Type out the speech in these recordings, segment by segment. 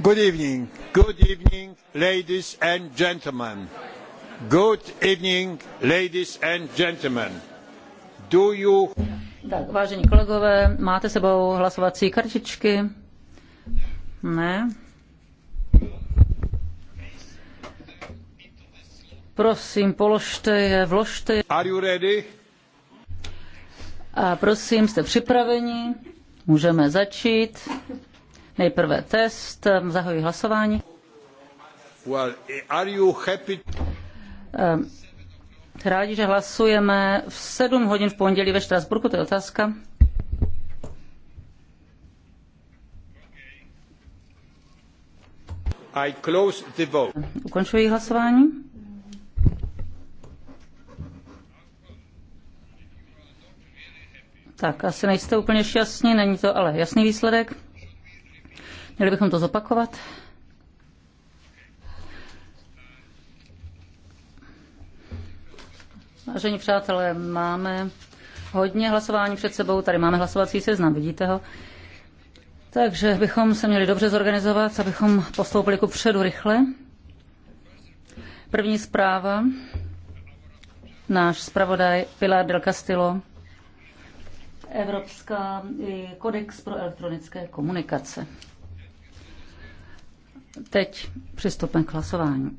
Good evening. Good evening, ladies and gentlemen. Good evening, ladies and gentlemen. Do you... Tak, vážení kolegové, máte sebou hlasovací kartičky? Ne. Prosím, položte je, vložte je. Are you ready? A prosím, jste připraveni? Můžeme začít. Nejprve test, zahajuji hlasování. Well, are you happy? Ehm, rádi, že hlasujeme v 7 hodin v pondělí ve Štrasburku, to je otázka. I close the vote. Ukončuji hlasování. Tak, asi nejste úplně šťastní, není to ale jasný výsledek. Měli bychom to zopakovat? Vážení přátelé, máme hodně hlasování před sebou. Tady máme hlasovací seznam, vidíte ho. Takže bychom se měli dobře zorganizovat, abychom postoupili ku předu rychle. První zpráva. Náš zpravodaj Pilar del Castillo. Evropská kodex pro elektronické komunikace. Teď přistupme k hlasování.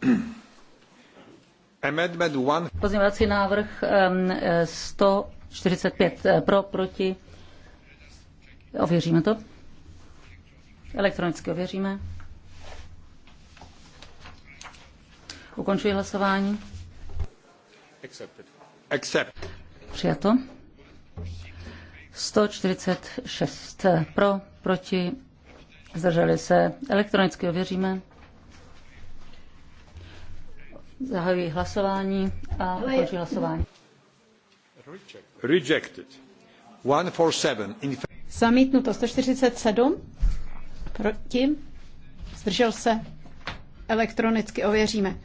Pozměňovací návrh 145 eh, eh, pro, proti. Ověříme to. Elektronicky ověříme. Ukončuji hlasování. Přijato. 146 pro, proti, zdrželi se. Elektronicky ověříme. Zahajuji hlasování a ukončuji hlasování. Rejected. 147. Zamítnuto 147. Proti. Zdržel se. Elektronicky ověříme.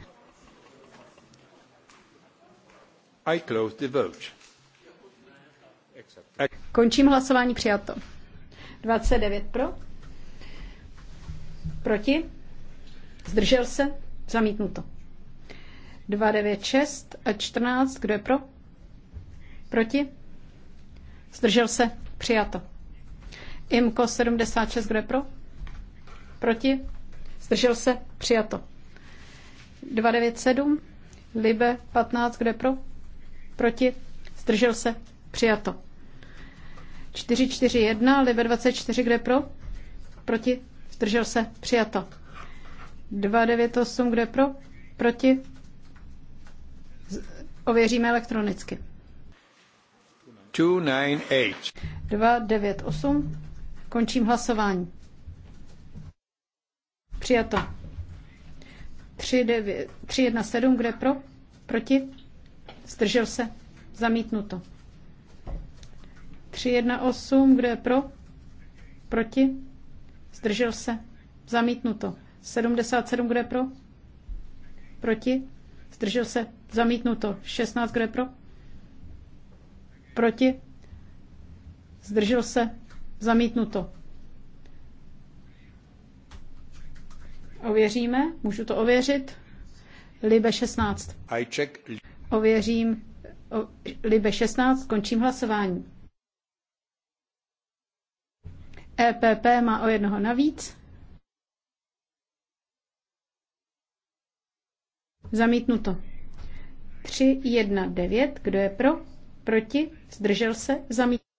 I close the vote. Končím hlasování přijato. 29 pro. Proti. Zdržel se. Zamítnuto. 296 a 14. Kdo je pro? Proti? Zdržel se? Přijato. IMKO 76. Kdo je pro? Proti? Zdržel se? Přijato. 297. LIBE 15. Kdo je pro? Proti? Zdržel se? Přijato. 441, Libe 24, kde pro? Proti? Zdržel se? Přijato. 298, kde pro? Proti? Ověříme elektronicky. 298. 298. Končím hlasování. Přijato. 317, kde pro? Proti? Zdržel se? Zamítnuto. 318, kdo je pro? Proti? Zdržel se? Zamítnuto. 77, kdo je pro? Proti? Zdržel se? Zamítnuto. 16, kdo je pro? Proti? Zdržel se? Zamítnuto. Ověříme? Můžu to ověřit? Libe 16. I check. Ověřím o, Libe 16, končím hlasování. EPP má o jednoho navíc. Zamítnuto. 3, 1, 9. Kdo je pro? Proti? Zdržel se? Zamítnuto.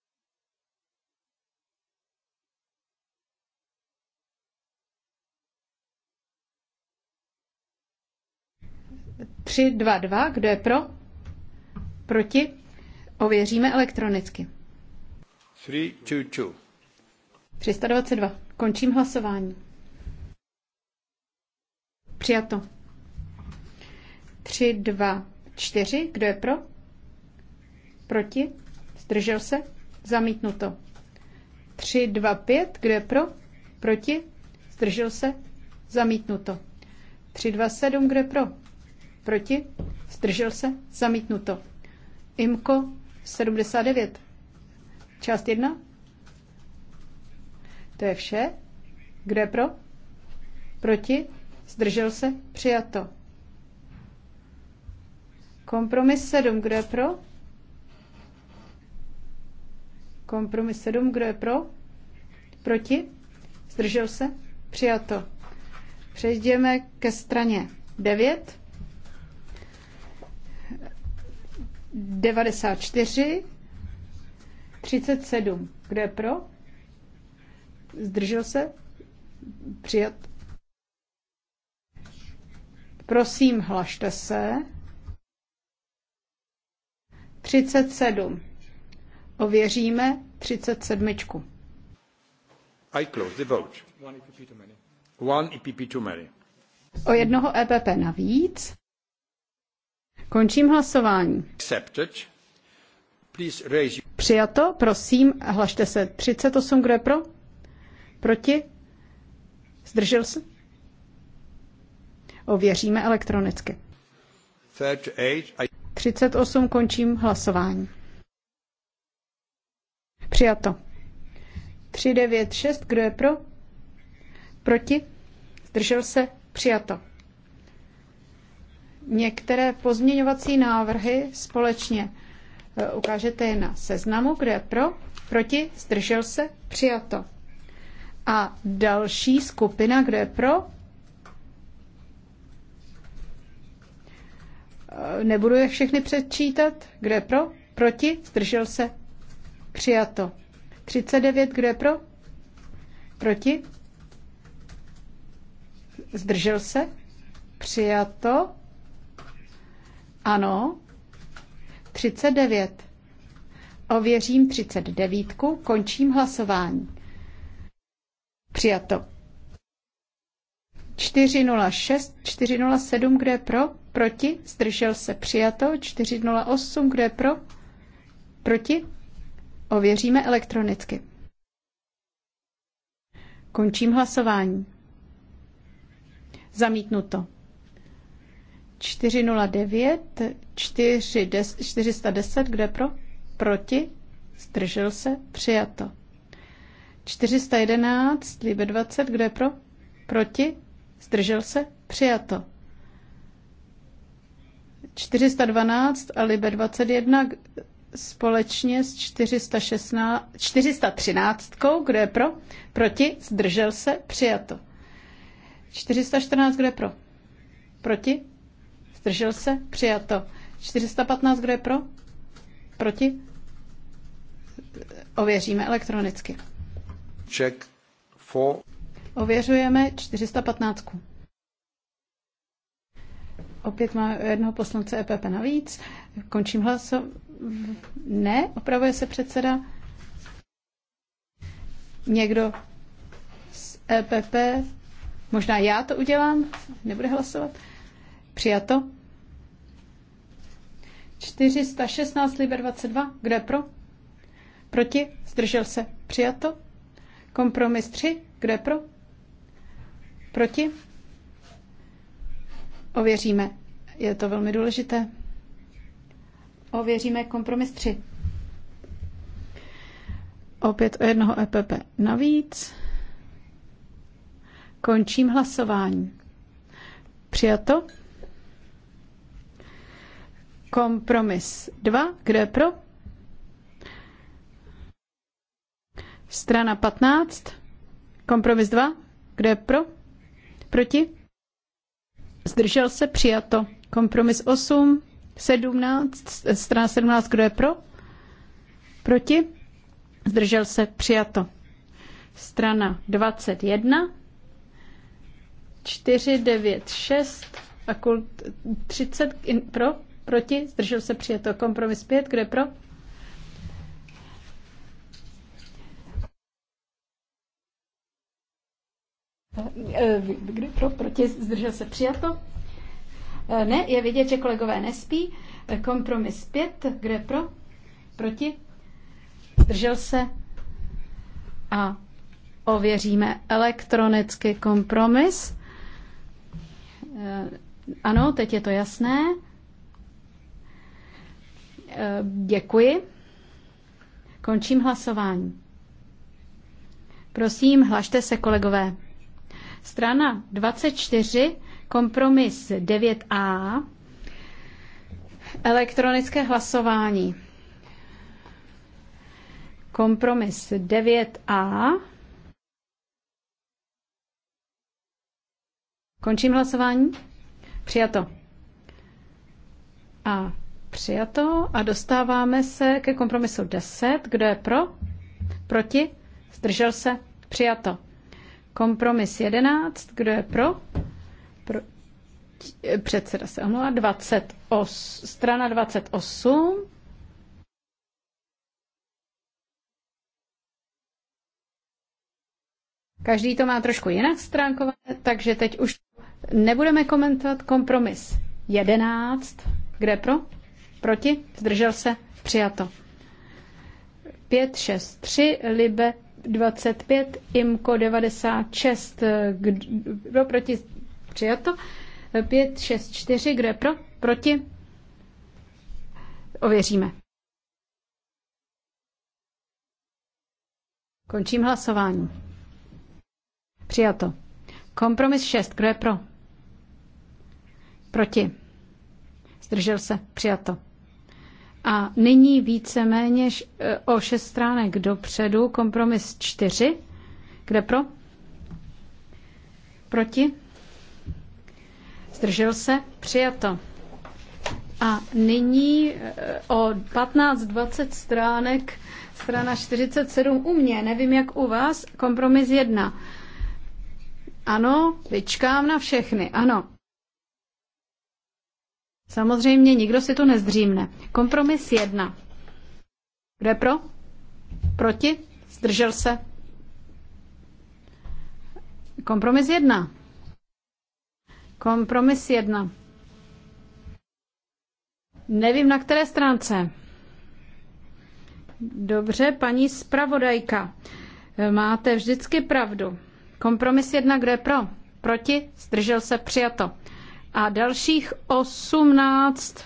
3, 2, 2. Kdo je pro? Proti? Ověříme elektronicky. 3, 2, 2. 322. Končím hlasování. Přijato. 3, 2, 4. Kdo je pro? Proti? Zdržel se? Zamítnuto. 3, 2, 5. Kdo je pro? Proti? Zdržel se? Zamítnuto. 3, 2, 7. Kdo je pro? Proti? Zdržel se? Zamítnuto. IMKO 79. Část 1. To je vše. Kdo je pro? Proti? Zdržel se? Přijato. Kompromis 7. Kdo je pro? Kompromis 7. Kdo je pro? Proti? Zdržel se? Přijato. Přejdeme ke straně 9. 94, 37. Kdo je pro? Zdržel se? Přijat. Prosím, hlašte se. 37. Ověříme 37. I close the vote. One EPP too e many. O jednoho EPP navíc. Končím hlasování. Přijato, prosím, hlašte se. 38, kdo je pro? Proti? Zdržel se? Ověříme elektronicky. 38, končím hlasování. Přijato. 396, kdo je pro? Proti? Zdržel se? Přijato některé pozměňovací návrhy společně. Eh, ukážete je na seznamu, kde je pro, proti, zdržel se, přijato. A další skupina, kde je pro, eh, nebudu je všechny předčítat, kde je pro, proti, zdržel se, přijato. 39, kde je pro, proti, zdržel se, přijato. Ano. 39. Ověřím 39. Končím hlasování. Přijato. 406, 407, kde je pro? Proti? Zdržel se přijato. 408, kde je pro? Proti? Ověříme elektronicky. Končím hlasování. Zamítnuto. 409, 410, kde pro? Proti? Zdržel se? Přijato. 411, líbe 20, kde pro? Proti? Zdržel se? Přijato. 412 a Libe 21 společně s 416, 413, kdo je pro? Proti? Zdržel se? Přijato. 414, kdo je pro? Proti? Zdržel se? Přijato. 415, kdo je pro? Proti? Ověříme elektronicky. Check for... Ověřujeme 415. Opět má jednoho poslance EPP navíc. Končím hlasování. Ne, opravuje se předseda. Někdo z EPP, možná já to udělám, nebude hlasovat. Přijato. 416 liber 22. Kdo je pro? Proti? Zdržel se? Přijato? Kompromis 3. Kdo je pro? Proti? Ověříme. Je to velmi důležité. Ověříme kompromis 3. Opět o jednoho EPP navíc. Končím hlasování. Přijato? Kompromis 2. Kdo je pro? Strana 15. Kompromis 2. Kdo je pro? Proti? Zdržel se? Přijato. Kompromis 8. 17. Strana 17. Kdo je pro? Proti? Zdržel se? Přijato. Strana 21. 4, 9, 6 a kult 30 pro, Proti? Zdržel se to Kompromis pět, Kdo je pro? Eh, eh, kdo je pro? Proti? Zdržel se přijato. Eh, ne, je vidět, že kolegové nespí. Kompromis 5. Kdo je pro? Proti? Zdržel se. A ověříme elektronicky kompromis. Ano, teď je to jasné. Eh, děkuji. Končím hlasování. Prosím, hlašte se, kolegové. Strana 24, kompromis 9a, elektronické hlasování. Kompromis 9a. Končím hlasování. Přijato. A Přijato a dostáváme se ke kompromisu 10. Kdo je pro? Proti? Zdržel se? Přijato. Kompromis 11. Kdo je pro? pro předseda se omlouvá. 28, strana 28. Každý to má trošku jinak stránkové, takže teď už nebudeme komentovat kompromis 11. Kde pro? Proti? Zdržel se? Přijato. 5, 6, 3, Libe 25, IMKO 96, kdo proti? Přijato. 5, 6, 4, kdo je pro? Proti? Ověříme. Končím hlasování. Přijato. Kompromis 6. Kdo je pro? Proti. Zdržel se. Přijato. A nyní víceméně e, o šest stránek dopředu kompromis čtyři. Kde pro? Proti? Zdržel se? Přijato. A nyní e, o 15-20 stránek, strana 47 u mě, nevím jak u vás, kompromis jedna. Ano, vyčkám na všechny, ano. Samozřejmě nikdo si to nezdřímne. Kompromis jedna. Kdo je pro? Proti? Zdržel se? Kompromis jedna. Kompromis jedna. Nevím, na které stránce. Dobře, paní zpravodajka. Máte vždycky pravdu. Kompromis jedna, kdo je pro? Proti? Zdržel se? Přijato a dalších 18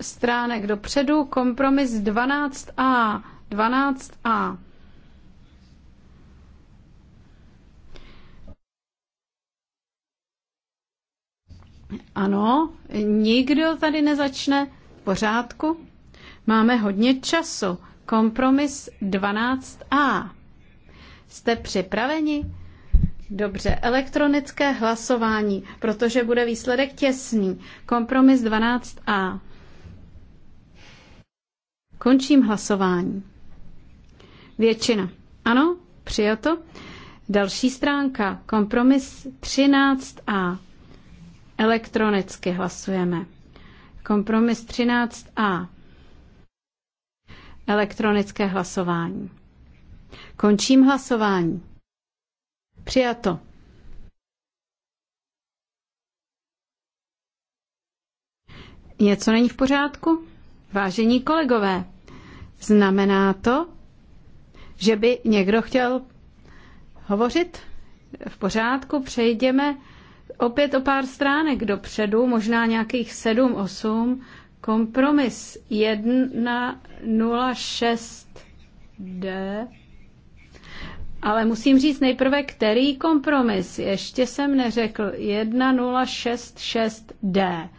stránek dopředu kompromis 12a. 12a. Ano, nikdo tady nezačne v pořádku. Máme hodně času. Kompromis 12a. Jste připraveni? Dobře, elektronické hlasování, protože bude výsledek těsný. Kompromis 12a. Končím hlasování. Většina. Ano, přijato. Další stránka, kompromis 13a. Elektronicky hlasujeme. Kompromis 13a. Elektronické hlasování. Končím hlasování. Přijato. Něco není v pořádku? Vážení kolegové, znamená to, že by někdo chtěl hovořit? V pořádku, přejdeme opět o pár stránek dopředu, možná nějakých 7, 8. Kompromis 106D ale musím říct nejprve, který kompromis. Ještě jsem neřekl 1066D.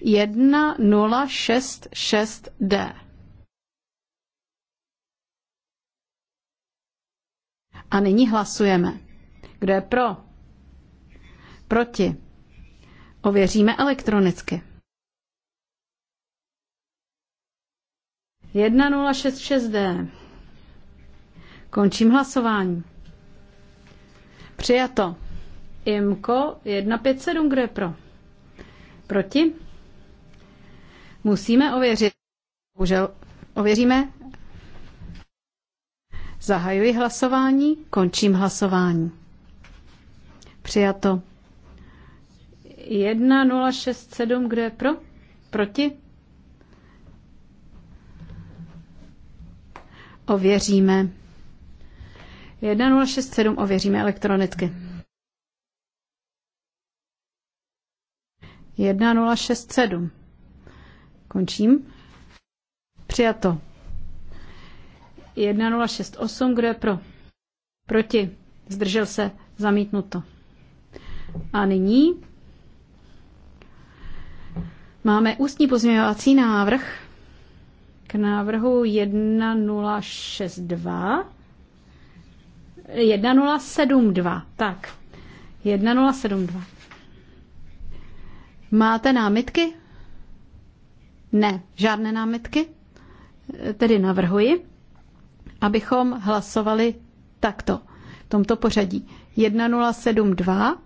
Jedna nula šest šest D. A nyní hlasujeme. Kdo je pro? Proti? Ověříme elektronicky. 1066D. Končím hlasování. Přijato. IMKO 157, kdo je pro? Proti? Musíme ověřit. Bohužel ověříme. Zahajuji hlasování, končím hlasování. Přijato. 1067, kdo je pro? Proti? ověříme. 1067 ověříme elektronicky. 1067. Končím. Přijato. 1068, kdo je pro? Proti. Zdržel se. Zamítnuto. A nyní máme ústní pozměňovací návrh k návrhu 1062. 1072, tak. 1072. Máte námitky? Ne, žádné námitky. Tedy navrhuji, abychom hlasovali takto, v tomto pořadí. 1072,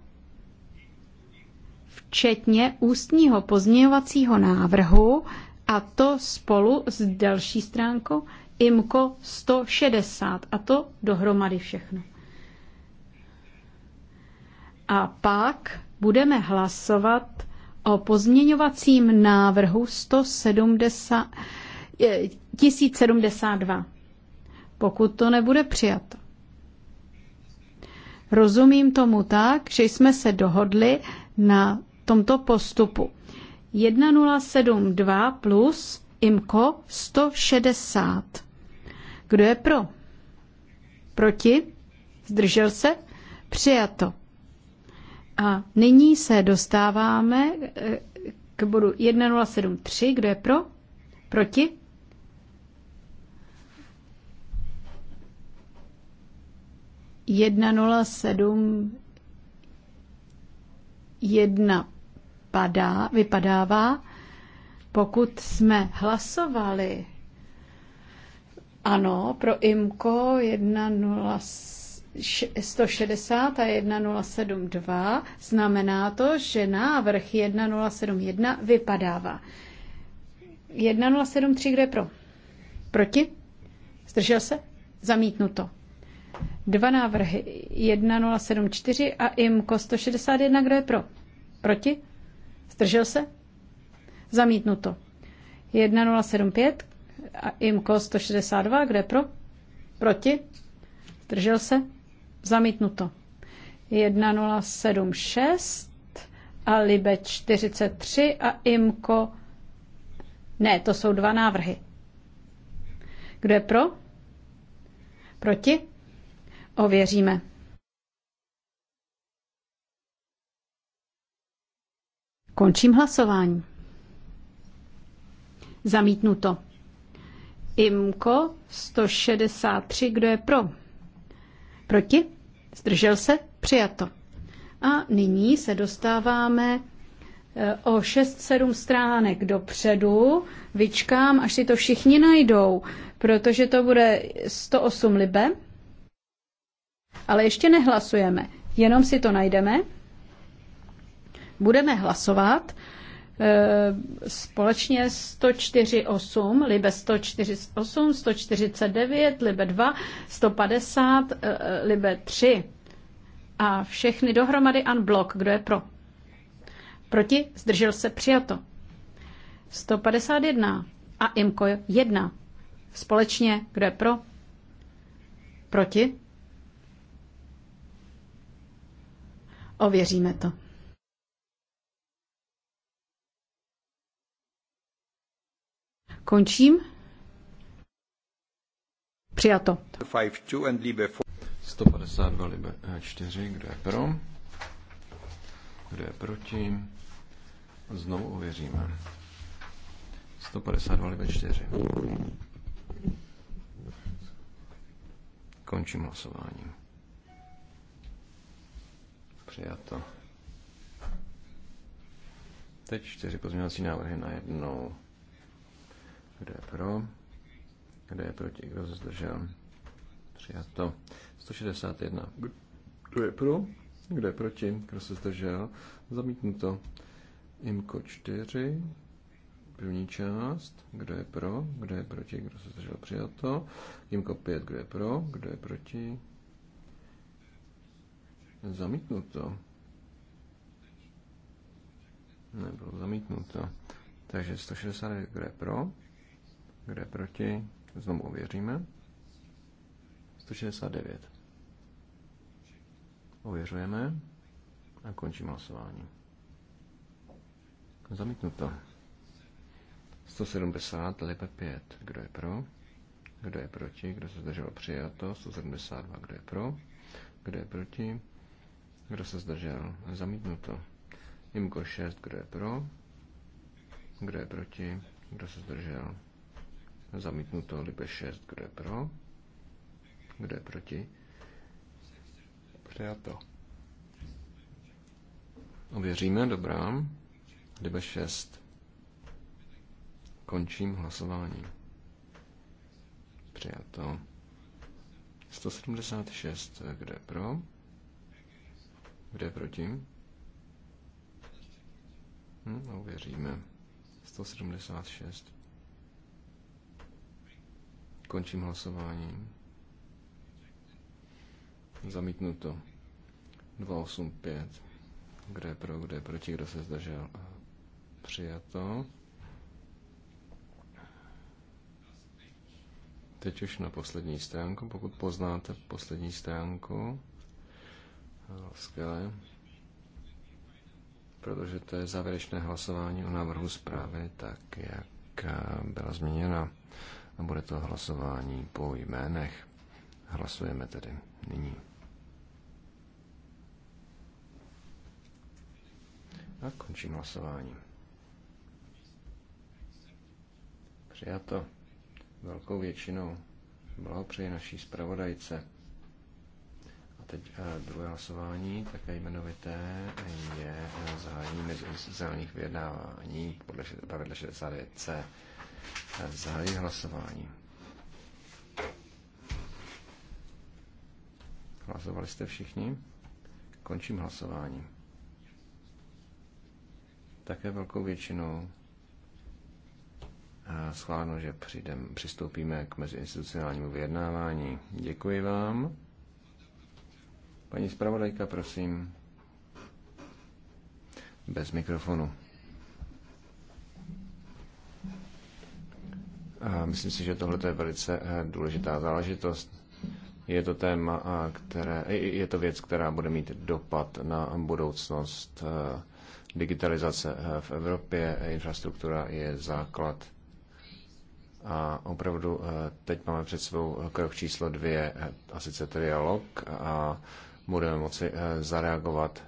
včetně ústního pozměňovacího návrhu a to spolu s další stránkou IMCO 160. A to dohromady všechno. A pak budeme hlasovat o pozměňovacím návrhu 170, 1072, pokud to nebude přijato. Rozumím tomu tak, že jsme se dohodli na tomto postupu. 1072 plus IMCO 160. Kdo je pro? Proti? Zdržel se? Přijato. A nyní se dostáváme eh, k bodu 1073. Kdo je pro? Proti? Jedna nula sedm jedna vypadá, vypadává, pokud jsme hlasovali ano pro Imko 160 a 1072, znamená to, že návrh 1071 vypadává. 1073, kde pro? Proti? Zdržel se? Zamítnuto. Dva návrhy, 1074 a Imko 161, kdo je pro? Proti? Zdržel se? Zamítnuto. 1075, IMCO 162, kde pro? Proti? Zdržel se? Zamítnuto. 1076 a Libe 43 a IMCO ne, to jsou dva návrhy. Kdo je pro? Proti? Ověříme. Končím hlasování. Zamítnuto. IMKO 163, kdo je pro? Proti? Zdržel se? Přijato. A nyní se dostáváme e, o 6-7 stránek dopředu. Vyčkám, až si to všichni najdou, protože to bude 108 libe. Ale ještě nehlasujeme, jenom si to najdeme budeme hlasovat eh, společně 148, Libe 148, 149, Libe 2, 150, eh, eh, Libe 3. A všechny dohromady unblock. Kdo je pro? Proti? Zdržel se? Přijato. 151 a IMKO 1. Společně. Kdo je pro? Proti? Ověříme to. Končím. Přijato. 152 libe 4, eh, kdo je pro? Kdo je proti? Znovu uvěříme. 152 libe 4. Končím hlasování. Přijato. Teď čtyři pozměňovací návrhy na jednou. Kdo je pro? Kdo je proti? Kdo se zdržel? Přijato. 161. Kdo je pro? Kdo je proti? Kdo se zdržel? Zamítnuto. Imko 4. První část. Kdo je pro? Kdo je proti? Kdo se zdržel? Přijato. Imko 5. Kdo je pro? Kdo je proti? Zamítnuto. Nebylo zamítnuto. Takže 160 kdo je pro? kde je proti? Znovu ověříme. 169. Ověřujeme a končím hlasování. Zamítnuto. 170, libe 5. Kdo je pro? Kdo je proti? Kdo se zdržel? Přijato. 172. Kdo je pro? Kdo je proti? Kdo se zdržel? Zamítnuto. Imko 6. Kdo je pro? Kdo je proti? Kdo se zdržel? Zamítnuto Libe 6. Kdo je pro? Kdo je proti? Přijato. Ověříme, dobrá. Libe 6. Končím hlasování. Přijato. 176. Kde pro? Kde proti? Hm, ověříme. 176. Končím hlasování. Zamítnuto. 285. Kdo je pro, kdo je proti, kdo se zdržel? Přijato. Teď už na poslední stránku, pokud poznáte poslední stránku. Skvěle. Protože to je závěrečné hlasování o návrhu zprávy, tak jak byla změněna. A bude to hlasování po jménech. Hlasujeme tedy nyní. A končím hlasování. Přijato. Velkou většinou. Blahopřeji naší zpravodajce. A teď eh, druhé hlasování, také jmenovité, je eh, zahájení meziinstitucionálních vyjednávání podle pravidla 69c. Zahajuji hlasování. Hlasovali jste všichni? Končím hlasování. Také velkou většinou eh, schváleno, že přijdem, přistoupíme k meziinstitucionálnímu vyjednávání. Děkuji vám. Paní zpravodajka, prosím. Bez mikrofonu. A myslím si, že tohle je velice eh, důležitá záležitost. Je to téma, eh, které, je to věc, která bude mít dopad na budoucnost eh, digitalizace v Evropě. Infrastruktura je základ. A opravdu teď máme před sebou krok číslo dvě, a sice trialog, a budeme moci zareagovat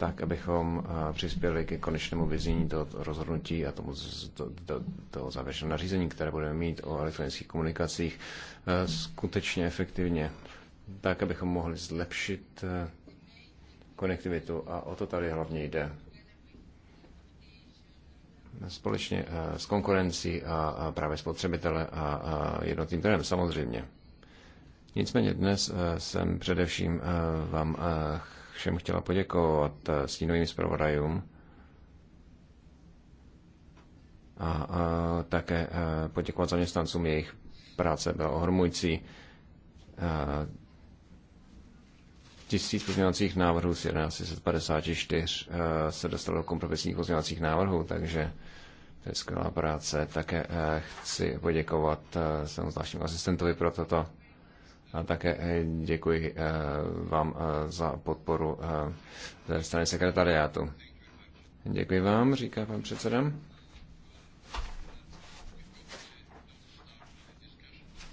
tak abychom eh, přispěli ke konečnému vyznění toho rozhodnutí a tomu to, to, toho závěrečného nařízení, které budeme mít o elektronických komunikacích, eh, skutečně efektivně, tak abychom mohli zlepšit eh, konektivitu a o to tady hlavně jde. Společně s konkurencí a právě spotřebitele a jednotným trhem samozřejmě. Nicméně dnes jsem především vám všem chtěla poděkovat eh, stínovým zpravodajům a, a také eh, poděkovat zaměstnancům. Jejich práce byla A, eh, Tisíc pozměňovacích návrhů z 1154 se dostalo do kompromisních pozměňovacích návrhů, takže to je skvělá práce. Také chci poděkovat svému zvláštnímu asistentovi pro toto a také eh, děkuji eh, vám eh, za podporu ze strany sekretariátu. Děkuji vám, říká pan předseda.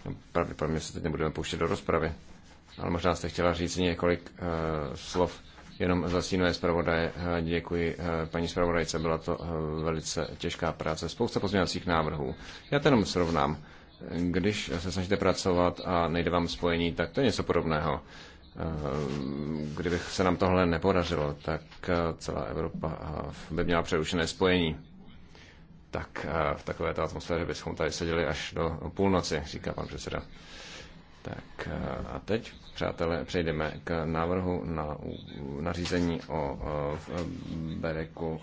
No, pravděpodobně se teď nebudeme pouštět do rozpravy, ale možná jste chtěla říct několik slov jenom za stínové zpravodaje. Děkuji paní zpravodajce, byla to velice těžká práce, spousta pozměňovacích návrhů. Já to jenom srovnám. Když se snažíte pracovat a nejde vám spojení, tak to je něco podobného. Eh, kdybych se nám tohle nepodařilo, tak eh, celá Evropa eh, by měla přerušené spojení. Tak v takovéto atmosféře bychom tady seděli až do půlnoci, říká pan předseda. Tak a teď, přátelé, přejdeme k návrhu na nařízení o, o v Bereku,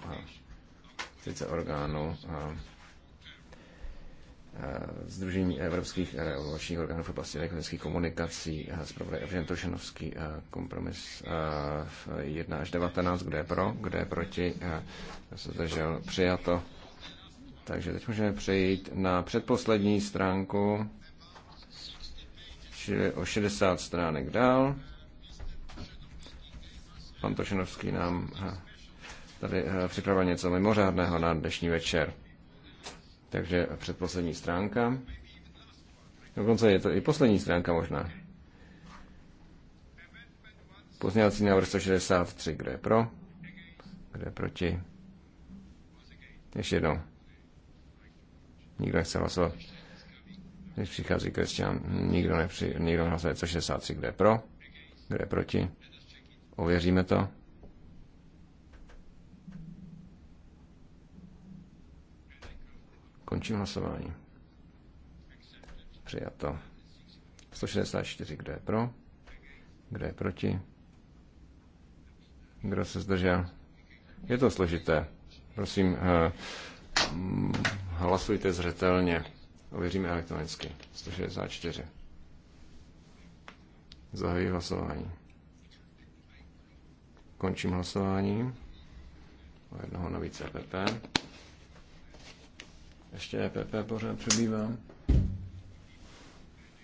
sice orgánu. A, Eh, Združení evropských regulačních orgánů v oblasti elektronických komunikací, eh, zpravodaj Evžen Tošenovský, eh, kompromis 1 až 19, kde je pro, kde je proti, se zdržel přijato. Takže teď můžeme přejít na předposlední stránku, čili o 60 stránek dál. Pan Tošenovský nám tady připravil něco mimořádného na dnešní večer. Takže předposlední stránka. Dokonce je to i poslední stránka možná. Pozměňovací návrh 163, kdo je pro, kdo je proti. Ještě jednou. Nikdo nechce hlasovat. Když přichází Kristian, nikdo, nepři, nikdo hlasuje 163, kdo je pro, kdo je proti. Ověříme to. Končím hlasování. Přijato. 164, kdo je pro? Kdo je proti? Kdo se zdržel? Je to složité. Prosím, eh, mm, hlasujte zřetelně. Ověříme elektronicky. 164. Zahajuji hlasování. Končím hlasování. O jednoho navíc EPP. Ještě EPP pořád přebývá.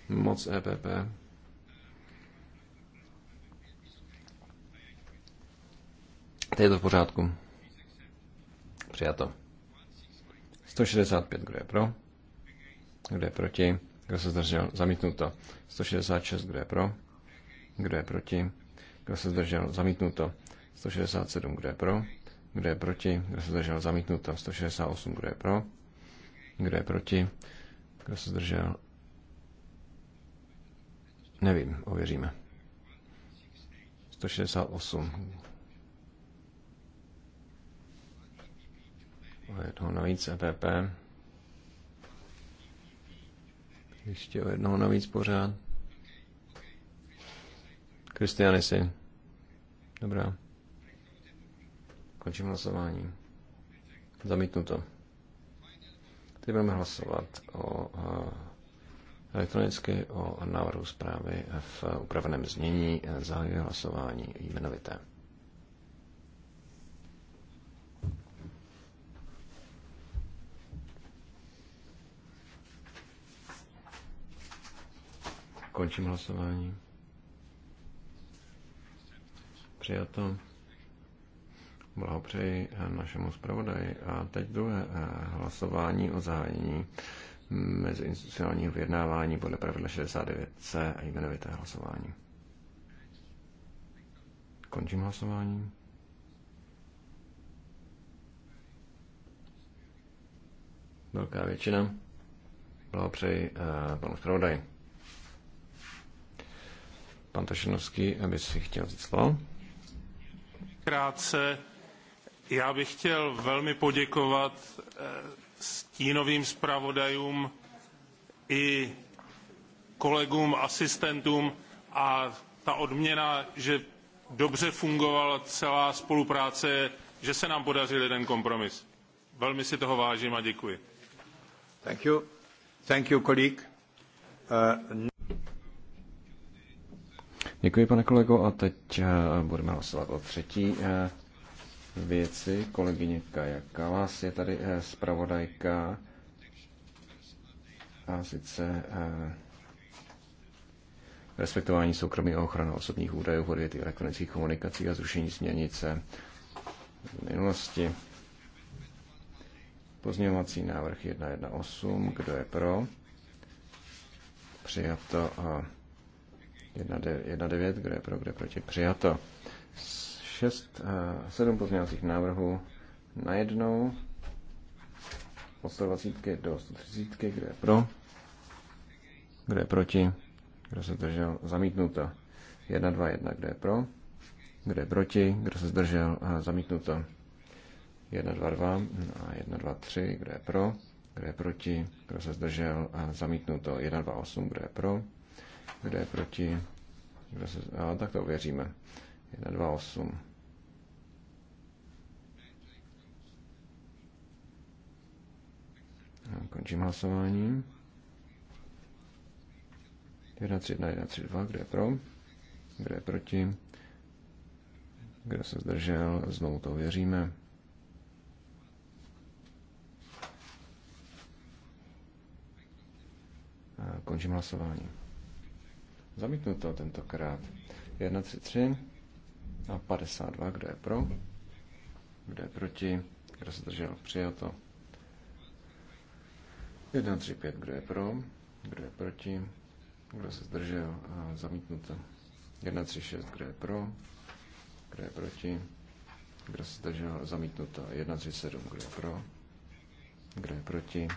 Moc EPP. Teď je to v pořádku. Přijato. 165, kdo je pro? Kdo je proti? Kdo se zdržel? Zamítnuto. 166, kdo je pro? Kdo je proti? Kdo se zdržel? Zamítnuto. 167, kdo je pro? Kdo je proti? Kdo se zdržel? Zamítnuto. 168, kdo je pro? Kdo je proti? Kdo se zdržel? Nevím, ověříme. 168. O jednoho navíc EPP. Ještě o jednoho navíc pořád. Kristianisi. Dobrá. Končím hlasování. Zamítnu to. Teď budeme hlasovat o eh, elektronicky o návrhu zprávy v upraveném znění. Zahajuji hlasování jmenovité. Končím hlasování. Přijato. Blahopřeji eh, našemu zpravodaji. A teď druhé eh, hlasování o zahájení meziinstitucionálního vyjednávání podle pravidla 69c a jmenovité hlasování. Končím hlasování. Velká většina. Blahopřeji eh, panu zpravodaji. Pan Tošinovský, aby si chtěl říct slovo. Krátce já bych chtěl velmi poděkovat eh, stínovým zpravodajům i kolegům, asistentům a ta odměna, že dobře fungovala celá spolupráce, že se nám podařil jeden kompromis. Velmi si toho vážím a děkuji. Thank you. Thank you, eh, Děkuji, pane kolego, a teď eh, budeme hlasovat o třetí věci. Kolegyně Kaja Kalas je tady eh, zpravodajka a sice eh, respektování soukromí a ochrana osobních údajů v odvětví elektronických komunikací a zrušení směrnice v minulosti. Pozměňovací návrh 1.1.8. Kdo je pro? Přijato. 1.9. Kdo je pro? Kdo je proti? Přijato šest, eh, sedm pozměňovacích návrhů najednou od 120 do 130, kde je pro, kde je proti, kdo se zdržel, zamítnuto. 1, 2, 1, kde je pro, kde je proti, kdo se zdržel, eh, zamítnuto. 1, 2, 2 a 1, 2, 3, kde je pro, kde je proti, kdo se zdržel, eh, zamítnuto. 1, 2, 8, kde je pro, kde je proti, kdo se, a, tak to uvěříme. 1, 2, 8. Končím hlasování. 1.3.1, 1.3.2, kdo je pro, kdo je proti, kdo se zdržel, znovu to věříme. Končím hlasování. Zamítnuto tentokrát. 1, 3, 3 a 52, kdo je pro, kdo je proti, kdo se zdržel, přijato. 1, 3, 5, kdo je pro, kdo je proti, kdo se zdržel, zamítnuto. 1, 3, 6, kdo je pro, kdo je proti, kdo se zdržel, zamítnuto. 1, 3, 7, kdo je pro, kdo je proti,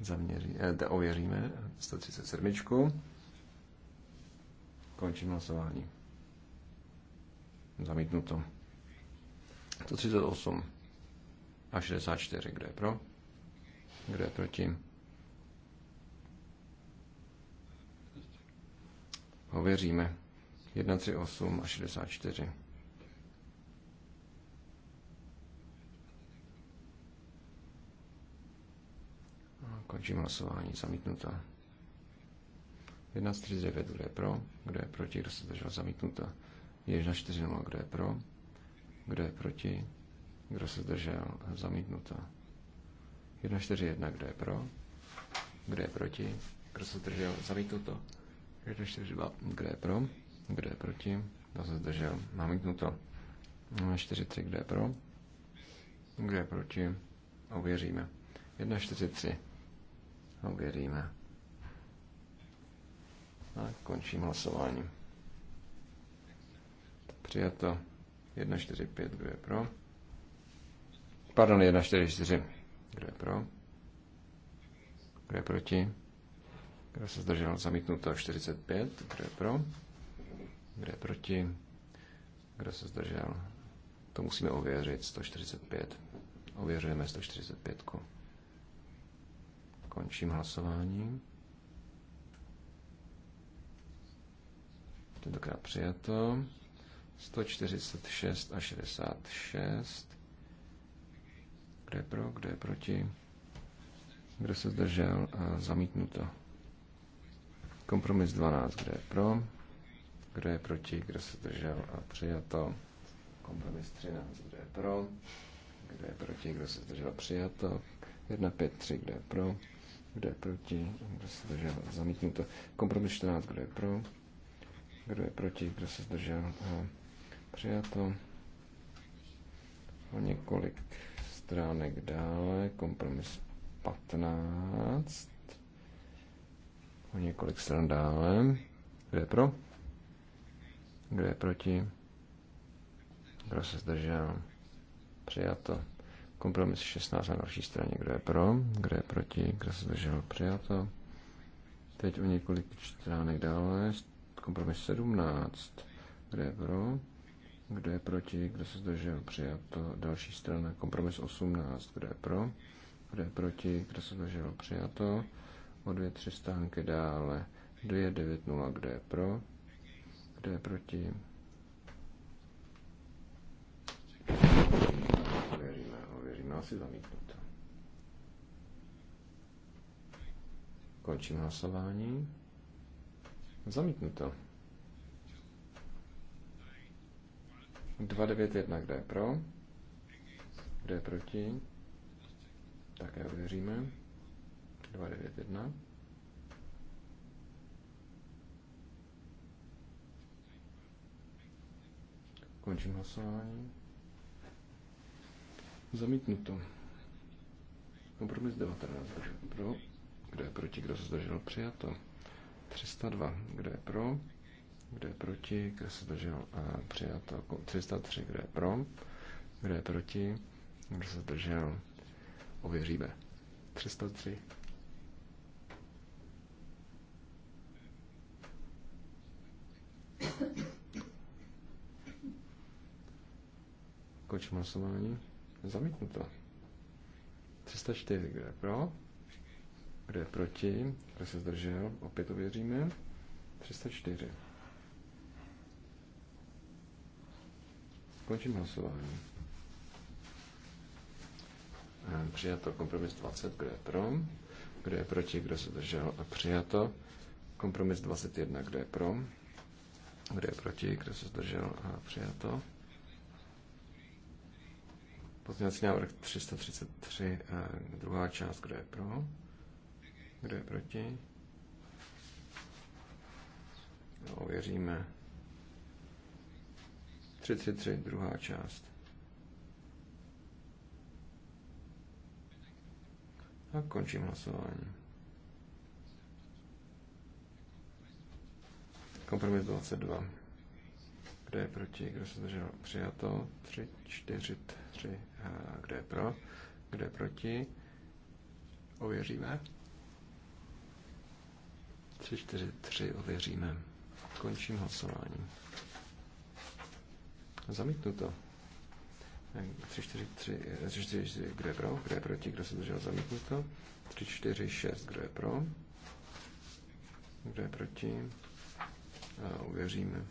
Zaměří, eh, ověříme 137. Končím hlasování. Zamítnuto. 138 a 64, kdo je pro? Kdo je proti? Ověříme. 1, 3, 8 a 64. Končím hlasování. Zamítnuta. 1 z 39, kdo je pro, kdo je proti, kdo se zdržel, zamítnuta. 1 4 0, kdo je pro, kdo je proti, kdo se zdržel zamítnuta. 1, kdo je pro? Kdo je proti? Kdo se zdržel? 4, 2, kdo je pro? Kdo je proti? Kdo se zdržel? 4, 3, kdo je pro? Kdo je proti? Ověříme. 143. Ověříme. A končím hlasování. Přijato. 5, kdo je pro? Pardon, 4. Kdo je pro? Kdo je proti? Kdo se zdržel? Zamítnuto 45. Kdo je pro? Kdo je proti? Kdo se zdržel? To musíme ověřit. 145. Ověřujeme 145. Končím hlasování. Tentokrát přijato. 146 a 66. Kdo je pro, kdo je proti? Kdo se zdržel? Zamítnuto. Kompromis 12. Kdo je pro? Kdo je proti? Kdo se zdržel? A přijato. Kompromis 13. Kdo je pro? Kdo je proti? Kdo se zdržel? Přijato. 1, 5, 3. Kdo je pro? Kdo je proti? Kdo se zdržel? Zamítnuto. Kompromis 14. Kdo je pro? Kdo je proti? Kdo se zdržel? A Přijato. O několik stránek dále, kompromis 15, o několik stran dále. Kdo je pro? Kdo je proti? Kdo se zdržel? Přijato. Kompromis 16 na další straně. Kdo je pro? Kdo je proti? Kdo se zdržel? Přijato. Teď o několik stránek dále. Kompromis 17. Kdo je pro? Kdo je proti? Kdo se zdržel? Přijato. Další strana. Kompromis 18. Kdo je pro? Kdo je proti? Kdo se zdržel? Přijato. O dvě, tři stánky dále. 0. Kdo je pro? Kdo je proti? Ověříme, ověříme no, asi zamítnuto. Končím hlasování. Zamítnuto. 291, kde je pro? Kde je proti? Také ověříme. 291. Končím hlasování. Zamítnuto. Kompromis 19. Kdo je pro? Kdo je proti? Kdo se zdržel? Přijato. 302. Kdo je pro? kdo je proti, kdo se zdržel přijato, 303, kdo je pro, kdo je proti, kdo se zdržel, ověříme. 303. Končím hlasování. Zamítnuto. 304, kdo je pro? Kdo je proti? Kdo se zdržel? Opět ověříme. 304. Končím hlasování. Eh, přijato kompromis 20, kdo je pro, kdo je proti, kdo se držel a přijato. Kompromis 21, kdo je pro, kdo je proti, kdo se zdržel a eh, přijato. Pozměňovací návrh 333, eh, druhá část, kdo je pro, kdo je proti. No, ověříme. 33, druhá část. A končím hlasování. Kompromis 22. Kdo je proti? Kdo se zdržel? Přijato. 3, 4, 3. A kdo je pro? Kdo je proti? Ověříme. 3, 4, 3. Ověříme. Končím hlasování. Zamítnuto. 3, 4, 3, 3, 4, 4, kdo je pro, kdo je proti, kdo se držel zamítnuto. 3, 4, 6, kdo je pro, kdo je proti. A uvěříme.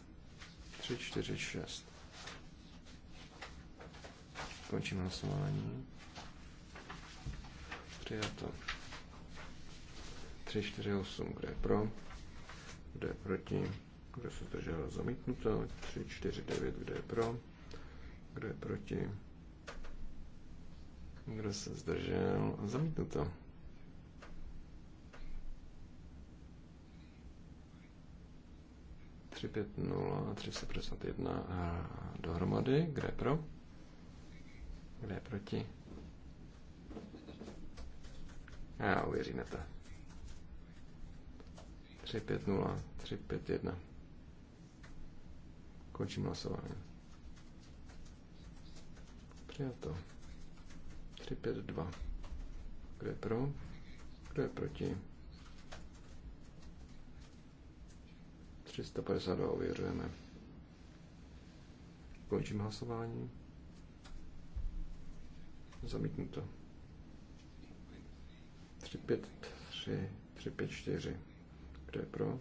3, 4, 6. Končím hlasování. Přijato. 3, 4, 8, kdo je pro, kdo je proti kdo se zdržel? Zamítnuto. 3, 4, 9. Kdo je pro? Kdo je proti? Kdo se zdržel? Zamítnuto. Tři pět nula a tři padesát jedna a dohromady. Kde je pro? Kde je proti? Já uvěřím na to. pět, jedna. Končím hlasování. Přijato. 2. Kdo je pro? Kdo je proti? 352 ověřujeme. Končím hlasování. Zamítnuto. 5, 4. Kdo je pro?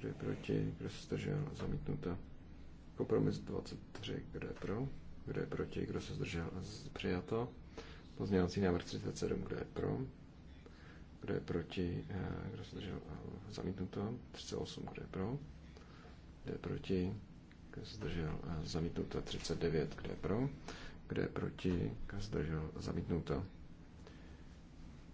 kdo je proti, kdo se zdržel, zamítnuto. Kompromis 23, kdo je pro, kdo je proti, kdo se zdržel, přijato. Pozměňovací návrh 37, eh, eh, eh, kdo je pro, kdo je proti, kdo se zdržel, zamítnuto. 38, kdo je pro, kdo je proti, kdo se zdržel, zamítnuto. 39, kdo je pro, kdo je proti, kdo se zdržel, zamítnuto.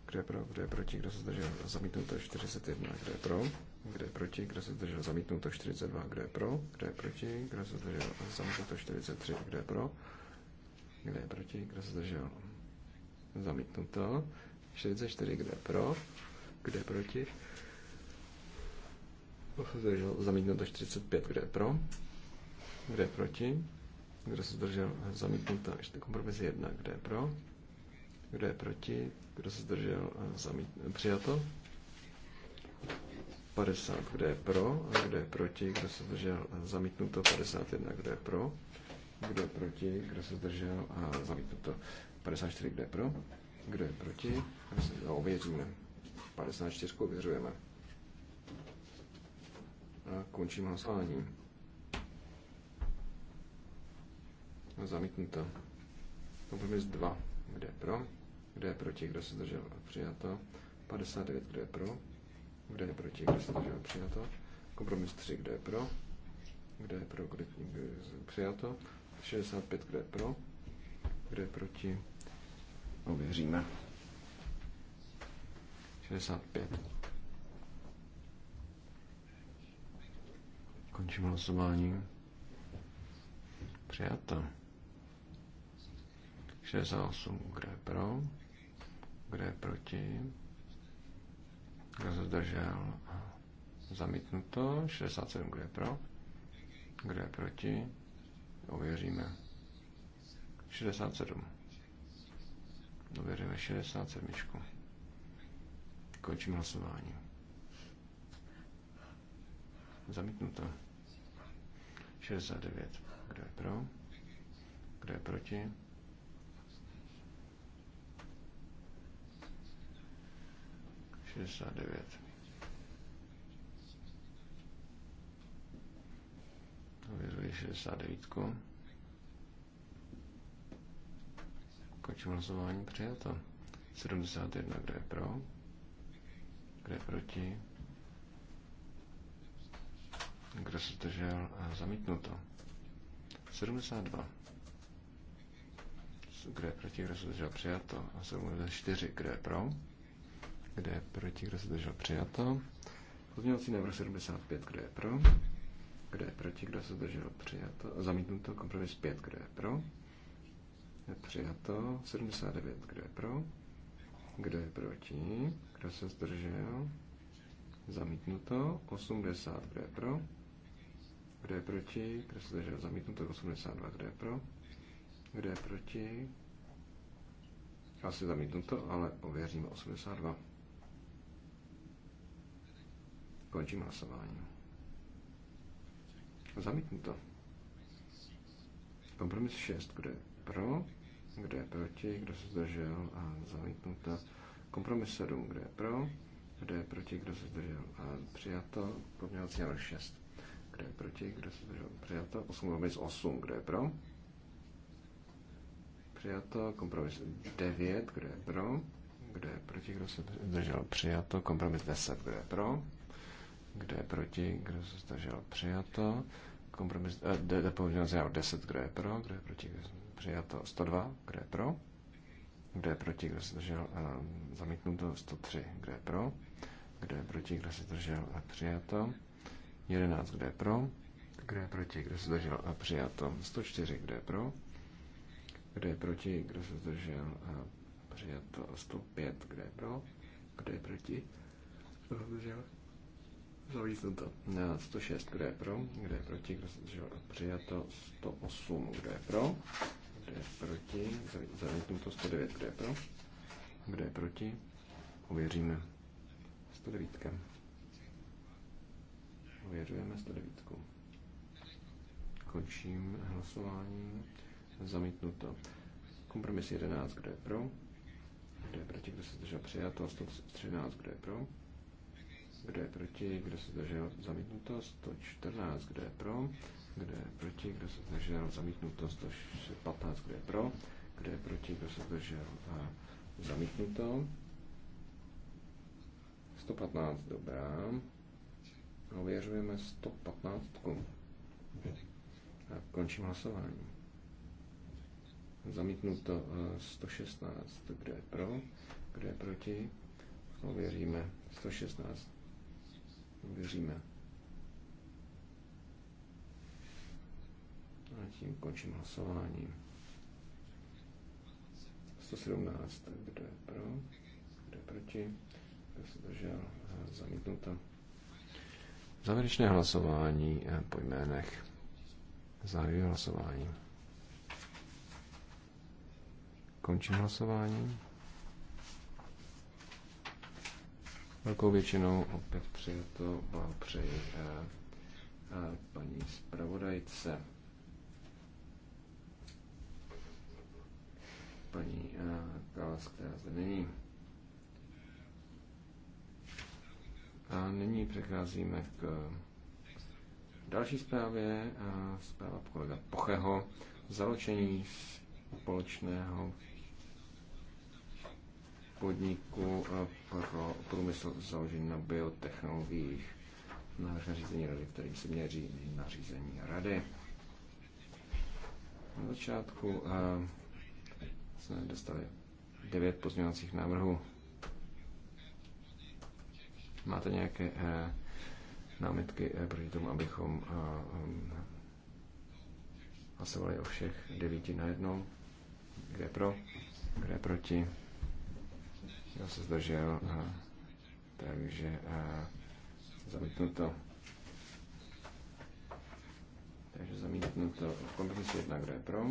Kdo je pro, kdo je proti, kdo se zdržel zamítnuto 41, kdo je pro, kdo je proti, kdo se zdržel zamítnuto 42, kdo je pro, kdo je proti, kdo se zdržel zamítnuto 43, kdo je pro, kdo je proti, kdo se zdržel zamítnuto 44, kdo je pro, kdo je proti, kdo se zdržel zamítnuto 45, kdo je pro, kdo je proti, kdo se zdržel zamítnuto, ještě kompromis 1, kdo je pro, kdo je proti? Kdo se zdržel? Zamít... Přijato. 50, kdo je pro, a kdo je proti, kdo se zdržel, zamítnuto 51, kdo je pro, kdo je proti, kdo se zdržel a zamítnuto 54, kdo je pro, kdo je proti, kdo se zdržel, no, ověříme. 54 ověřujeme. A končím hlasování. Zamítnuto. Kompromis 2, kde je pro, kdo je proti, kdo se zdržel přijato, 59, kdo je pro, kdo je proti, kdo se zdržel přijato, kompromis 3, kdo je pro, kdo je pro, kdo je přijato, 65, kdo je pro, kdo je proti, ověříme. 65. Končím hlasování. Přijato? 68, kdo je pro, kdo je proti, kdo se zdržel, zamítnuto, 67, kdo je pro, kdo je proti, ověříme, 67, ověříme 67, končím hlasování, zamítnuto, 69, kdo je pro, kdo je proti, 69. Ověřuji 69. Končím hlasování, přijato. 71, kdo je pro? Kdo je proti? Kdo se zdržel? A zamítnuto. 72. Kdo je proti, kdo se zdržel? Přijato. A 74, kdo je pro? kde je proti, kdo se držel přijato. Pozměňovací návrh 75, kdo je pro, kdo je proti, kdo se držel přijato. Zamítnuto, kompromis 5, kdo je pro, je přijato. 79, kdo je pro, kdo je proti, kdo se zdržel. Zamítnuto, 80, kdo je pro, kdo je proti, kdo se zdržel. Zamítnuto, 82, kdo je pro, kdo je proti, asi zamítnuto, ale ověříme 82. Končím hlasování. Zamítnu to. Kompromis 6. Kdo je pro? Kdo je proti? Kdo se zdržel? A zamítnu to. Kompromis 7. Kdo je pro? Kdo je proti? Kdo se zdržel? A přijato. Pozměňovací návrh 6. Kdo je proti? Kdo se zdržel? Přijato. 8. Kompromis 8. Kdo je pro? Přijato. Kompromis 9. Kdo je pro? Kdo je proti? Kdo se zdržel? Přijato. Kompromis 10. Kdo je pro? Kdo je proti? Kdo se zdržel? Přijato. Kompromis, eh, pozměňovací návrh 10. Kdo je pro? Kdo je proti? Kdo se přijato? 102. Kdo je pro? Kdo je proti? Kdo se zdržel? Eh, zamítnuto 103. Kdo je pro? Kdo je proti? Kdo se zdržel? Eh, přijato. 11. Kdo je pro? Kdo je proti? Kdo se zdržel? Eh, přijato. 104. Kdo je pro? Kdo je proti? Kdo se zdržel? Eh, přijato. 105. Kdo je pro? Kdo je proti? Kdo se zdržel? Na 106, kdo je pro, kdo je proti, kdo se zdržel přijato, 108, kdo je pro, kdo je proti, to 109, kdo je pro, kdo je proti, uvěříme 109. Uvěřujeme 109. Končím hlasování, zamítnuto. Kompromis 11, kdo je pro, kdo je proti, kdo se zdržel přijato, 113, kdo je pro, kdo je proti, kdo se zdržel, zamítnuto, 114, kdo je pro, kdo je proti, kdo se zdržel, zamítnuto, 115, kdo je pro, kdo je proti, kdo se zdržel, zamítnuto, 115, dobrá, ověřujeme 115. A končím hlasování. Zamítnuto 116, e, kdo je pro, kdo je proti, ověříme 116. Věříme. A tím končím hlasování. 117. Kdo je pro? Kdo je proti? Kdo se držel? Zamítnuto. Závěrečné hlasování eh, po jménech. Zahajuji hlasování. Končím hlasování. velkou většinou opět přijato přeji eh, eh, paní zpravodajce. Paní eh, Kalas, která zde není. A nyní přecházíme k další zprávě, zpráva kolega Pocheho, založení společného podniku, eh, pro průmysl založený na biotechnologiích. Návrh nařízení rady, který se měří nařízení rady. Na začátku eh, jsme dostali devět pozměňovacích návrhů. Máte nějaké eh, námitky proti tomu, abychom hlasovali o všech devíti najednou? Kde pro? Kde proti? Já se zdržel? Takže a, zamítnuto. Takže zamítnuto. kompetenci 1, kdo je pro?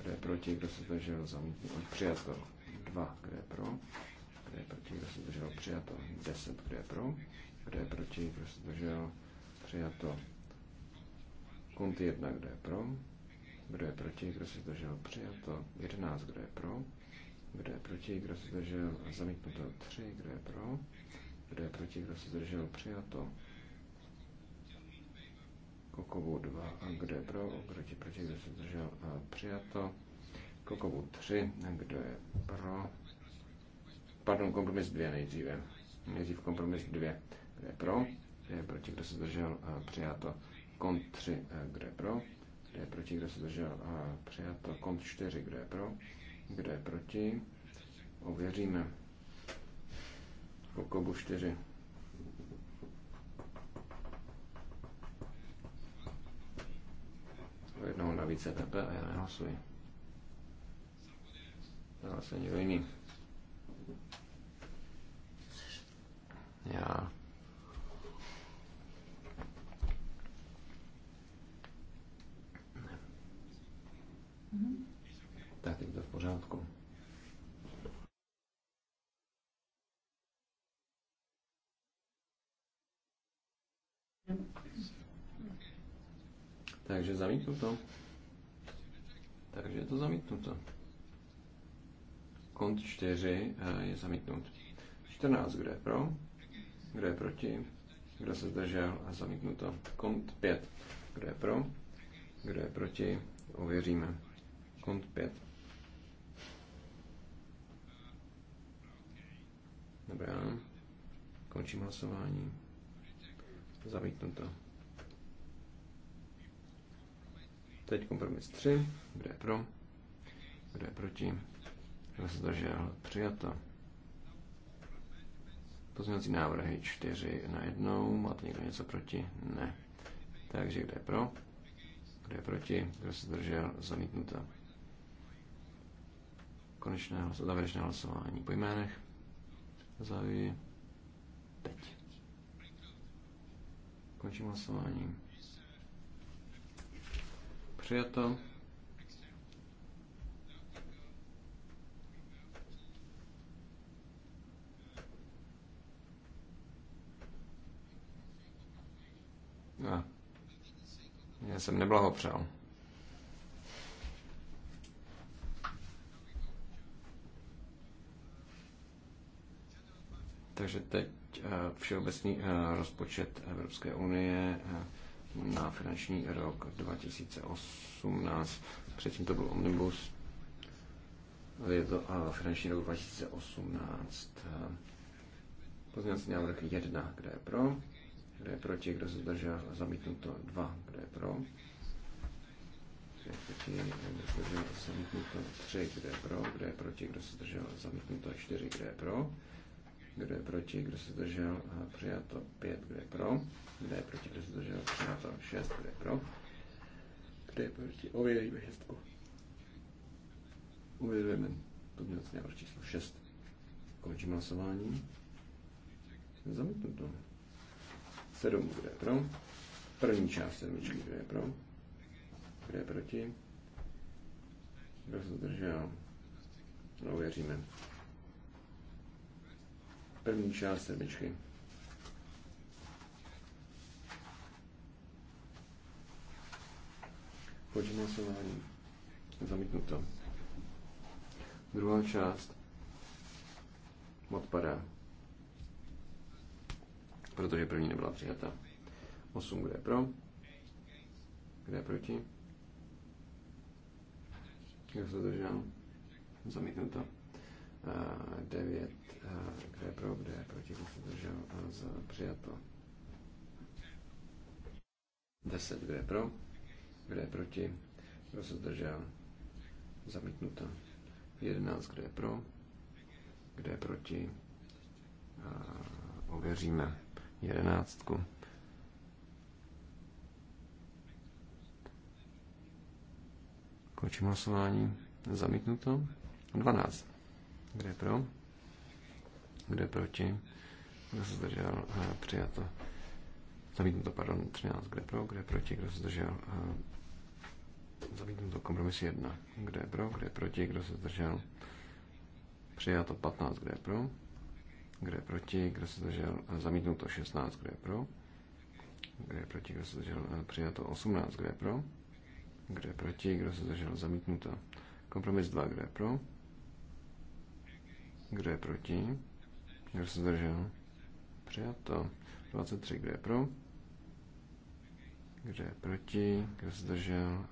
Kdo je proti? Kdo se zdržel? Zamítnuto. Přijato. 2, kdo je pro? Kdo je proti? Kdo se zdržel? Přijato. 10, kdo je pro? Kdo je proti? Kdo se zdržel? Přijato. Kont 1, kdo je pro? Kdo je proti? Kdo se zdržel? Přijato. 11, kdo je pro? Kdo je proti? Kdo se zdržel? Zamítnuto 3. Kdo je pro? Kdo je proti? Kdo se zdržel? Přijato. Kokovu 2. A kdo je pro? Kdo je proti? Kdo se zdržel? Přijato. Kokovu 3. A kdo je pro? Pardon, kompromis 2 nejdříve. Nejdřív kompromis 2. Kdo je pro? Kdo je proti? Kdo se zdržel? Přijato. Kont 3. Kdo je pro? Kdo je proti? Kdo se zdržel? Přijato. Kont 4. Kdo je pro? Kdo je proti? Ověříme. Pokobu 4. O jednou navíc je tepe a já nehlasuji. Já se někdo jiný. Já Mm-hmm tak je to v pořádku. Takže zamítnuto. Takže je to zamítnuto. Kont 4 eh, je zamítnut. 14, kdo je pro? Kdo je proti? Kdo se zdržel? A zamítnuto. Kont 5. Kdo je pro? Kdo je proti? Ověříme. Kont 5. Dobrá. Končím hlasování. Zamítnuto. Teď kompromis 3. Kdo je pro? Kdo je proti? Kdo se zdržel? Přijato. Pozměňovací návrhy 4 na jednou. Máte někdo něco proti? Ne. Takže kdo je pro? Kdo je proti? Kdo se zdržel? Zamítnuto. Konečné závěrečné hlasování po jménech. Zahajuji teď. Končím hlasování. Přijato. Ne. Já jsem neblahopřál. Takže teď eh, všeobecný eh, rozpočet Evropské unie eh, na finanční rok 2018. Předtím to byl omnibus. Je to finanční rok 2018. Pozměňovací návrh 1, kde je pro, kde je proti, kdo se zdržel, zamítnuto 2, kde je pro, kde je proti, kdo se zdržel, zamítnuto 3, kde je pro, kde je proti, kdo se zdržel, zamítnuto 4, kde je pro, kdo je proti, kdo se zdržel, přijato 5, kdo je pro, kdo je proti, kdo se zdržel, přijato 6, kdo je pro, kdo je proti, ověříme šestku. Ověřujeme pozměňovací jako návrh číslo 6. Končím hlasování. Zamítnuto. 7, kdo je pro, první část sedmičky, kdo je pro, kdo je proti, kdo se zdržel, no, První část sedmičky. Počet hlasování. Zamítnuto. Druhá část odpadá, protože první nebyla přijata. 8, kde je pro, kde je proti, kdo se držel? zamítnuto. 9, kde je pro, kde je proti, kdo se za přijato. 10, kde je pro, kde je proti, kdo se zdržel, zamítnuto. 11, kde je pro, kde je proti, a ověříme 11. Končím hlasování. Zamítnuto. 12. Kdo je pro? Kdo je proti? Kdo se zdržel? Přijato. Zamítnuto, pardon, 13. Kdo je pro? Kdo je proti? Kdo se zdržel? Zamítnuto, kompromis 1. Kdo je pro? Kdo je proti? Kdo se zdržel? Přijato 15. kde je pro? kde je proti? Kdo se zdržel? Zamítnuto 16. kde je pro? kde je proti? Kdo se zdržel? Přijato 18. kde je pro? kde je proti? Kdo se zdržel? Zamítnuto. Kompromis 2. kde je pro? Kdo je proti? Kdo se zdržel? Přijato. 23. Kdo je pro? Kdo je proti? Kdo se zdržel?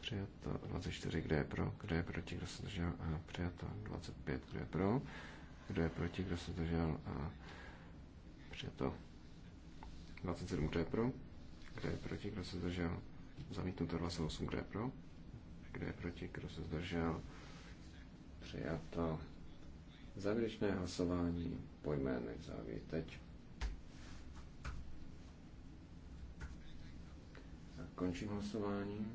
Přijato. 24. Kdo je pro? Kdo je proti? Kdo se zdržel? Přijato. 25. Kdo je pro? Kdo je proti? Kdo se zdržel? Přijato. 27. Kdo je pro? Kdo je proti? Kdo se zdržel? Zamítnuto 28. Kdo je pro? Kdo je proti? Kdo se zdržel? Přijato. Závěrečné hlasování po jménech závěr teď. A končím hlasování.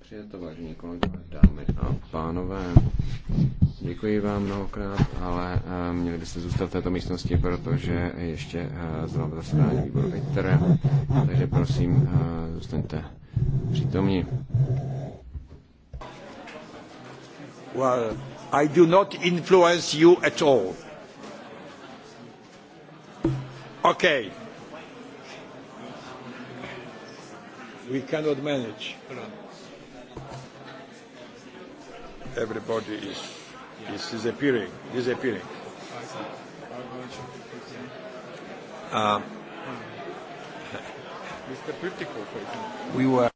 Přijeto, vážení kolegové, dámy a pánové. Děkuji vám mnohokrát, ale eh, měli byste zůstat v této místnosti, protože ještě eh, znamená zasedání výboru ITER, takže prosím, eh, zůstaňte přítomní. Well, i do not influence you at all. Okay. We cannot manage. Everybody is, is disappearing, disappearing. Um, Mr. Pritikoff, I think. We were.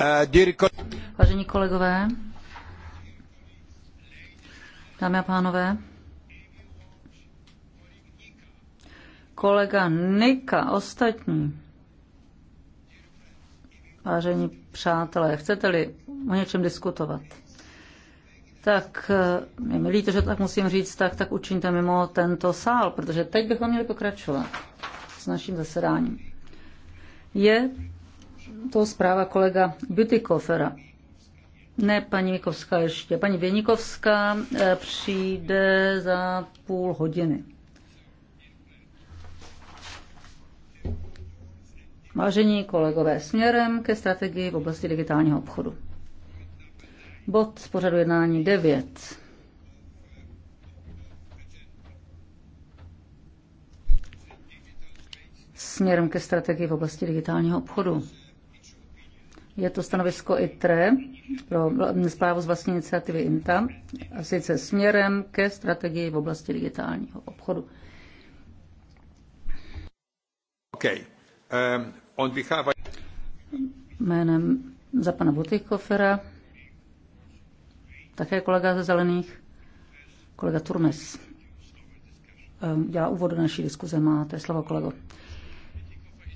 Eh, vážení kolegové, dámy a pánové, kolega Nika, ostatní, vážení přátelé, chcete-li o něčem diskutovat, tak eh, je mi líto, že tak musím říct, tak, tak učiňte mimo tento sál, protože teď bychom měli pokračovat s naším zasedáním. Je to zpráva kolega Butikofera. Ne, paní Mikovská ještě. Paní Věnikovská eh, přijde za půl hodiny. Vážení kolegové, směrem ke strategii v oblasti digitálního obchodu. Bod z pořadu jednání 9. Směrem ke strategii v oblasti digitálního obchodu. Je to stanovisko ITRE pro zprávu z vlastní iniciativy INTA, a sice směrem ke strategii v oblasti digitálního obchodu. Okay. Um, on behalf... Jménem za pana Butychofera, také kolega ze Zelených, kolega Turmes. Dělá ehm, úvod do naší diskuze, máte slovo kolego.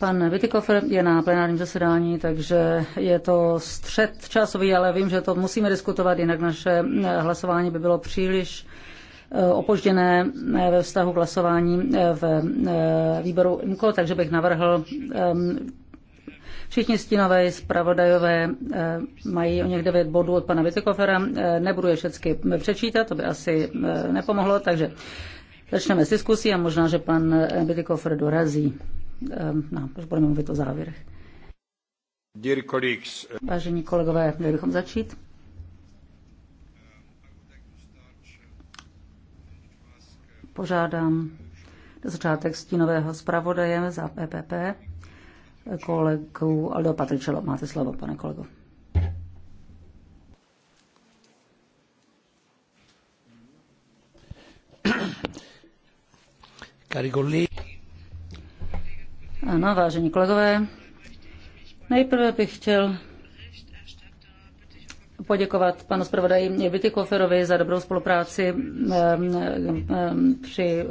Pan Vitikofer je na plenárním zasedání, takže je to střed časový, ale vím, že to musíme diskutovat, jinak naše eh, hlasování by bylo příliš eh, opožděné eh, ve vztahu k hlasování v výboru IMCO, takže bych navrhl ehm, Všichni stínové zpravodajové mají o něch devět bodů od pana Vitekofera. Nebudu je všechny přečítat, to by asi nepomohlo, takže začneme s diskusí a možná, že pan Vitikofer dorazí. Eh, no, budeme mluvit o závěrech. Eh, Vážení kolegové, měli bychom začít. Požádám na začátek stínového zpravodaje za PPP e eh, kolegu Aldo Patričelo. Máte slovo, pane kolego. Cari colleghi, ano, vážení kolegové, nejprve bych chtěl poděkovat panu zpravodaji Vitikoferovi za dobrou spolupráci při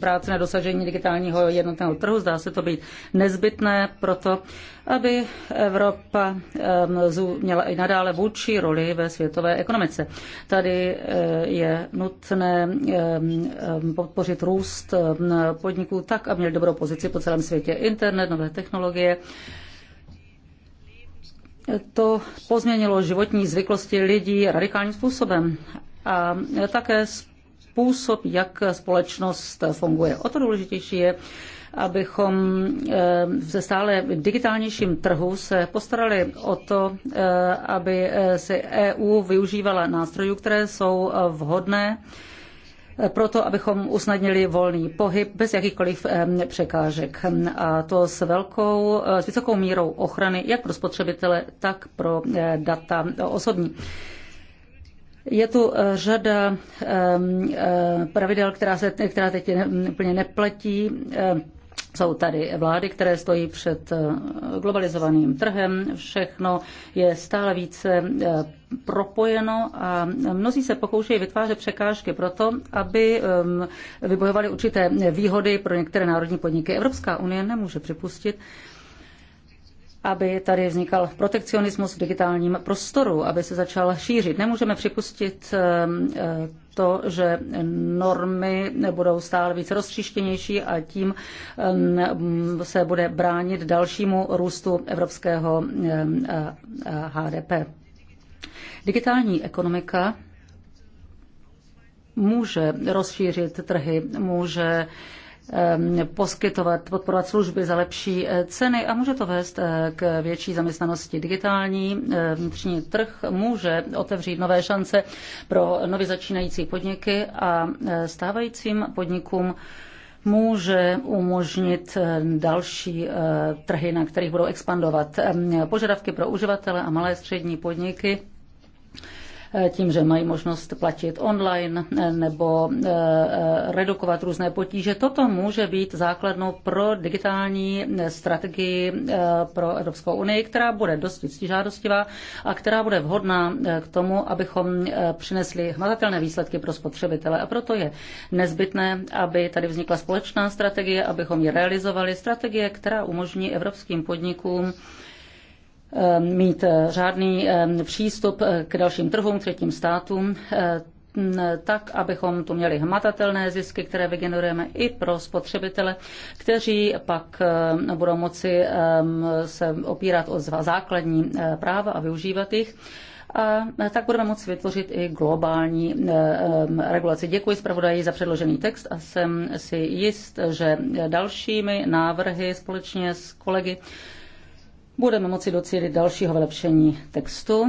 práci na dosažení digitálního jednotného trhu. Zdá se to být nezbytné proto, aby Evropa měla i nadále vůdčí roli ve světové ekonomice. Tady eh, je nutné podpořit růst podniků tak, aby měli dobrou pozici po celém světě. Internet, nové technologie, to pozměnilo životní zvyklosti lidí radikálním způsobem a také způsob, jak společnost funguje. O to důležitější je, abychom eh, ze stále digitálnějším trhu se postarali o to, eh, aby eh, se EU využívala nástrojů, které jsou vhodné proto abychom usnadnili volný pohyb bez jakýchkoliv překážek. A to s, velkou, s vysokou mírou ochrany jak pro spotřebitele, tak pro eh, data osobní. Je tu eh, řada eh, pravidel, která, se, která teď úplně neplatí jsou tady vlády, které stojí před eh, globalizovaným trhem, všechno je stále více eh, propojeno a mnozí se pokoušejí vytvářet překážky pro to, aby ehm, vybojovali určité výhody pro některé národní podniky. Evropská unie nemůže připustit, aby tady vznikal protekcionismus v digitálním prostoru, aby se začal šířit. Nemůžeme připustit eh, eh, to, že normy budou stále víc rozčištěnější a tím mm, se bude bránit dalšímu růstu evropského HDP. Eh, Digitální ekonomika může rozšířit trhy, může Ehm, poskytovat, podporovat služby za lepší eh, ceny a může to vést eh, k větší zaměstnanosti. Digitální eh, vnitřní trh může otevřít nové šance pro nově začínající podniky a stávajícím podnikům může umožnit další trhy, na kterých budou expandovat ehm, požadavky pro uživatele a malé střední podniky Eh, tím, že mají možnost platit online eh, nebo eh, redukovat různé potíže. Toto může být základnou pro digitální strategii pro Evropskou unii, která bude dosti žádostivá a která bude vhodná k tomu, abychom přinesli hmatatelné výsledky pro spotřebitele. A proto je nezbytné, aby tady vznikla společná strategie, abychom ji realizovali. Strategie, která umožní evropským podnikům Eh, mít eh, řádný eh, přístup k dalším trhům, třetím státům, tak, abychom tu měli hmatatelné zisky, které vygenerujeme i pro spotřebitele, kteří pak budou moci se opírat o základní práva a využívat jich a tak budeme moci vytvořit i globální regulaci. Děkuji zpravodaji za předložený text a jsem si jist, že dalšími návrhy společně s kolegy budeme moci docílit dalšího vylepšení textu.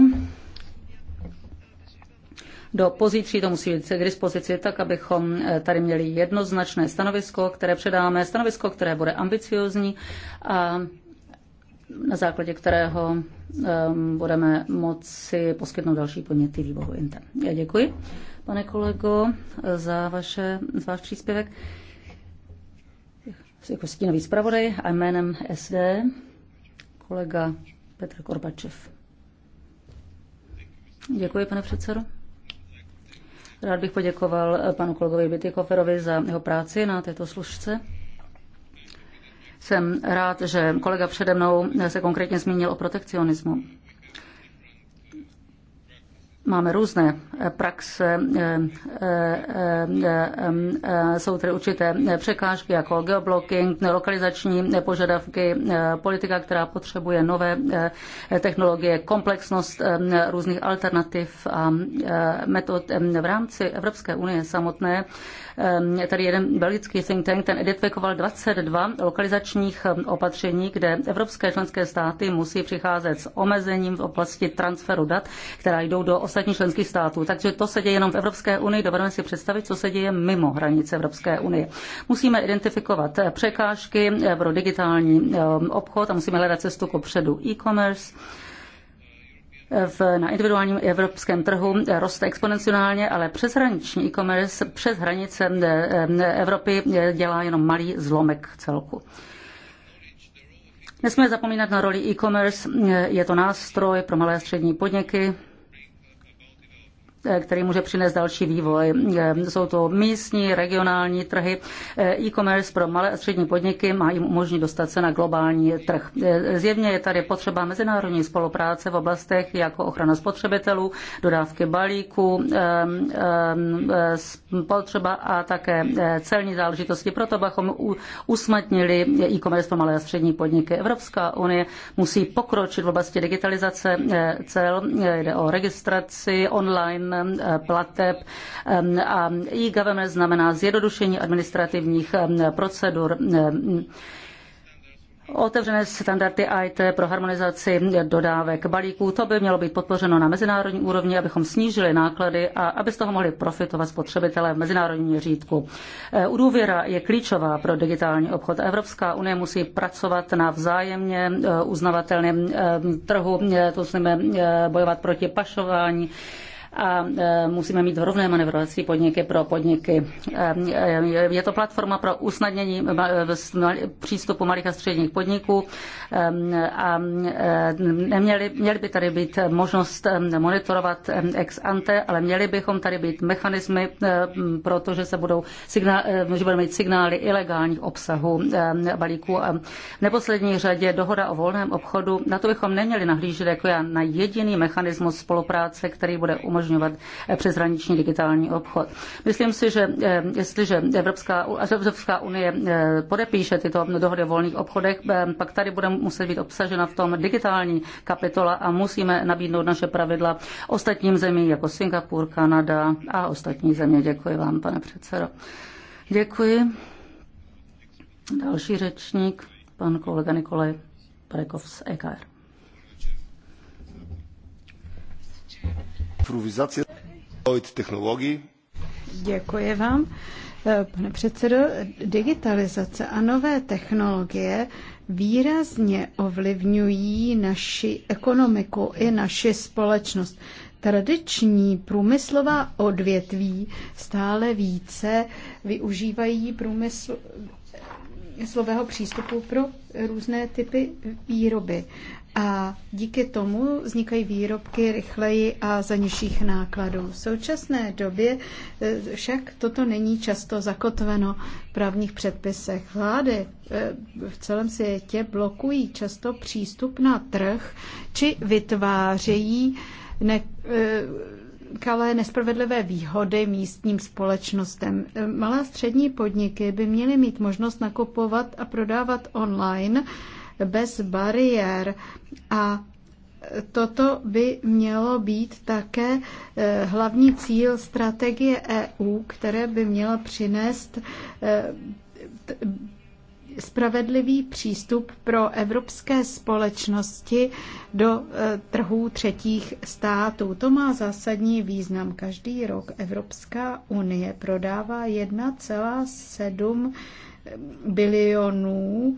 Do pozítří to musí být k dispozici tak, abychom eh, tady měli jednoznačné stanovisko, které předáme, stanovisko, které bude ambiciozní a na základě kterého ehm, budeme moci poskytnout další podněty výboru INTE. Já děkuji, pane kolego, za, vaše, za váš příspěvek. Jako stínový zpravodaj a jménem SD kolega Petr Korbačev. Děkuji, pane předsedo. Rád bych poděkoval panu kolegovi Bitykoferovi za jeho práci na této služce. Jsem rád, že kolega přede mnou se konkrétně zmínil o protekcionismu. Máme různé eh, praxe, eh, eh, jsou tady určité překážky jako geoblocking, lokalizační požadavky, politika, která potřebuje nové technologie, komplexnost různých alternativ a metod v rámci Evropské unie samotné. Tady jeden belgický think tank, ten identifikoval 22 lokalizačních opatření, kde evropské členské státy musí přicházet s omezením v oblasti transferu dat, která jdou do ostatních ostatních členských států. Takže to se děje jenom v Evropské unii, dovedeme si představit, co se děje mimo hranice Evropské unie. Musíme identifikovat překážky pro digitální eh, obchod a musíme hledat cestu ku předu e-commerce eh, v, na individuálním evropském trhu eh, roste exponenciálně, ale přeshraniční e-commerce přes hranice Evropy dělá jenom malý zlomek celku. Nesmíme zapomínat na roli e-commerce, je to nástroj pro malé a střední podniky, který může přinést další vývoj. Jsou to místní, regionální trhy. E-commerce pro malé a střední podniky má jim umožnit dostat se na globální trh. Zjevně je tady potřeba mezinárodní spolupráce v oblastech jako ochrana spotřebitelů, dodávky balíků, spotřeba a také e, celní záležitosti. Proto bychom usmatnili e-commerce pro malé a střední podniky. Evropská unie musí pokročit v oblasti digitalizace e, cel, jde o registraci online Eh, plateb eh, a e-government znamená zjednodušení administrativních eh, procedur otevřené standardy IT pro harmonizaci dodávek balíků. To by mělo být podpořeno na mezinárodní úrovni, abychom snížili náklady a aby z toho mohli profitovat spotřebitelé v mezinárodním měřítku. Důvěra je klíčová pro digitální obchod. Evropská unie musí pracovat na vzájemně uznavatelném trhu, to znamená bojovat proti pašování a e, musíme mít rovné manevrovací podniky pro podniky. E, e, je to platforma pro usnadnění přístupu malých a středních podniků a neměli, měli by tady být možnost monitorovat ex ante, ale měli bychom tady být mechanismy, protože se budou signály, že budeme mít signály ilegálních obsahů balíků. A v neposlední řadě dohoda o volném obchodu, na to bychom neměli nahlížet jako já na jediný mechanismus spolupráce, který bude umožňovat umožňovat eh, přeshraniční digitální obchod. Myslím si, že eh, jestliže Evropská, Evropská unie eh, podepíše tyto dohody o volných obchodech, pak tady bude muset být obsažena v tom digitální kapitola a musíme nabídnout naše pravidla ostatním zemím, jako Singapur, Kanada a ostatní země. Děkuji vám, pane předsedo. Děkuji. Další řečník, pan kolega Nikolaj Prekov z EKR. Improvizace technologií. Děkuji vám. Eh, pane předsedo, digitalizace a nové technologie výrazně ovlivňují naši ekonomiku i naši společnost. Tradiční průmyslová odvětví stále více využívají průmysl, slového přístupu pro různé typy výroby a díky tomu vznikají výrobky rychleji a za nižších nákladů. V současné době e, však toto není často zakotveno v právních předpisech. Vlády e, v celém světě blokují často přístup na trh či vytvářejí ne, e, ale nespravedlivé výhody místním společnostem. Malé a střední podniky by měly mít možnost nakupovat a prodávat online bez bariér a Toto by mělo být také eh, hlavní cíl strategie EU, které by mělo přinést eh, spravedlivý přístup pro evropské společnosti do eh, trhů třetích států. To má zásadní význam. Každý rok Evropská unie prodává 1,7 bilionů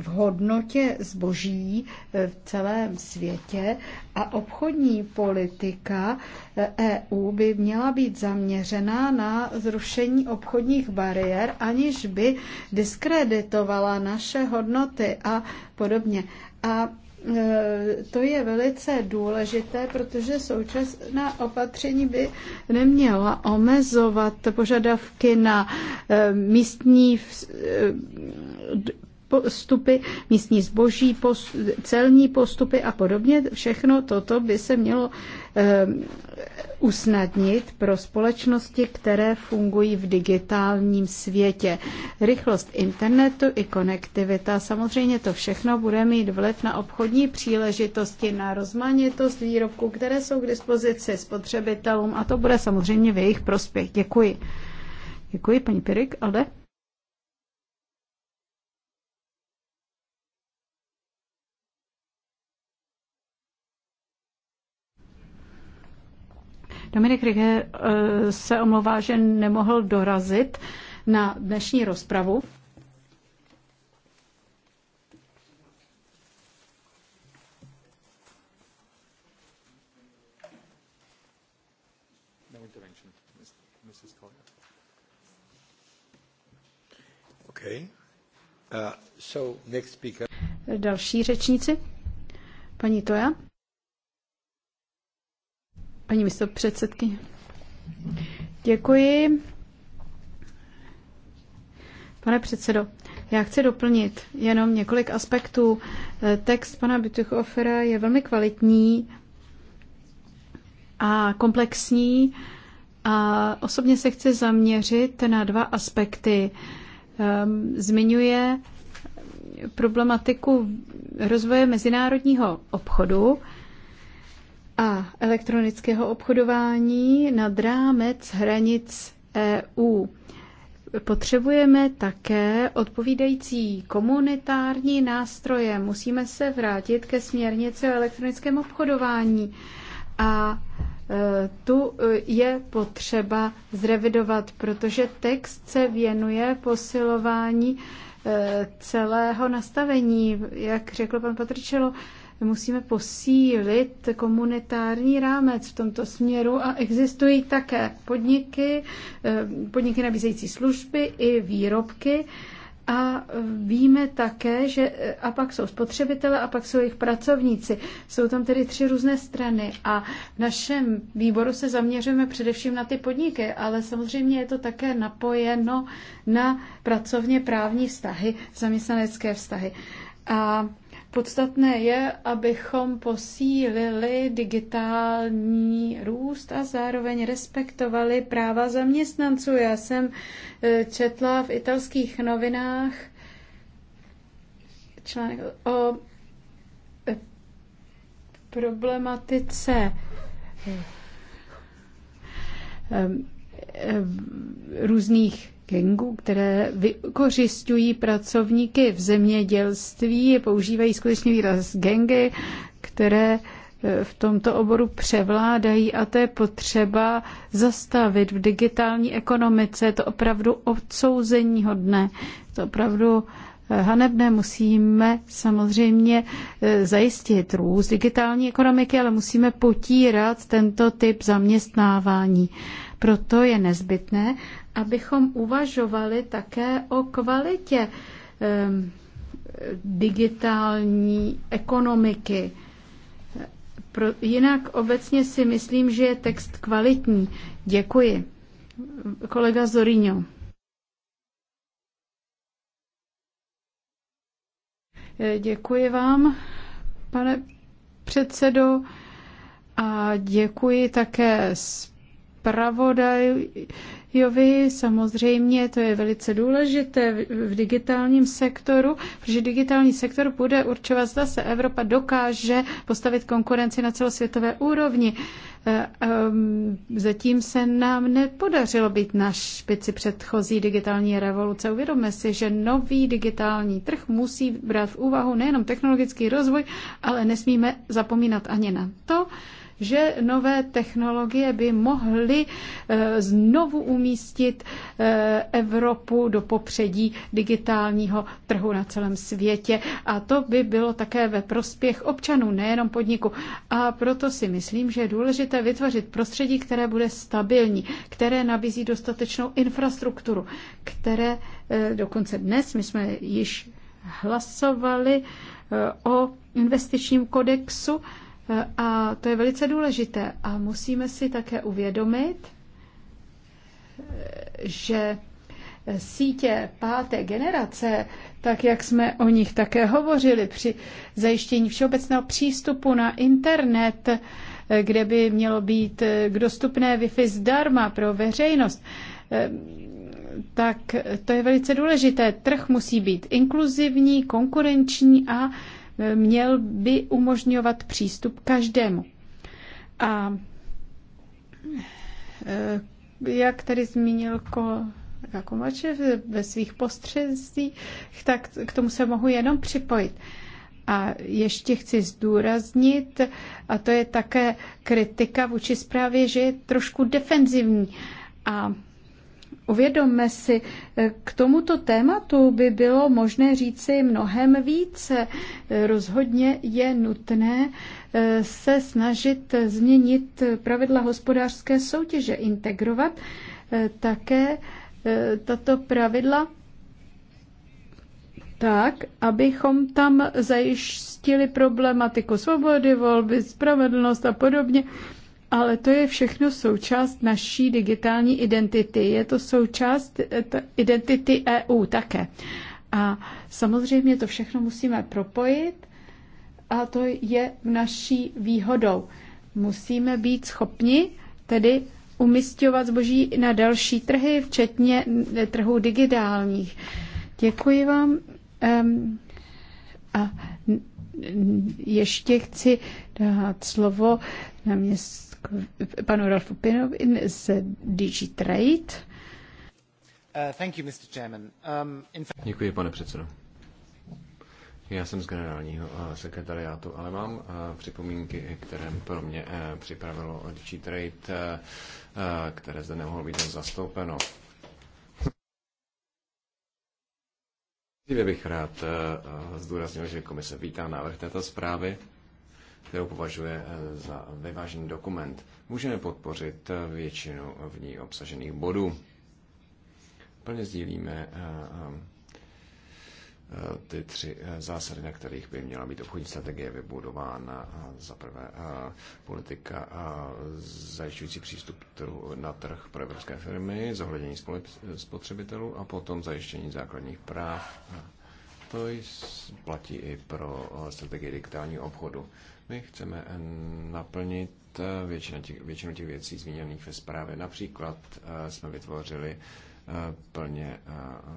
v hodnotě zboží eh, v celém světě a obchodní politika EU eh, e by měla být zaměřená na zrušení obchodních bariér, aniž by diskreditovala naše hodnoty a podobně. A eh, to je velice důležité, protože současná opatření by neměla omezovat požadavky na místní postupy, místní zboží, post, celní postupy a podobně. Všechno toto by se mělo eh, usnadnit pro společnosti, které fungují v digitálním světě. Rychlost internetu i konektivita, samozřejmě to všechno bude mít vliv na obchodní příležitosti, na rozmanitost výrobků, které jsou k dispozici spotřebitelům a to bude samozřejmě v jejich prospěch. Děkuji. Děkuji, paní Pirik, ale... Dominik Rige eh, se omlouvá, že nemohl dorazit na dnešní rozpravu. No okay. Uh, so next speaker. Další řečníci? Paní Toja? Paní předsedky. Děkuji. Pane předsedo, já chci doplnit jenom několik aspektů. Text pana Bituchofera je velmi kvalitní a komplexní a osobně se chci zaměřit na dva aspekty. Ehm, zmiňuje problematiku rozvoje mezinárodního obchodu, a elektronického obchodování nad rámec hranic EU. Potřebujeme také odpovídající komunitární nástroje. Musíme se vrátit ke směrnici o elektronickém obchodování. A e, tu e, je potřeba zrevidovat, protože text se věnuje posilování e, celého nastavení. Jak řekl pan Patrčelo, Musíme posílit komunitární rámec v tomto směru a existují také podniky, eh, podniky nabízející služby i výrobky, a víme také, že eh, a pak jsou spotřebitele a pak jsou jejich pracovníci. Jsou tam tedy tři různé strany a v našem výboru se zaměřujeme především na ty podniky, ale samozřejmě je to také napojeno na pracovně právní vztahy, zaměstnanecké vztahy. A Podstatné je, abychom posílili digitální růst a zároveň respektovali práva zaměstnanců. Já jsem eh, četla v italských novinách článek o eh, problematice eh, různých Gengu, které vykořišťují pracovníky v zemědělství, používají skutečně výraz gengy, které e, v tomto oboru převládají a to je potřeba zastavit v digitální ekonomice. Je to opravdu odsouzení hodné, je to opravdu e, hanebné. Musíme samozřejmě e, zajistit růst digitální ekonomiky, ale musíme potírat tento typ zaměstnávání. Proto je nezbytné, abychom uvažovali také o kvalitě digitální ekonomiky. Pro, jinak obecně si myslím, že je text kvalitní. Děkuji. Kolega Zorino. Děkuji vám, pane předsedo, a děkuji také zpravodaj, Jo, vy Samozřejmě to je velice důležité v digitálním sektoru, protože digitální sektor bude určovat, zda se Evropa dokáže postavit konkurenci na celosvětové úrovni. E, e, zatím se nám nepodařilo být na špici předchozí digitální revoluce. Uvědomme si, že nový digitální trh musí brát v úvahu nejenom technologický rozvoj, ale nesmíme zapomínat ani na to, že nové technologie by mohly eh, znovu umístit eh, Evropu do popředí digitálního trhu na celém světě. A to by bylo také ve prospěch občanů, nejenom podniku. A proto si myslím, že je důležité vytvořit prostředí, které bude stabilní, které nabízí dostatečnou infrastrukturu, které eh, dokonce dnes, my jsme již hlasovali o investičním kodexu, a to je velice důležité. A musíme si také uvědomit, že sítě páté generace, tak jak jsme o nich také hovořili při zajištění všeobecného přístupu na internet, kde by mělo být k eh, dostupné Wi-Fi zdarma pro veřejnost, eh, tak to je velice důležité. Trh musí být inkluzivní, konkurenční a měl by umožňovat přístup každému. A eh, jak tady zmínil jako Komačev ve svých postřezích, tak k tomu se mohu jenom připojit. A ještě chci zdůraznit, a to je také kritika vůči zprávě, že je trošku defenzivní. A Uvědomme si, eh, k tomuto tématu by bylo možné říci mnohem více. Eh, rozhodně je nutné eh, se snažit změnit pravidla hospodářské soutěže, integrovat také tato pravidla tak, abychom tam zajištili problematiku svobody, volby, spravedlnost a podobně ale to je všechno součást naší digitální identity. Je to součást eh, identity EU také. A samozřejmě to všechno musíme propojit a to je naší výhodou. Musíme být schopni tedy umistovat zboží na další trhy, včetně eh, trhů digitálních. Děkuji vám. a ještě chci dát slovo na město panu Ralfu Pinovi z DG Trade. Uh, thank you, Mr. Chairman. Um, Děkuji, pane předsedo. Já jsem z generálního uh, sekretariátu, ale mám uh, připomínky, které pro mě připravilo Trade, které zde nemohlo být zastoupeno. Dříve bych rád zdůraznil, že komise vítá návrh této zprávy kterou považuje eh, za vyvážený dokument. Můžeme podpořit eh, většinu v ní obsažených bodů. Plně sdílíme eh, ty tři zásady, na kterých by měla být obchodní strategie vybudována. Za prvé politika zajišťující přístup na trh pro evropské firmy, zohlednění spotřebitelů a potom zajištění základních práv. To platí i pro strategii digitálního obchodu. My chceme eh, naplnit eh, většinu těch, většinu těch věcí zmíněných ve zprávě. Například eh, jsme vytvořili plně,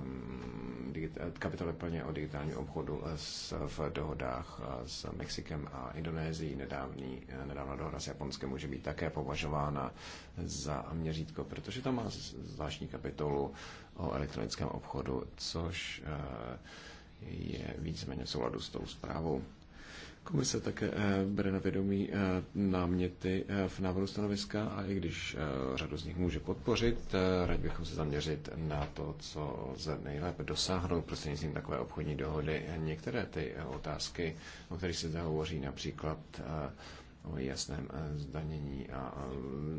mm, kapitole plně o digitálním obchodu s, v dohodách s Mexikem a Indonésií. Nedávný, nedávná dohoda s Japonskem může být také považována za měřítko, protože tam má zvláštní kapitolu o elektronickém obchodu, což je víceméně v souladu s tou zprávou. Komise také eh, bere na vědomí eh, náměty eh, v návrhu stanoviska a i když řadu z nich může podpořit, rád bychom se zaměřit na to, co lze nejlépe dosáhnout prostřednictvím takové obchodní dohody. Některé ty otázky, o kterých se zde hovoří, například o jasném zdanění a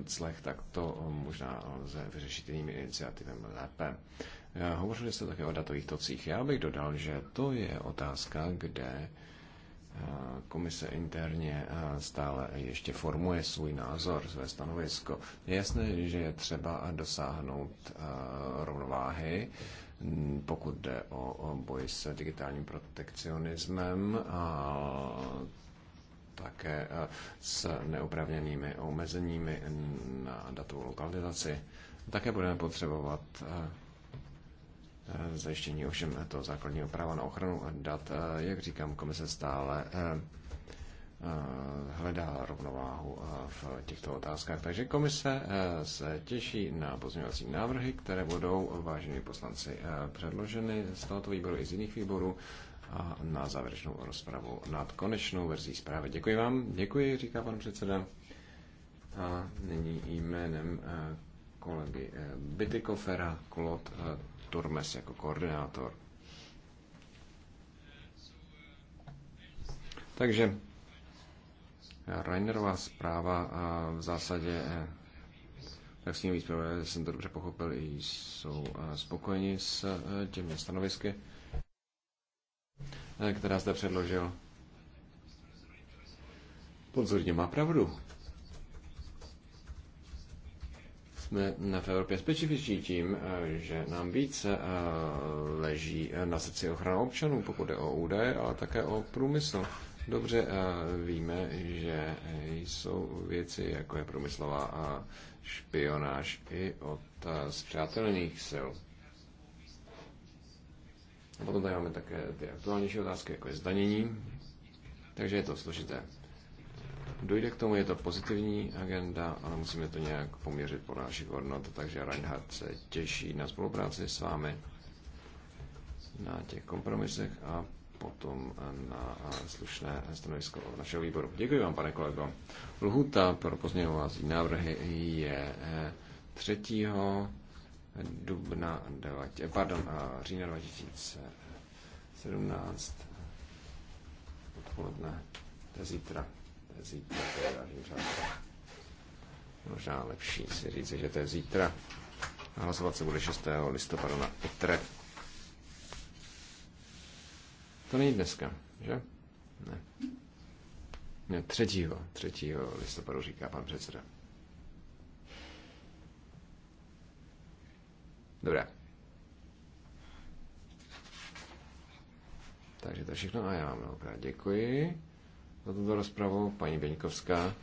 clech, tak to možná lze vyřešit jinými iniciativami lépe. Hovořili jste také o datových tocích. Já bych dodal, že to je otázka, kde Eh, komise interně eh, stále ještě formuje svůj názor, své stanovisko. Je jasné, že je třeba dosáhnout eh, rovnováhy, pokud jde o boj s digitálním protekcionismem a také s neoprávněnými omezeními na datovou lokalizaci. Také budeme potřebovat Eh, zajištění ovšem toho základního práva na ochranu dat, eh, jak říkám, komise stále eh, hledá rovnováhu v těchto otázkách. Takže komise se těší na pozměňovací návrhy, které budou vážení poslanci předloženy z tohoto výboru i z jiných výborů a na závěrečnou rozpravu nad konečnou verzí zprávy. Děkuji vám, děkuji, říká pan předseda. A nyní jménem kolegy Bitykofera Klot Turmes jako koordinátor. Takže Rainerová zpráva a v zásadě, eh, tak s ním víc, jsem to dobře pochopil, i jsou eh, spokojeni s eh, těmi stanovisky, která zde předložil. Ponzorně má pravdu. jsme v Evropě specifiční tím, eh, že nám více eh, leží eh, na srdci ochrana občanů, pokud je o údaje, ale také o průmysl. Dobře víme, že jsou věci, jako je průmyslová špionáž i od zpřátelných sil. A potom tady máme také ty aktuálnější otázky, jako je zdanění, takže je to složité dojde k tomu, je to pozitivní agenda, ale musíme to nějak poměřit po našich hodnot, takže Reinhardt se těší na spolupráci s vámi na těch kompromisech a potom na slušné stanovisko od našeho výboru. Děkuji vám, pane kolego. Lhuta pro pozměňovací návrhy je 3. Eh, dubna, 9, eh, pardon, eh, října 2017 odpoledne, to je zítra zítra, teda, Možná lepší si říct, že to je zítra. Hlasovat se bude 6. listopadu na ITRE. To není dneska, že? Ne. Ne, 3. 3. listopadu říká pan předseda. Dobrá. Takže to je všechno a já vám mnohokrát děkuji za tuto rozpravu. Paní Beňkovská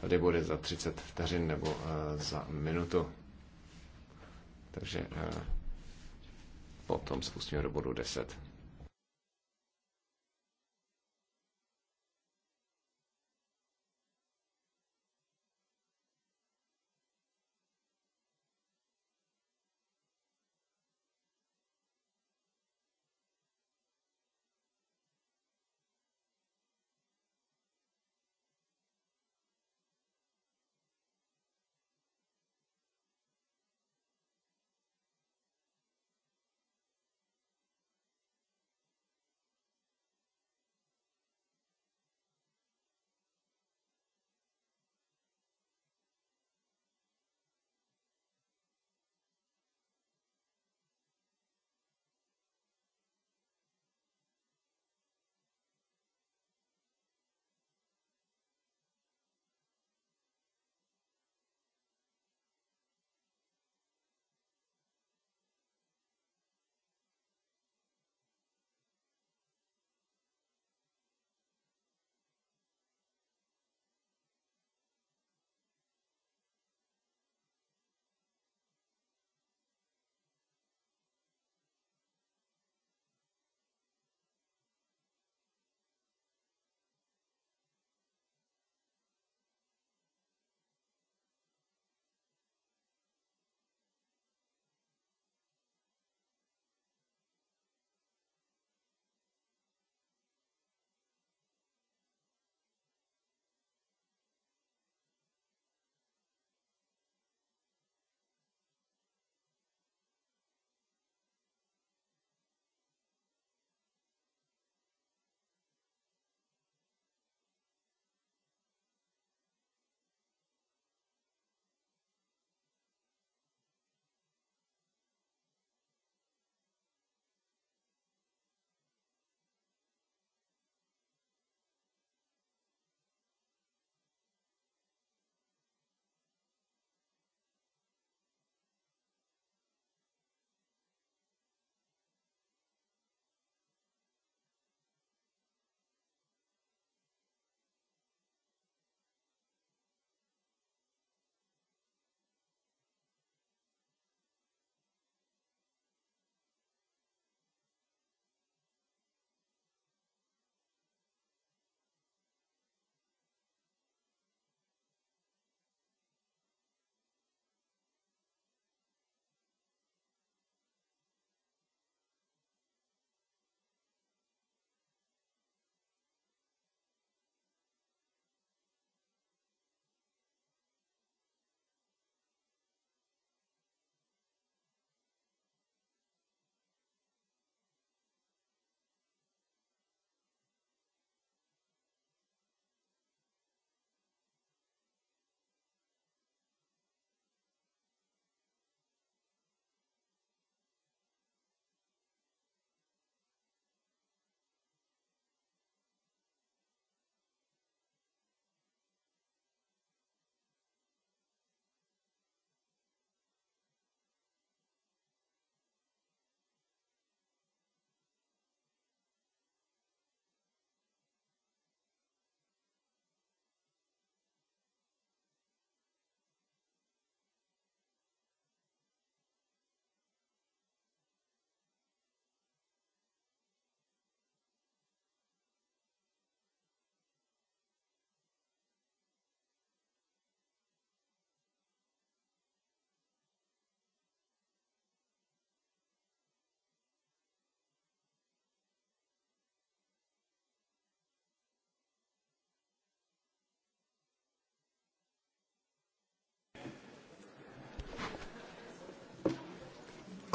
tady bude za 30 vteřin nebo eh, za minutu. Takže eh, potom spustíme do bodu 10.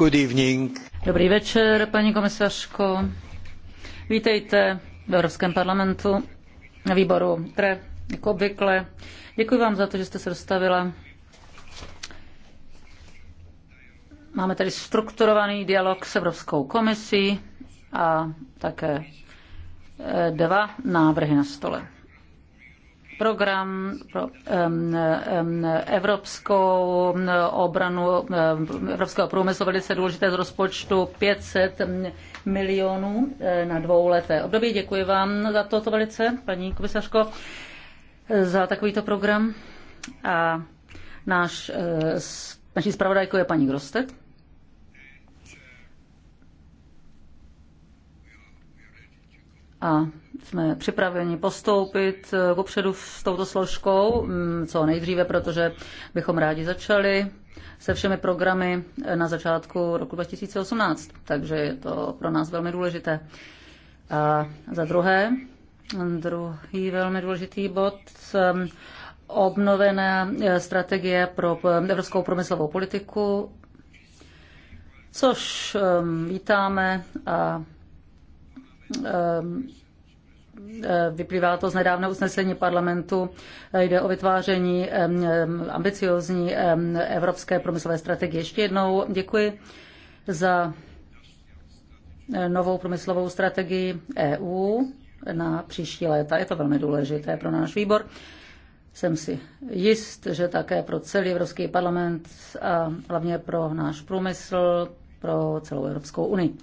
Good evening. Dobrý večer, paní komisařko. Vítejte v Evropském parlamentu na výboru TRE, jako obvykle. Děkuji vám za to, že jste se dostavila. Máme tady strukturovaný dialog s Evropskou komisí a také eh, dva návrhy na stole program pro evropskou obranu evropského průmyslu velice důležité z rozpočtu 500 milionů eh, na dvouleté období. Děkuji vám za toto velice, paní komisařko, za takovýto program. A náš, eh, naší zpravodajkou je paní Grostet. a jsme připraveni postoupit eh, kupředu s touto složkou mm, co nejdříve, protože bychom rádi začali se všemi programy eh, na začátku roku 2018, takže je to pro nás velmi důležité. A za druhé, druhý velmi důležitý bod, ehm, obnovená eh, strategie pro evropskou promyslovou politiku, což ehm, vítáme a Ehm, ehm, vyplývá to z nedávného usnesení parlamentu. Jde o vytváření ehm, ambiciozní evropské průmyslové strategie. Ještě jednou děkuji za eh, novou průmyslovou strategii EU na příští léta. Je to velmi důležité pro náš výbor. Jsem si jist, že také pro celý Evropský parlament a hlavně pro náš průmysl, pro celou Evropskou unii.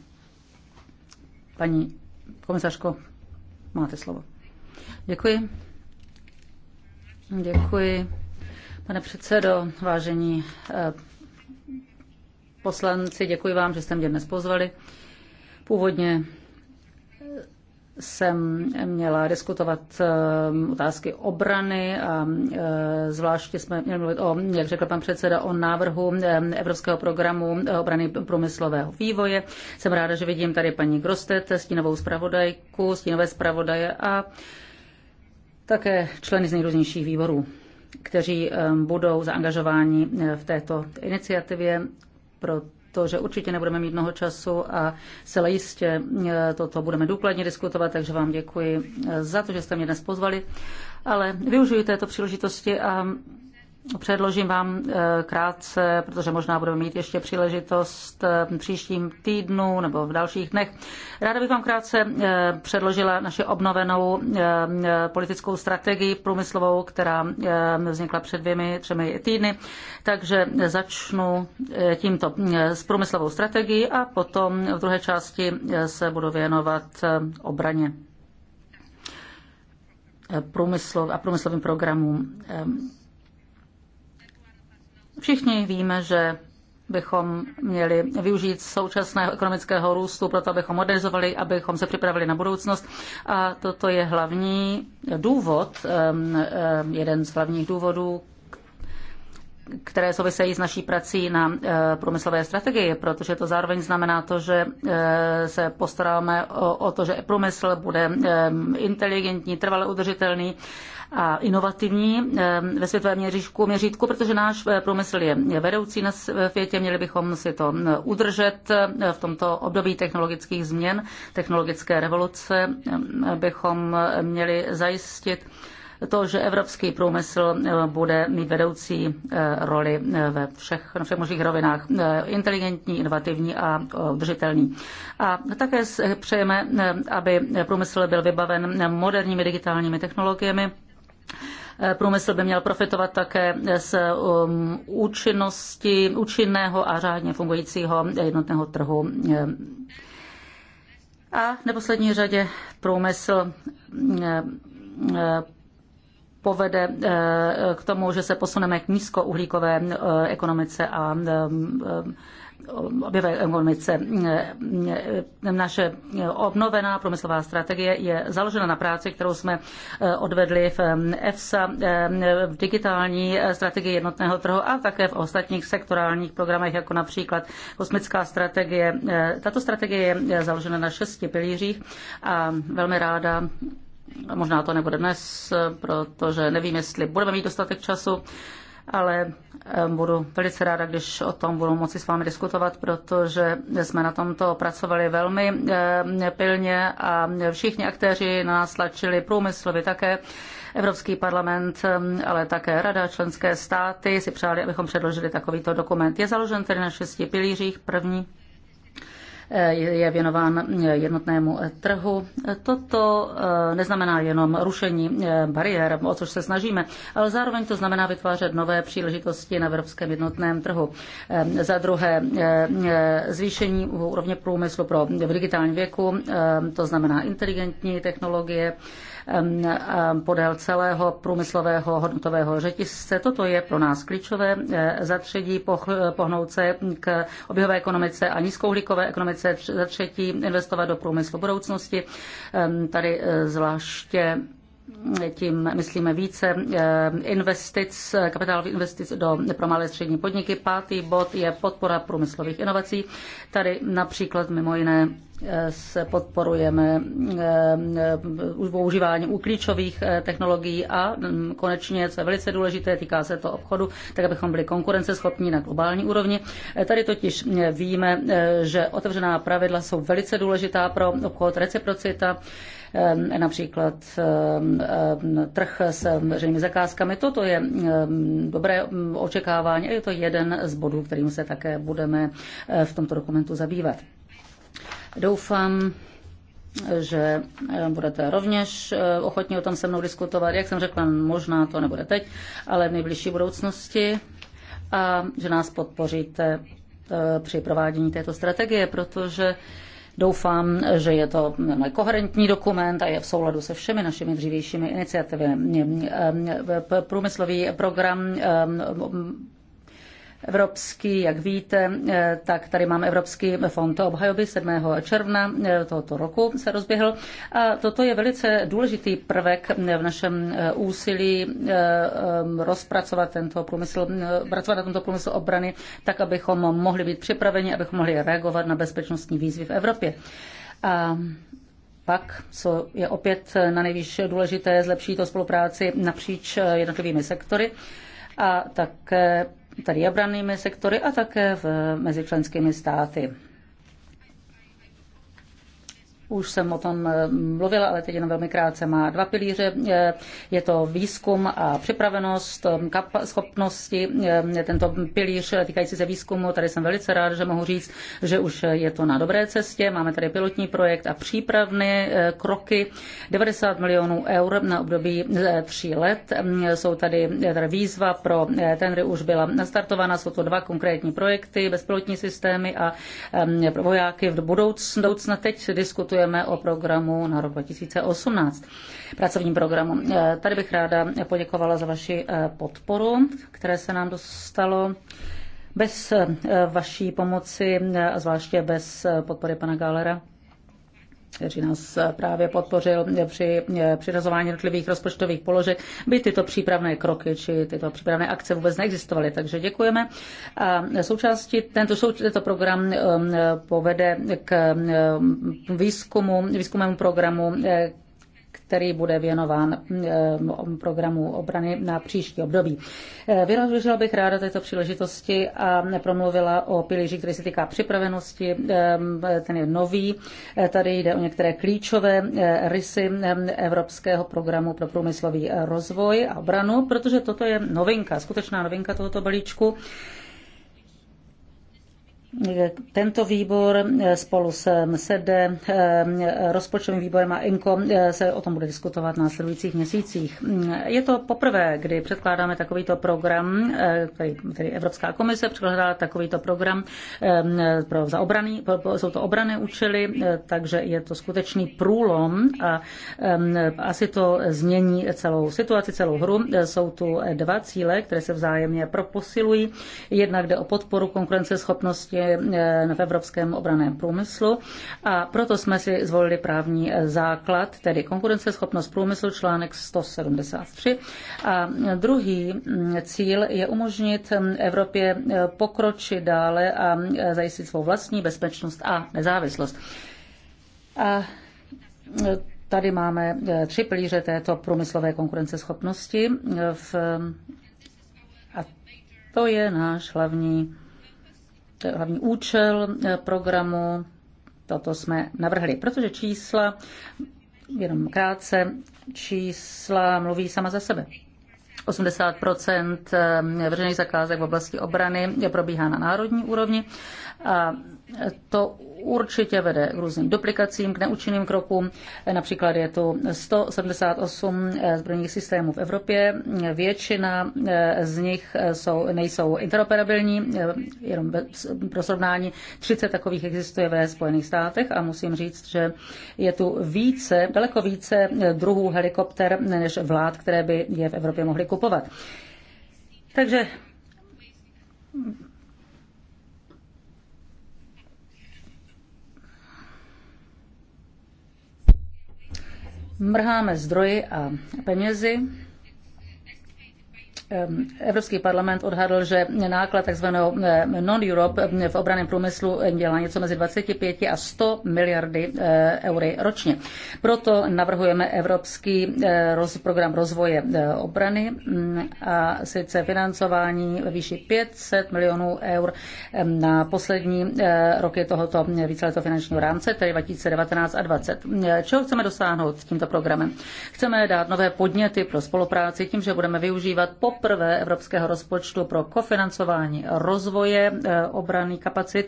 Paní Komisařko, máte slovo. Děkuji. Děkuji, pane předsedo, vážení eh, poslanci, děkuji vám, že jste mě dnes pozvali. Původně jsem měla diskutovat eh, otázky obrany a eh, zvláště jsme měli mluvit o, jak řekl pan předseda, o návrhu eh, Evropského programu obrany průmyslového vývoje. Jsem ráda, že vidím tady paní Grostet, stínovou zpravodajku, stínové zpravodaje a také členy z nejrůznějších výborů, kteří budou zaangažováni v této iniciativě, proto to, že určitě nebudeme mít mnoho času a celé jistě e, toto budeme důkladně diskutovat, takže vám děkuji e, za to, že jste mě dnes pozvali. Ale využiju této příležitosti a Předložím vám eh, krátce, protože možná budeme mít ještě příležitost eh, příštím týdnu nebo v dalších dnech. Ráda bych vám krátce eh, předložila naši obnovenou politickou strategii průmyslovou, která vznikla před dvěmi, třemi týdny. Takže začnu tímto s průmyslovou strategií a potom v druhé části se budu věnovat obraně průmyslov a průmyslovým programům. Všichni víme, že bychom měli využít současného ekonomického růstu proto, abychom modernizovali, abychom se připravili na budoucnost. A toto je hlavní důvod, jeden z hlavních důvodů, které souvisejí s naší prací na eh, průmyslové strategii, protože to zároveň znamená to, že eh, se postaráme o, to, že průmysl bude inteligentní, trvale udržitelný a inovativní eh, ve světovém měřítku, měřítku protože náš eh, průmysl je vedoucí na světě, měli bychom si to eh, udržet v tomto období technologických změn, technologické revoluce, bychom měli zajistit to, že evropský průmysl bude mít vedoucí roli ve všech, na všech možných rovinách, inteligentní, inovativní a udržitelný. A také přejeme, aby průmysl byl vybaven moderními digitálními technologiemi, Eh, průmysl by měl profitovat také z um, účinnosti účinného a řádně fungujícího jednotného trhu. Eh, a v neposlední řadě průmysl eh, povede k tomu, že se posuneme k nízkouhlíkové ekonomice a objevové ekonomice. Naše obnovená průmyslová strategie je založena na práci, kterou jsme eh, odvedli v eh, EFSA, eh, v digitální strategii jednotného trhu a také v ostatních sektorálních programech, jako například kosmická strategie. Tato strategie je založena na šesti pilířích a velmi ráda možná to nebude dnes, protože nevím, jestli budeme mít dostatek času, ale eh, budu velice ráda, když o tom budu moci s vámi diskutovat, protože jsme na tomto pracovali velmi eh, pilně a všichni aktéři na nás tlačili, průmysl, vy také. Evropský parlament, eh, ale také Rada členské státy si přáli, abychom předložili takovýto dokument. Je založen tedy na šesti pilířích. První je věnován jednotnému trhu. Toto eh, neznamená jenom rušení eh, bariér, o což se snažíme, ale zároveň to znamená vytvářet nové příležitosti na evropském jednotném trhu. Eh, za druhé, zvýšení úrovně průmyslu pro v digitálním věku, to znamená inteligentní technologie, podél celého průmyslového hodnotového řetězce. Toto je pro nás klíčové. Eh, za třetí eh, pohnout se k oběhové ekonomice a nízkouhlíkové ekonomice. Za třetí investovat do průmyslu budoucnosti. Tady eh, zvláště tím myslíme více investic, kapitálových investic do, pro malé střední podniky. Pátý bod je podpora průmyslových inovací. Tady například mimo jiné se podporujeme eh, používání klíčových eh, technologií a mm, konečně, co je velice důležité, týká se to obchodu, tak abychom byli konkurenceschopní na globální úrovni. Eh, tady totiž víme, že otevřená pravidla jsou velice důležitá pro obchod reciprocita například trh s veřejnými zakázkami. Toto je dobré mm, očekávání a je to jeden z bodů, kterým se také budeme v tomto dokumentu zabývat. Doufám, že eh, budete rovněž eh, ochotní o tom se mnou diskutovat. Jak jsem řekla, možná to nebude teď, ale v nejbližší budoucnosti a že nás podpoříte eh, při provádění této strategie, protože Doufám, že je to koherentní dokument a je v souladu se všemi našimi dřívějšími iniciativami. Průmyslový program evropský, jak víte, eh, tak tady máme Evropský fond obhajoby 7. června eh, tohoto roku se rozběhl. A toto je velice důležitý prvek eh, v našem úsilí rozpracovat tento průmysl, pracovat na tomto průmyslu obrany, tak abychom mohli být připraveni, abychom mohli reagovat na bezpečnostní výzvy v Evropě. A pak, co je opět na nejvíc důležité, zlepší to spolupráci napříč jednotlivými sektory a také tedy obranými sektory a také v, mezi členskými státy. Už jsem o tom eh, mluvila, ale teď jenom velmi krátce. Má dva pilíře. Eh, je to výzkum a připravenost, eh, schopnosti. Tento pilíř týkající se výzkumu, tady jsem velice rád, že mohu říct, že už je to na dobré cestě. Máme tady pilotní projekt a přípravné kroky. 90 milionů eur na období tří let. Mm, jsou tady, tady výzva pro tenry už byla nastartována. Jsou to dva konkrétní projekty, bezpilotní systémy a mm, vojáky v budoucnu. Teď diskutujeme diskutujeme o programu na rok 2018, pracovním programu. E, tady bych ráda poděkovala za vaši e, podporu, které se nám dostalo. Bez e, vaší pomoci, a zvláště bez podpory pana Gálera, kteří nás právě podpořil při eh, přirazování jednotlivých rozpočtových položek, by tyto přípravné kroky či tyto přípravné akce vůbec neexistovaly. Takže děkujeme. A součástí tento, tento program eh, povede k eh, výzkumu, výzkumnému programu, který bude věnován eh, programu obrany na příští období. Eh, Vyrožila bych ráda této příležitosti a promluvila o pilíři, který se týká připravenosti. Eh, ten je nový. Tady jde o některé klíčové rysy Evropského programu pro průmyslový rozvoj a obranu, protože toto je novinka, skutečná novinka tohoto balíčku. Tento výbor eh, spolu s eh, SEDE, eh, rozpočtovým výborem a IMCO se o tom bude diskutovat v následujících měsících. Mm, je to poprvé, kdy předkládáme takovýto program, který Evropská komise předkládá takovýto program pro zaobraný, jsou to obrané účely, takže je to skutečný průlom a asi to změní celou situaci, celou hru. Jsou tu dva cíle, které se vzájemně proposilují. Jednak jde o podporu konkurenceschopnosti je e, v evropském obraném průmyslu a proto jsme si zvolili právní e, základ, tedy konkurenceschopnost průmyslu, článek 173. A druhý mm, cíl je umožnit mm, Evropě e, pokročit dále a zajistit svou vlastní bezpečnost a nezávislost. A tady máme tři pilíře této průmyslové konkurenceschopnosti v a to je náš hlavní to je hlavní účel eh, programu, toto jsme navrhli, protože čísla, jenom krátce, čísla mluví sama za sebe. 80 eh, veřejných zakázek v oblasti obrany probíhá na národní úrovni a to určitě vede k různým duplikacím, k neúčinným krokům. Například je tu 178 eh, zbrojních systémů v Evropě. Většina eh, z nich eh, jsou, nejsou interoperabilní, jenom pro srovnání 30 takových existuje ve Spojených státech a musím říct, že je tu více, daleko více druhů helikopter než vlád, které by je v Evropě mohly kupovat. Takže mrháme zdroji a penězi Ehm, evropský parlament odhadl, že náklad tzv. Ehm, non-Europe ehm, v obraném průmyslu dělá něco mezi 25 a 100 miliardy eury ročně. Proto navrhujeme Evropský program rozvoje obrany mm, a sice financování ve výši 500 milionů eur na poslední roky tohoto víceletého finančního rámce, tedy 2019 a 2020. Čeho chceme dosáhnout s tímto programem? Chceme dát nové podněty pro spolupráci tím, že budeme využívat pop teprve evropského rozpočtu pro kofinancování rozvoje eh, obranných kapacit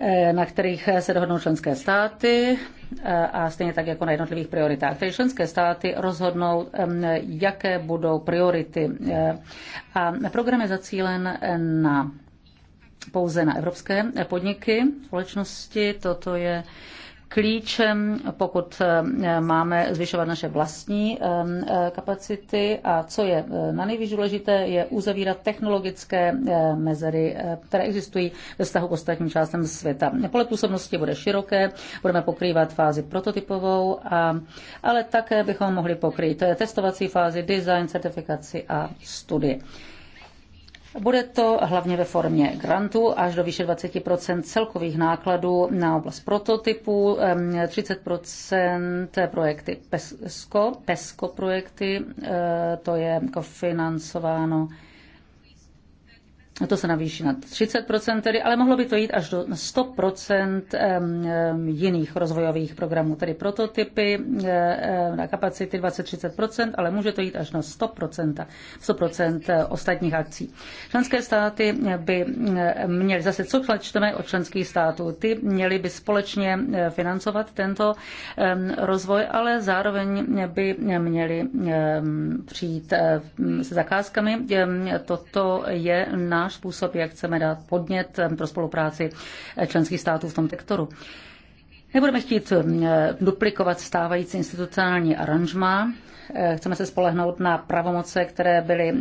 eh, na kterých se dohodnou členské státy eh, a stejně tak jako na jednotlivých prioritách. Tedy členské státy rozhodnou, jaké budou priority. A program je zacílen na pouze na evropské podniky, společnosti. Toto je klíčem, pokud eh, máme zvyšovat naše vlastní eh, eh, kapacity a co je na nejvíc důležité, je uzavírat technologické mezery, které existují ve vztahu k ostatním částem světa. Pole působnosti bude široké, budeme pokrývat fázi prototypovou, a, ale také bychom mohli pokrýt testovací fázi, design, certifikaci a studie. Bude to hlavně ve formě grantu až do výše 20 celkových nákladů na oblast prototypů, 30 projekty PESCO, PESCO projekty, e, to je jako to se navýší na 30%, tedy, ale mohlo by to jít až do 100% jiných rozvojových programů, tedy prototypy na kapacity 20-30%, ale může to jít až na 100%, 100% eh, ostatních akcí. Členské státy eh, by eh, měly, zase co čteme od členských států, ty měly by společně financovat tento rozvoj, ale zároveň by měly přijít se zakázkami. Toto je náš náš způsob, jak chceme dát podnět pro spolupráci eh, členských států v tom sektoru. Nebudeme chtít eh, duplikovat stávající institucionální aranžma, eh, chceme se spolehnout na pravomoce, které byly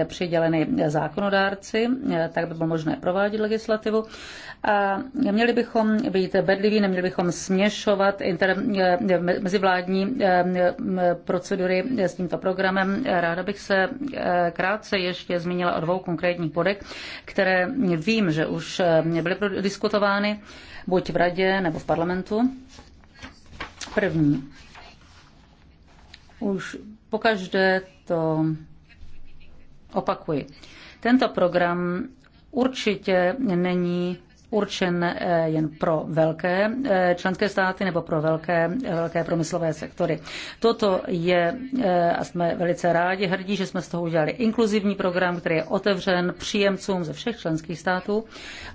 eh, přiděleny zákonodárci, tak by bylo možné provádět legislativu. A měli bychom být bedliví, neměli bychom směšovat inter, mezivládní procedury s tímto programem. Ráda bych se krátce ještě zmínila o dvou konkrétních bodech, které vím, že už byly diskutovány buď v radě nebo v parlamentu. První. Už pokaždé to opakuji. Tento program určitě není určen eh, jen pro velké eh, členské státy nebo pro velké, eh, velké promyslové sektory. Toto je, a jsme velice rádi, hrdí, že jsme z toho udělali inkluzivní program, který je otevřen příjemcům ze všech členských států,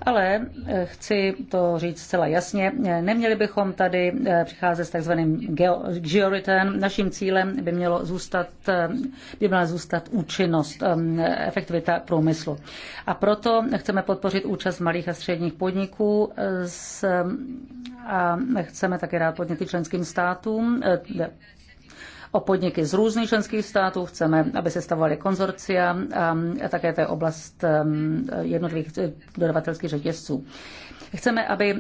ale chci to říct zcela jasně, neměli bychom tady přicházet s takzvaným georitem. Naším cílem by, mělo zůstat, by měla zůstat účinnost, efektivita průmyslu. A proto chceme podpořit účast malých a středních podniků podniků eh, a chceme také dát podniky členským státům. Eh, o podniky z různých členských států chceme, aby se stavovaly konzorcia eh, a také to je oblast jednotlivých dodavatelských řetězců. Chceme, aby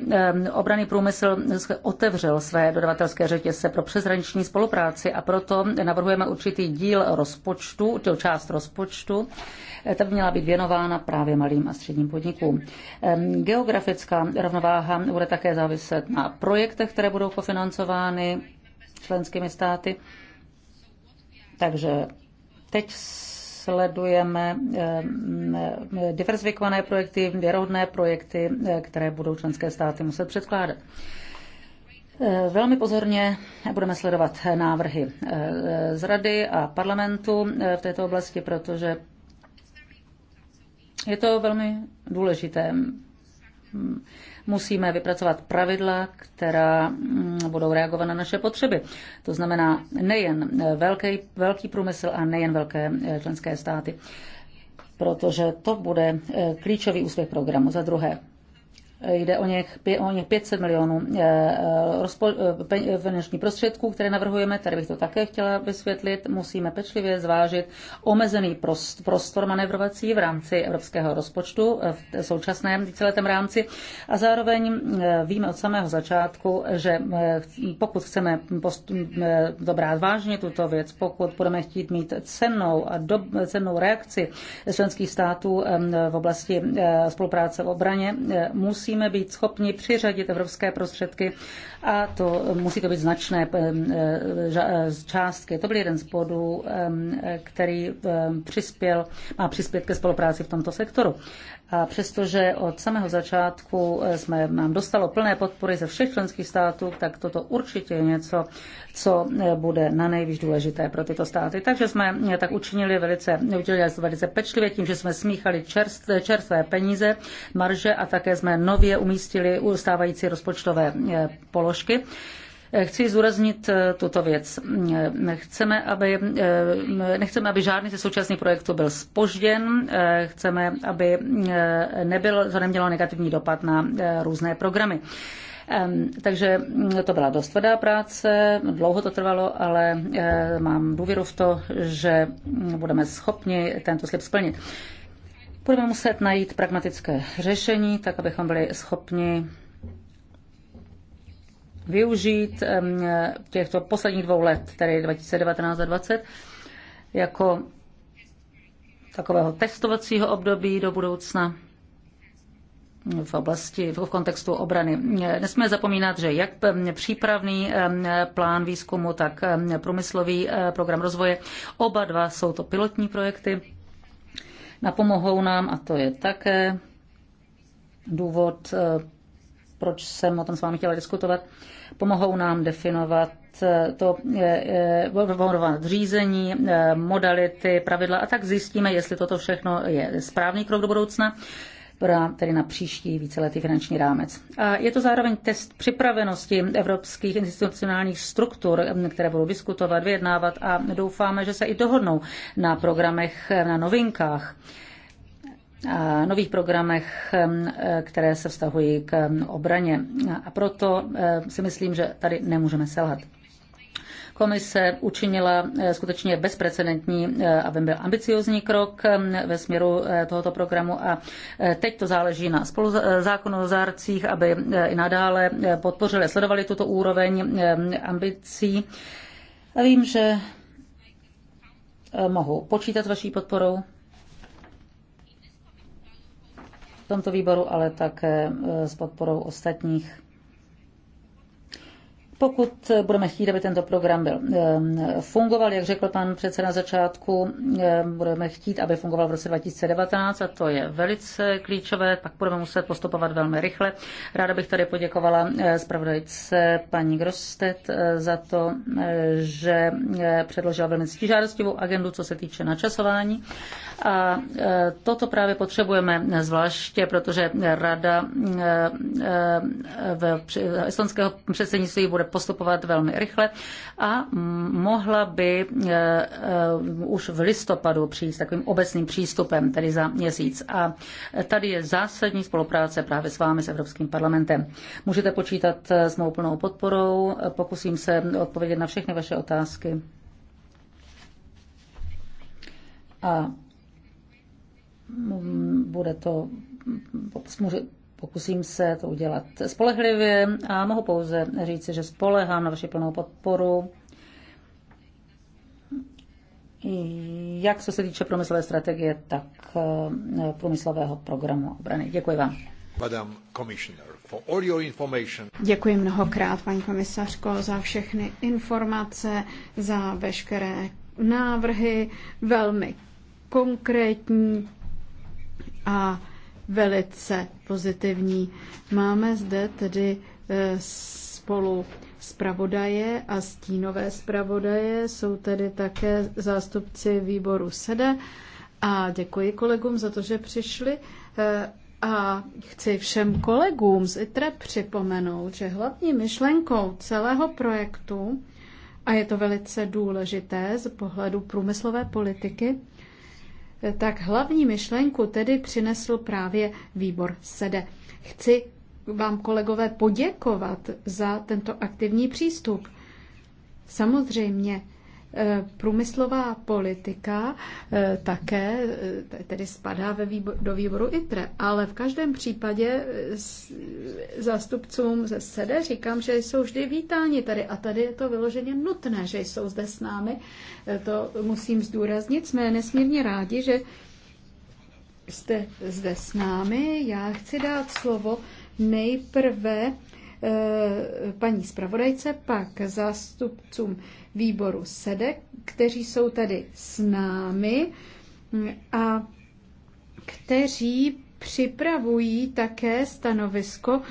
obraný průmysl otevřel své dodavatelské řetězce pro přeshraniční spolupráci a proto navrhujeme určitý díl rozpočtu, část rozpočtu, Eh, ta by měla být věnována právě malým a středním podnikům. Geografická rovnováha bude také záviset na projektech, které budou kofinancovány členskými státy. Takže teď sledujeme diverzifikované projekty, věrohodné projekty, eh, které budou členské státy muset předkládat. Eh, velmi pozorně budeme sledovat návrhy z Rady a parlamentu v této oblasti, protože je to velmi důležité. Musíme vypracovat pravidla, která mm, budou reagovat na naše potřeby. To znamená nejen velký, velký průmysl a nejen velké eh, členské státy, protože to bude eh, klíčový úspěch programu. Za druhé, Jde o něch, o něch 500 milionů eh, eh, rozpo, eh, finanční prostředků, které navrhujeme. Tady bych to také chtěla vysvětlit. Musíme pečlivě zvážit omezený prostor manevrovací v rámci evropského rozpočtu v současném celém rámci. A zároveň víme od samého začátku, že pokud chceme dobrát vážně tuto věc, pokud budeme chtít mít cennou a do, cennou reakci členských států v oblasti spolupráce v obraně, musí musíme být schopni přiřadit evropské prostředky a to musí to být značné eh, eh, eh, částky. To byl jeden z bodů, který přispěl, má přispět ke spolupráci v tomto sektoru. A přestože od samého začátku eh, jsme, nám dostalo plné podpory ze všech členských států, tak toto určitě je něco, co eh, bude na nejvíc důležité pro tyto státy. Takže jsme eh, tak učinili velice, udělali jsme velice pečlivě tím, že jsme smíchali čerst, čerstvé peníze, marže a také jsme nově umístili ustávající rozpočtové položky. Chci zúraznit eh, tuto věc. Eh, chceme, aby, eh, nechceme, aby žádný ze současných projektů byl spožděn. Chceme, aby nebyl, to nemělo negativní dopad na různé programy. Takže mm, to byla dost tvrdá práce, dlouho to trvalo, ale mám důvěru v to, že mm, budeme schopni tento slib splnit. Budeme muset najít pragmatické řešení, tak abychom byli schopni využít těchto posledních dvou let, tedy 2019 a 2020, jako takového testovacího období do budoucna v oblasti, v kontextu obrany. Nesmíme zapomínat, že jak přípravný plán výzkumu, tak průmyslový eh, program rozvoje, oba dva jsou to pilotní projekty. Napomohou nám, a to je také důvod eh, proč jsem o tom s vámi chtěla diskutovat, pomohou nám definovat eh, to eh, eh, definovat řízení, modality, pravidla a tak zjistíme, jestli toto všechno je správný krok do budoucna tedy na příští víceletý finanční rámec. A je to zároveň test připravenosti evropských institucionálních struktur, které budou diskutovat, vyjednávat a doufáme, že se i dohodnou na programech, na novinkách nových programech, e, které se vztahují k obraně. A proto e, si myslím, že tady nemůžeme selhat. Komise učinila e, skutečně bezprecedentní a byl ambiciozní krok ve směru tohoto programu a teď to záleží na spoluzákonozárcích, aby i nadále podpořili, sledovali tuto úroveň ambicí. A vím, že mohu počítat s vaší podporou. tomto výboru, ale také eh, s podporou ostatních. Pokud budeme chtít, aby tento program byl, eh, fungoval, jak řekl pan předseda na začátku, eh, budeme chtít, aby fungoval v roce 2019 a to je velice klíčové, pak budeme muset postupovat velmi rychle. Ráda bych tady poděkovala zpravodajce paní Grostet za to, že předložila velmi ctižádostivou agendu, co se týče načasování a e, toto právě potřebujeme zvláště, protože rada e, e, v estonského předsednictví bude postupovat velmi rychle a mohla by už v listopadu přijít s takovým obecným přístupem, tedy za měsíc. A tady je zásadní spolupráce právě s vámi, s Evropským parlamentem. Můžete počítat s mou plnou podporou, pokusím se odpovědět na všechny vaše otázky. A bude to, pokusím se to udělat spolehlivě a mohu pouze říci, že spolehám na vaši plnou podporu. Jak co se týče průmyslové strategie, tak eh, průmyslového programu obrany. Děkuji vám. Děkuji mnohokrát, paní komisařko, za všechny informace, za veškeré návrhy, velmi konkrétní a velice pozitivní. Máme zde tedy e, spolu zpravodaje a stínové zpravodaje, jsou tedy také zástupci výboru SEDE a děkuji kolegům za to, že přišli. E, a chci všem kolegům z ITRE připomenout, že hlavní myšlenkou celého projektu, a je to velice důležité z pohledu průmyslové politiky, tak hlavní myšlenku tedy přinesl právě výbor SEDE. Chci vám, kolegové, poděkovat za tento aktivní přístup. Samozřejmě Eh, průmyslová politika eh, také eh, tedy spadá ve výbor, do výboru ITRE, ale v každém případě zástupcům ze SEDE říkám, že jsou vždy vítáni tady a tady je to vyloženě nutné, že jsou zde s námi. To musím zdůraznit. Jsme nesmírně rádi, že jste zde s námi. Já chci dát slovo nejprve Eh, paní zpravodajce, pak zástupcům výboru SEDEK, kteří jsou tady s námi a kteří připravují také stanovisko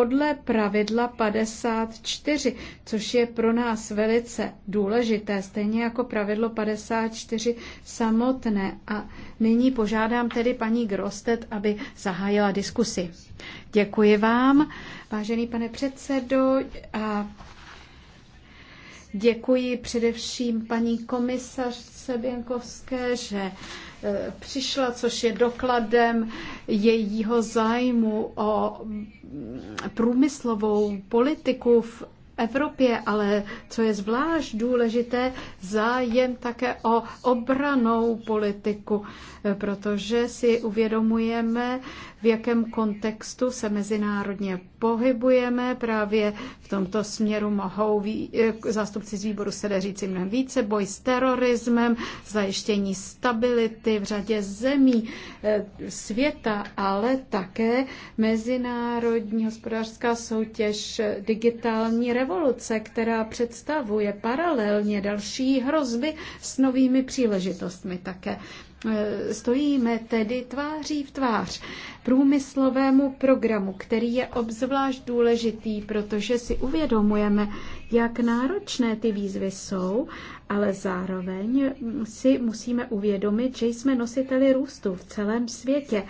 podle pravidla 54, což je pro nás velice důležité, stejně jako pravidlo 54 samotné. A nyní požádám tedy paní Grostet, aby zahájila diskusi. Děkuji vám, vážený pane předsedo. A Děkuji především paní komisařce Běnkovské, že Eh, přišla, což je dokladem jejího zájmu o průmyslovou politiku v Evropě, ale co je zvlášť důležité, zájem také o obranou politiku, eh, protože si uvědomujeme v jakém kontextu se mezinárodně pohybujeme. Právě v tomto směru mohou ví, eh, zástupci z výboru sede říci mnohem více. Boj s terorismem, zajištění stability v řadě zemí eh, světa, ale také mezinárodní hospodářská soutěž digitální revoluce, která představuje paralelně další hrozby s novými příležitostmi také. Eh, stojíme tedy tváří v tvář průmyslovému programu, který je obzvlášť důležitý, protože si uvědomujeme, jak náročné ty výzvy jsou, ale zároveň si musíme uvědomit, že jsme nositeli růstu v celém světě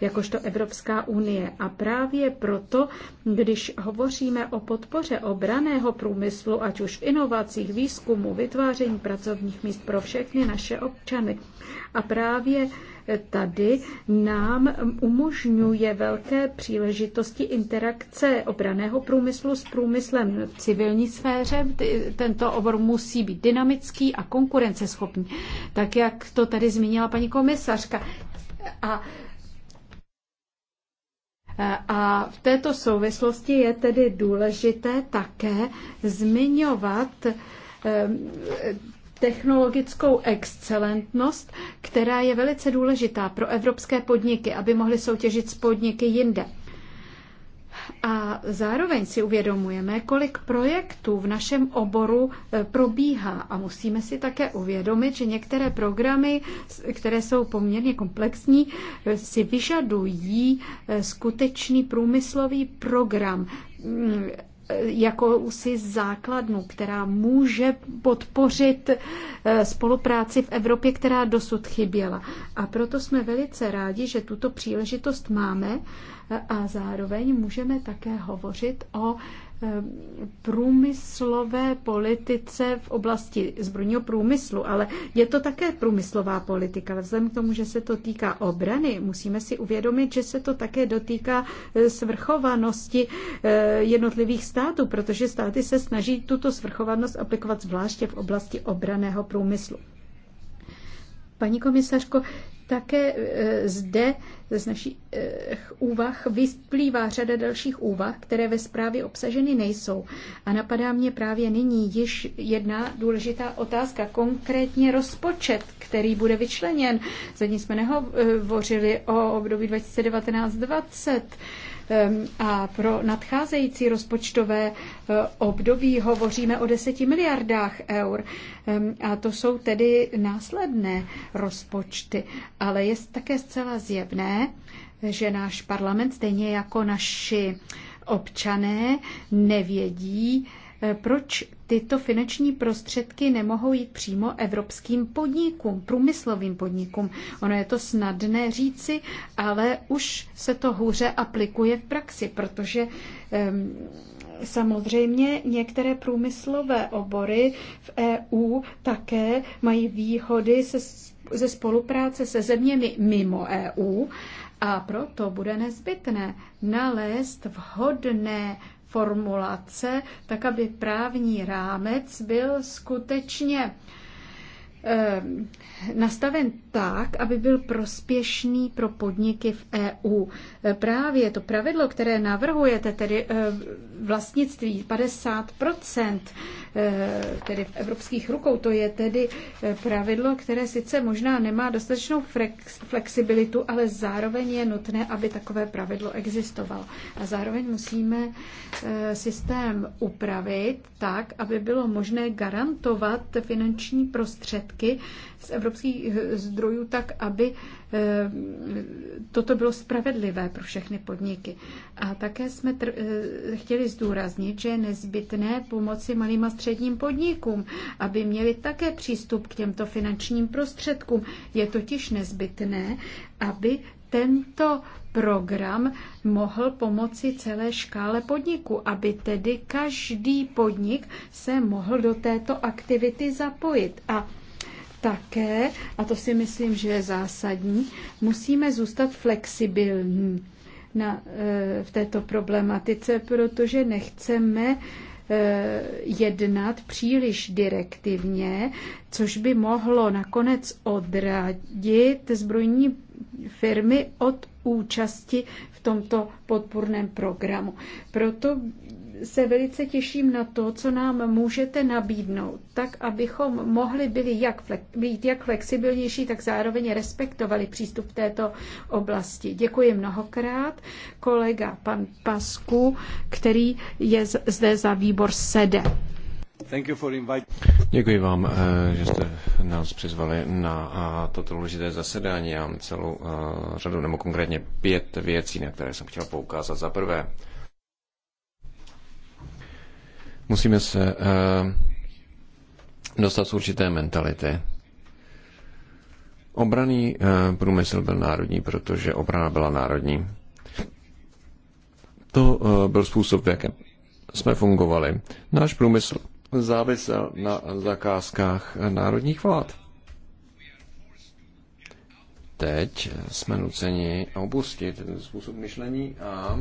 jakožto Evropská unie. A právě proto, když hovoříme o podpoře obraného průmyslu, ať už v inovacích, výzkumu, vytváření pracovních míst pro všechny naše občany. A právě tady nám umožňuje velké příležitosti interakce obraného průmyslu s průmyslem v civilní sféře. Tento obor musí být dynamický a konkurenceschopný, tak jak to tady zmínila paní komisařka. A Eh, a v této souvislosti je tedy důležité také zmiňovat eh, technologickou excelentnost, která je velice důležitá pro evropské podniky, aby mohly soutěžit s podniky jinde. A zároveň si uvědomujeme, kolik projektů v našem oboru e, probíhá. A musíme si také uvědomit, že některé programy, které jsou poměrně komplexní, e, si vyžadují e, skutečný průmyslový program mm, jako si základnu, která může podpořit eh, spolupráci v Evropě, která dosud chyběla. A proto jsme velice rádi, že tuto příležitost máme eh, a zároveň můžeme také hovořit o průmyslové politice v oblasti zbrojního průmyslu, ale je to také průmyslová politika. vzhledem k tomu, že se to týká obrany, musíme si uvědomit, že se to také dotýká eh, svrchovanosti eh, jednotlivých států, protože státy se snaží tuto svrchovanost aplikovat zvláště v oblasti obraného průmyslu. Paní komisařko, také e, zde z našich e, úvah vyplývá řada dalších úvah, které ve zprávě obsaženy nejsou. A napadá mě právě nyní již jedna důležitá otázka, konkrétně rozpočet, který bude vyčleněn. Zatím jsme nehovořili o období 2019-2020. Ehm, a pro nadcházející rozpočtové eh, období hovoříme o 10 miliardách eur. Ehm, a to jsou tedy následné rozpočty. Ale je také zcela zjevné, že náš parlament, stejně jako naši občané, nevědí, Eh, proč tyto finanční prostředky nemohou jít přímo evropským podnikům, průmyslovým podnikům. Ono je to snadné říci, ale už se to hůře aplikuje v praxi, protože um, Samozřejmě některé průmyslové obory v EU také mají výhody se, ze spolupráce se zeměmi mimo EU a proto bude nezbytné nalézt vhodné formulace, tak aby právní rámec byl skutečně eh, nastaven tak, aby byl prospěšný pro podniky v EU. E, právě to pravidlo, které navrhujete, tedy e, vlastnictví 50%, e, tedy v evropských rukou, to je tedy pravidlo, které sice možná nemá dostatečnou flexibilitu, ale zároveň je nutné, aby takové pravidlo existovalo. A zároveň musíme systém upravit tak, aby bylo možné garantovat finanční prostředky, z evropských eh, zdrojů tak, aby eh, toto bylo spravedlivé pro všechny podniky. A také jsme eh, chtěli zdůraznit, že je nezbytné pomoci malým a středním podnikům, aby měli také přístup k těmto finančním prostředkům. Je totiž nezbytné, aby tento program mohl pomoci celé škále podniku, aby tedy každý podnik se mohl do této aktivity zapojit. A také, a to si myslím, že je zásadní, musíme zůstat flexibilní na, eh, v této problematice, protože nechceme eh, jednat příliš direktivně, což by mohlo nakonec odradit zbrojní firmy od účasti v tomto podpůrném programu. Proto se velice těším na to, co nám můžete nabídnout, tak abychom mohli byli jak být jak flexibilnější, tak zároveň respektovali přístup v této oblasti. Děkuji mnohokrát. Kolega pan Pasku, který je zde za výbor SEDE. Děkuji vám, eh, že jste nás přizvali na eh, toto důležité zasedání. Já mám celou eh, řadu, nebo konkrétně pět věcí, na které jsem chtěl poukázat. Za prvé, Musíme se eh, dostat z určité mentality. Obraný eh, průmysl byl národní, protože obrana byla národní. To eh, byl způsob, v jakém jsme fungovali. Náš průmysl závisel na zakázkách národních vlád. Teď jsme nuceni opustit ten způsob myšlení a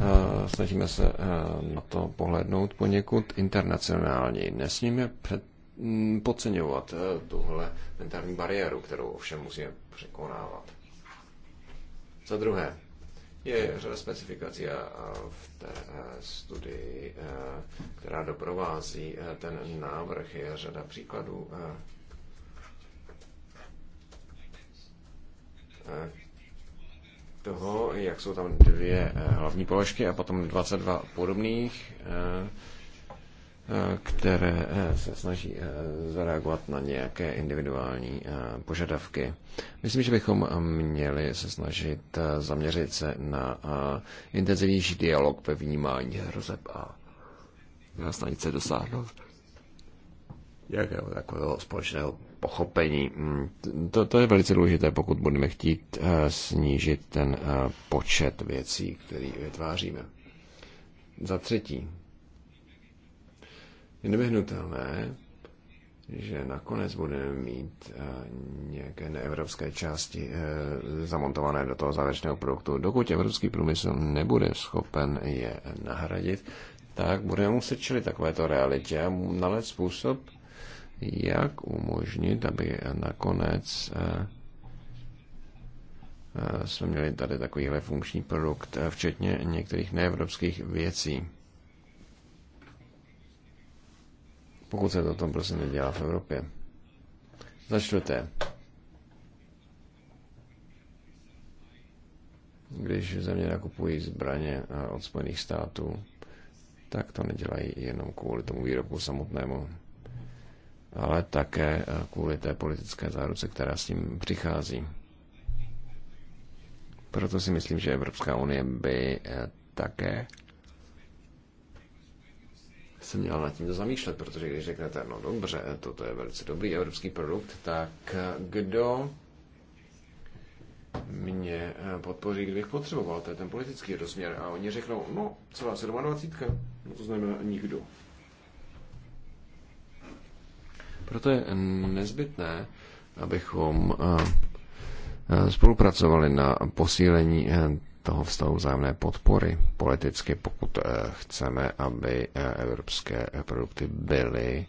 Eh, snažíme se eh, na to pohlednout poněkud internacionálně. Nesmíme před, mm, podceňovat eh, tuhle mentální bariéru, kterou ovšem musíme překonávat. Za druhé, je řada specifikací v té studii, která doprovází ten návrh, je řada příkladů, toho, jak jsou tam dvě eh, hlavní položky a potom 22 podobných, eh, eh, které se snaží zareagovat na nějaké individuální požadavky. Myslím, že bychom měli se snažit zaměřit se na intenzivnější dialog ve vnímání hrozeb a snažit se dosáhnout jakého takového společného pochopení. Hmm, to, to je velice důležité, pokud budeme chtít eh, snížit ten eh, počet věcí, který vytváříme. Za třetí, je nevyhnutelné, že nakonec budeme mít eh, nějaké neevropské části zamontované do toho závěrečného produktu. Dokud evropský průmysl nebude schopen je nahradit, tak budeme muset čelit takovéto realitě a nalézt způsob, jak umožnit, aby nakonec eh, eh, jsme měli tady takovýhle funkční produkt, eh, včetně některých neevropských věcí. Pokud se to tom prostě nedělá v Evropě. Za čtvrté. Když země nakupují zbraně od Spojených států, tak to nedělají jenom kvůli tomu výrobku samotnému ale také eh, kvůli té politické záruce, která s tím přichází. Proto si myslím, že Evropská unie by eh, také se měla nad tím zamýšlet, protože když řeknete, no dobře, eh, toto je velice dobrý evropský produkt, tak kdo mě podpoří, kdybych potřeboval, to je ten politický rozměr. A oni řeknou, no, celá 27, no to znamená nikdo. Proto je nezbytné, abychom eh, eh, spolupracovali na posílení eh, toho vztahu vzájemné podpory politicky, pokud chceme, aby evropské produkty byly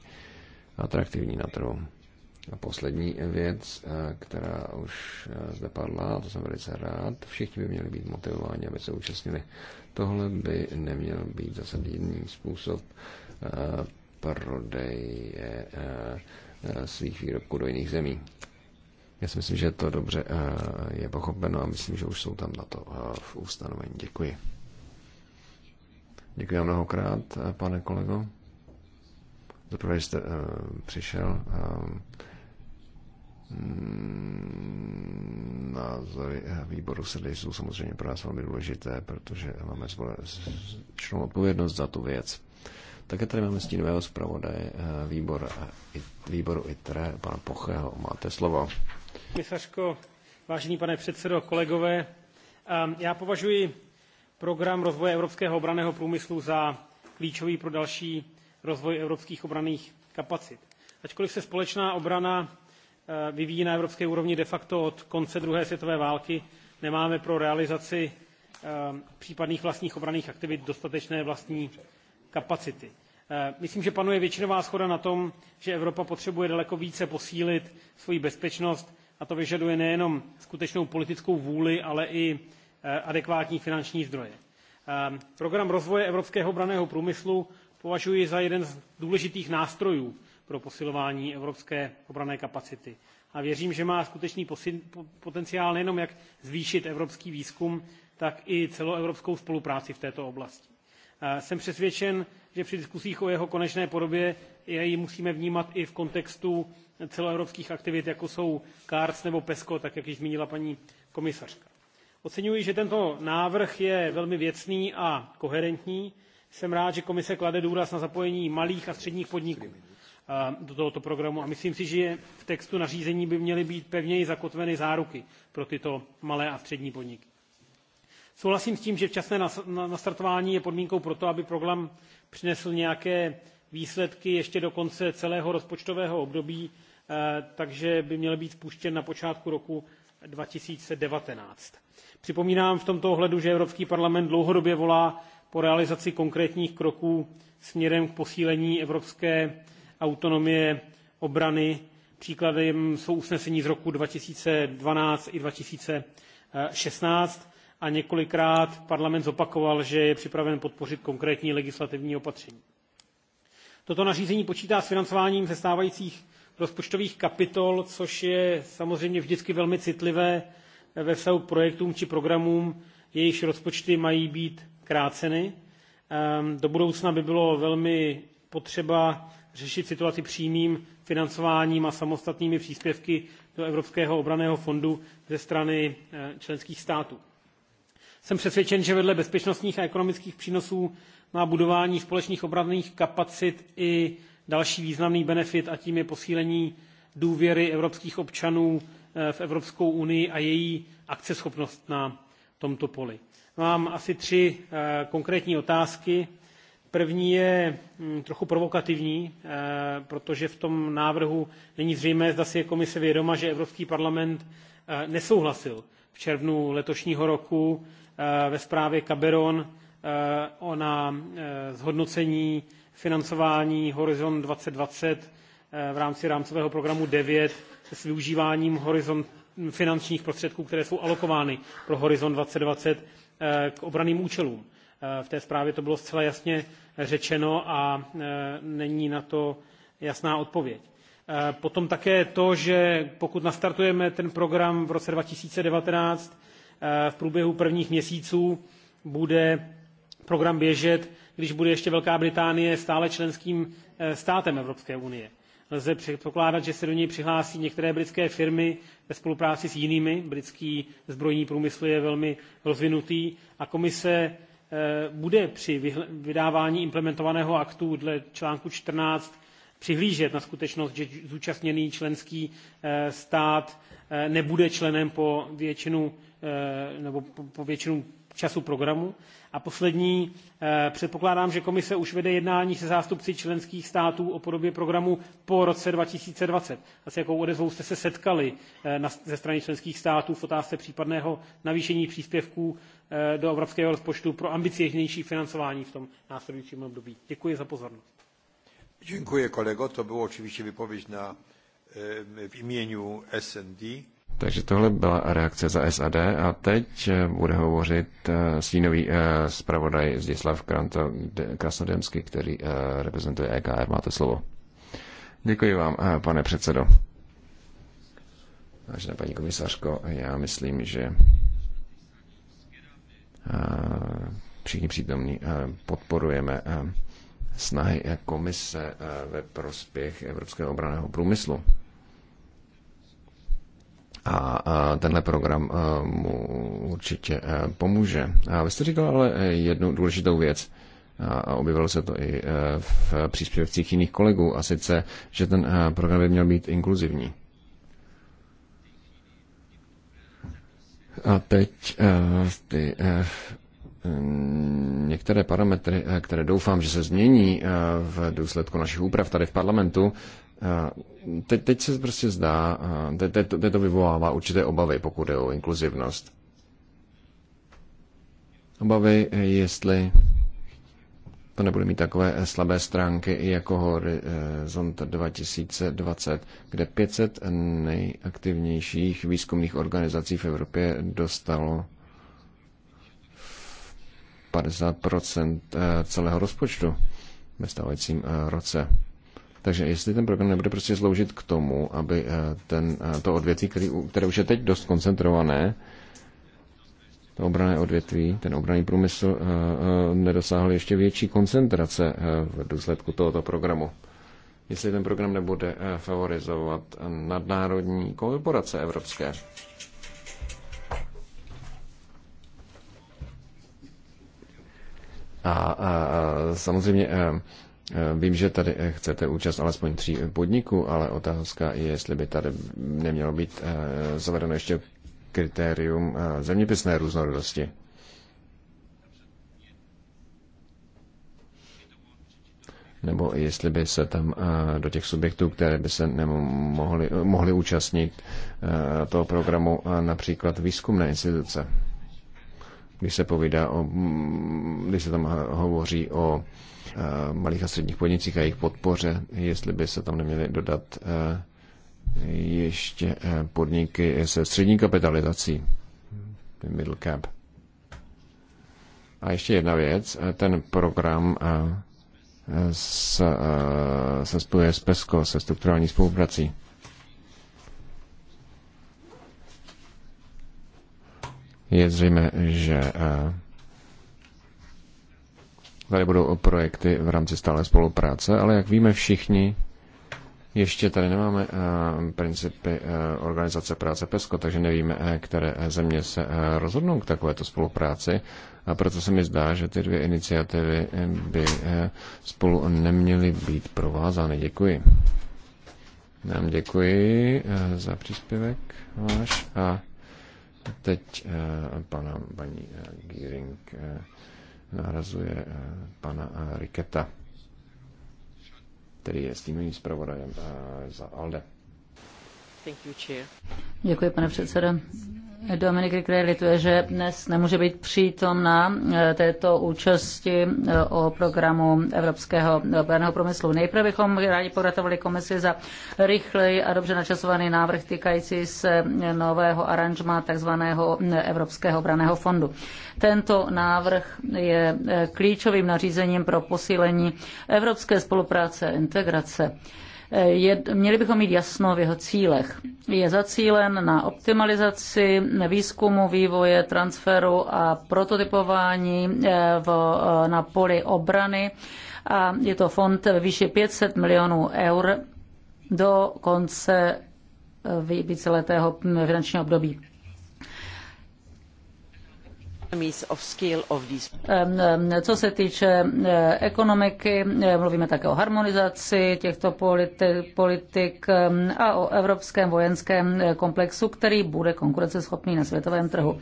atraktivní na trhu. A poslední věc, která už zde padla, a to jsem velice rád, všichni by měli být motivováni, aby se účastnili. Tohle by neměl být zase jiný způsob prodeje eh, svých výrobků do jiných zemí. Já si myslím, že to dobře eh, je pochopeno a myslím, že už jsou tam na to eh, v ustanovení. Děkuji. Děkuji mnohokrát, pane kolego. Zaprvé jste přišel mm, názory výboru sedy jsou samozřejmě pro nás velmi důležité, protože máme společnou odpovědnost za tu věc. Také tady máme stínového zpravodaje eh, výbor, eh, výboru ITRE, pana Pocheho. Máte slovo. Komisařko, vážený pane předsedo, kolegové, ehm, já považuji program rozvoje evropského obraného průmyslu za klíčový pro další rozvoj evropských obraných kapacit. Ačkoliv se společná obrana eh, vyvíjí na evropské úrovni de facto od konce druhé světové války, nemáme pro realizaci ehm, případných vlastních obraných aktivit dostatečné vlastní kapacity. Eh, myslím, že panuje většinová schoda na tom, že Evropa potřebuje daleko více posílit svoji bezpečnost a to vyžaduje nejenom skutečnou politickou vůli, ale i eh, adekvátní finanční zdroje. Ehm, program rozvoje evropského obranného průmyslu považuji za jeden z důležitých nástrojů pro posilování evropské obranné kapacity. A věřím, že má skutečný potenciál nejenom jak zvýšit evropský výzkum, tak i celoevropskou spolupráci v této oblasti. Eh, jsem přesvědčen, že při diskusích o jeho konečné podobě jej musíme vnímat i v kontextu celoevropských aktivit, jako jsou CARS nebo PESCO, tak jak již zmínila paní komisařka. Oceňuji, že tento návrh je velmi věcný a koherentní. Jsem rád, že komise klade důraz na zapojení malých a středních podniků eh, do tohoto programu a myslím si, že v textu nařízení by měly být pevněji zakotveny záruky pro tyto malé a střední podniky. Souhlasím s tím, že včasné nastartování je podmínkou pro to, aby program přinesl nějaké výsledky ještě do konce celého rozpočtového období, eh, takže by měl být spuštěn na počátku roku 2019. Připomínám v tomto ohledu, že Evropský parlament dlouhodobě volá po realizaci konkrétních kroků směrem k posílení evropské autonomie obrany. Příkladem jsou usnesení z roku 2012 i 2016 a několikrát parlament zopakoval, že je připraven podpořit konkrétní legislativní opatření. Toto nařízení počítá s financováním ze stávajících rozpočtových kapitol, což je samozřejmě vždycky velmi citlivé ve vztahu k projektům či programům, jejichž rozpočty mají být kráceny. Ehm, do budoucna by bylo velmi potřeba řešit situaci přímým financováním a samostatnými příspěvky do Evropského obranného fondu ze strany eh, členských států. Jsem přesvědčen, že vedle bezpečnostních a ekonomických přínosů má budování společných obranných kapacit i další významný benefit a tím je posílení důvěry evropských občanů eh, v Evropskou unii a její akceschopnost na tomto poli. Mám asi tři eh, konkrétní otázky. První je hm, trochu provokativní, eh, protože v tom návrhu není zřejmé, zda si je komise vědoma, že Evropský parlament nesouhlasil v červnu letošního roku Eh, ve zprávě Caberon eh, o na eh, zhodnocení financování Horizon 2020 v rámci rámcového programu 9 s využíváním horizont, finančních prostředků, které jsou alokovány pro Horizon 2020 k obraným účelům. V té zprávě to bylo zcela jasně řečeno a není na to jasná odpověď. Potom také to, že pokud nastartujeme ten program v roce 2019, Eh, v průběhu prvních měsíců bude program běžet, když bude ještě Velká Británie stále členským eh, státem Evropské unie. Lze předpokládat, že se do něj přihlásí některé britské firmy ve spolupráci s jinými. Britský zbrojní průmysl je velmi rozvinutý a komise eh, bude při vydávání implementovaného aktu dle článku 14 přihlížet na skutečnost, že zúčastněný členský eh, stát eh, nebude členem po většinu, eh, nebo po většinu času programu. A poslední, předpokládám, že komise už vede jednání se zástupci členských států o podobě programu po roce 2020. A s jakou odezvou jste se setkali ze strany členských států v otázce případného navýšení příspěvků do evropského rozpočtu pro ambicioznější financování v tom následujícím období? Děkuji za pozornost kolego. To bylo na, jménu e, SND. Takže tohle byla reakce za SAD a teď e, bude hovořit e, stínový zpravodaj Zdislav Krasnodemský, který reprezentuje EKR. Máte slovo. Děkuji vám, pane předsedo. Vážená paní komisařko, já myslím, že všichni přítomní podporujeme snahy komise eh, ve prospěch evropského obraného průmyslu. A eh, tenhle program eh, mu určitě pomůže. A vy jste říkal ale jednu důležitou věc, a objevilo se to i v příspěvcích jiných kolegů, a sice, že ten program by měl být inkluzivní. A teď ty Ehm, některé parametry, eh, které doufám, že se změní eh, v důsledku našich úprav tady v parlamentu, eh, teď, teď se prostě zdá, teď, teď, teď to vyvolává určité obavy, pokud je o inkluzivnost. Obavy, jestli to nebude mít takové slabé stránky jako Horizont 2020, kde 500 nejaktivnějších výzkumných organizací v Evropě dostalo 50 eh, celého rozpočtu ve stávajícím eh, roce. Takže jestli ten program nebude prostě sloužit k tomu, aby eh, ten, to odvětví, který, které už je teď dost koncentrované, to obrané odvětví, ten obraný průmysl nedosáhl ještě větší koncentrace v důsledku tohoto programu. Jestli ten program nebude favorizovat nadnárodní korporace evropské, A, a, a samozřejmě e, e, vím, že tady e, chcete účast alespoň tří podniků, ale otázka je, jestli by tady nemělo být zavedeno ještě kritérium zeměpisné různorodosti. nebo jestli by se tam do těch subjektů, které by se nemohly, mohly účastnit toho programu, například výzkumné instituce když se povídá o, mm, když se tam hovoří o eh, malých a středních podnicích a jejich podpoře, jestli by se tam neměly dodat eh, ještě eh, podniky se střední kapitalizací, middle cap. A ještě jedna věc, ten program se, se spojuje s PESCO, se strukturální spoluprací. je zřejmé, že eh, tady budou projekty v rámci stále spolupráce, ale jak víme všichni, ještě tady nemáme eh, principy eh, organizace práce PESCO, takže nevíme, které země se rozhodnou k takovéto spolupráci. A proto se mi zdá, že ty dvě iniciativy by spolu neměly být provázány. Děkuji. Nám děkuji za příspěvek váš a Teď eh, pana, paní eh, Gíring eh, nahrazuje pana Riketa, který je stínovým zpravodajem za ALDE. Děkuji, pane předsedo. Dominik Rikre lituje, že dnes nemůže být přítomna eh, této účasti eh, o programu Evropského obraného průmyslu. Nejprve bychom rádi pogratulovali komisi za rychlej a dobře načasovaný návrh týkající se eh, nového aranžma tzv. Evropského obraného fondu. Tento návrh je klíčovým nařízením pro posílení evropské spolupráce a integrace. Eh, je, měli bychom mít jasno v jeho cílech. Je zacílen na optimalizaci výzkumu, vývoje, transferu a prototypování eh, v, eh, na poli obrany a je to fond ve výši 500 milionů eur do konce víceletého finančního období. Co se týče e, ekonomiky, e, mluvíme také o harmonizaci těchto politik a o evropském vojenském e, komplexu, který bude konkurenceschopný na světovém trhu.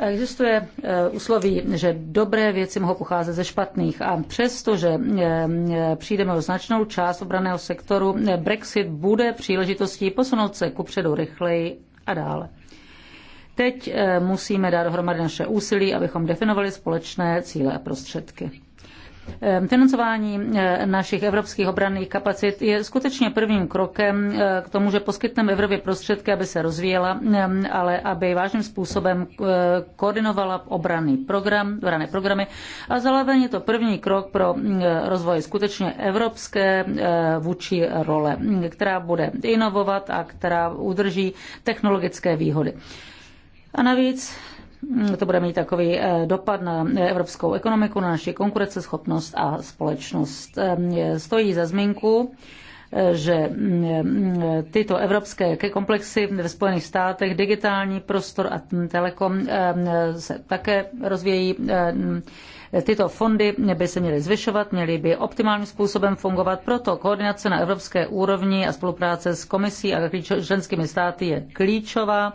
Existuje úsloví, že dobré věci mohou pocházet ze špatných a přesto, že přijdeme o značnou část obraného sektoru, Brexit bude příležitostí posunout se kupředu rychleji a dále. Teď eh, musíme dát dohromady naše úsilí, abychom definovali společné cíle a prostředky. Eh, financování eh, našich evropských obranných kapacit je skutečně prvním krokem k tomu, že poskytneme Evropě prostředky, aby se rozvíjela, ale aby vážným způsobem koordinovala obranný program, obrané programy a zároveň je to první krok pro rozvoj skutečně evropské vůči role, která bude inovovat a která udrží technologické výhody. A navíc mm, to bude mít takový eh, dopad na evropskou ekonomiku, na naši konkurenceschopnost a společnost. Ehm, stojí za zmínku, eh, že mm, mm, tyto evropské komplexy ve Spojených státech, digitální prostor a telekom ehm, se také rozvíjí. Ehm, tyto fondy by se měly zvyšovat, měly by optimálním způsobem fungovat, proto koordinace na evropské úrovni a spolupráce s komisí a členskými státy je klíčová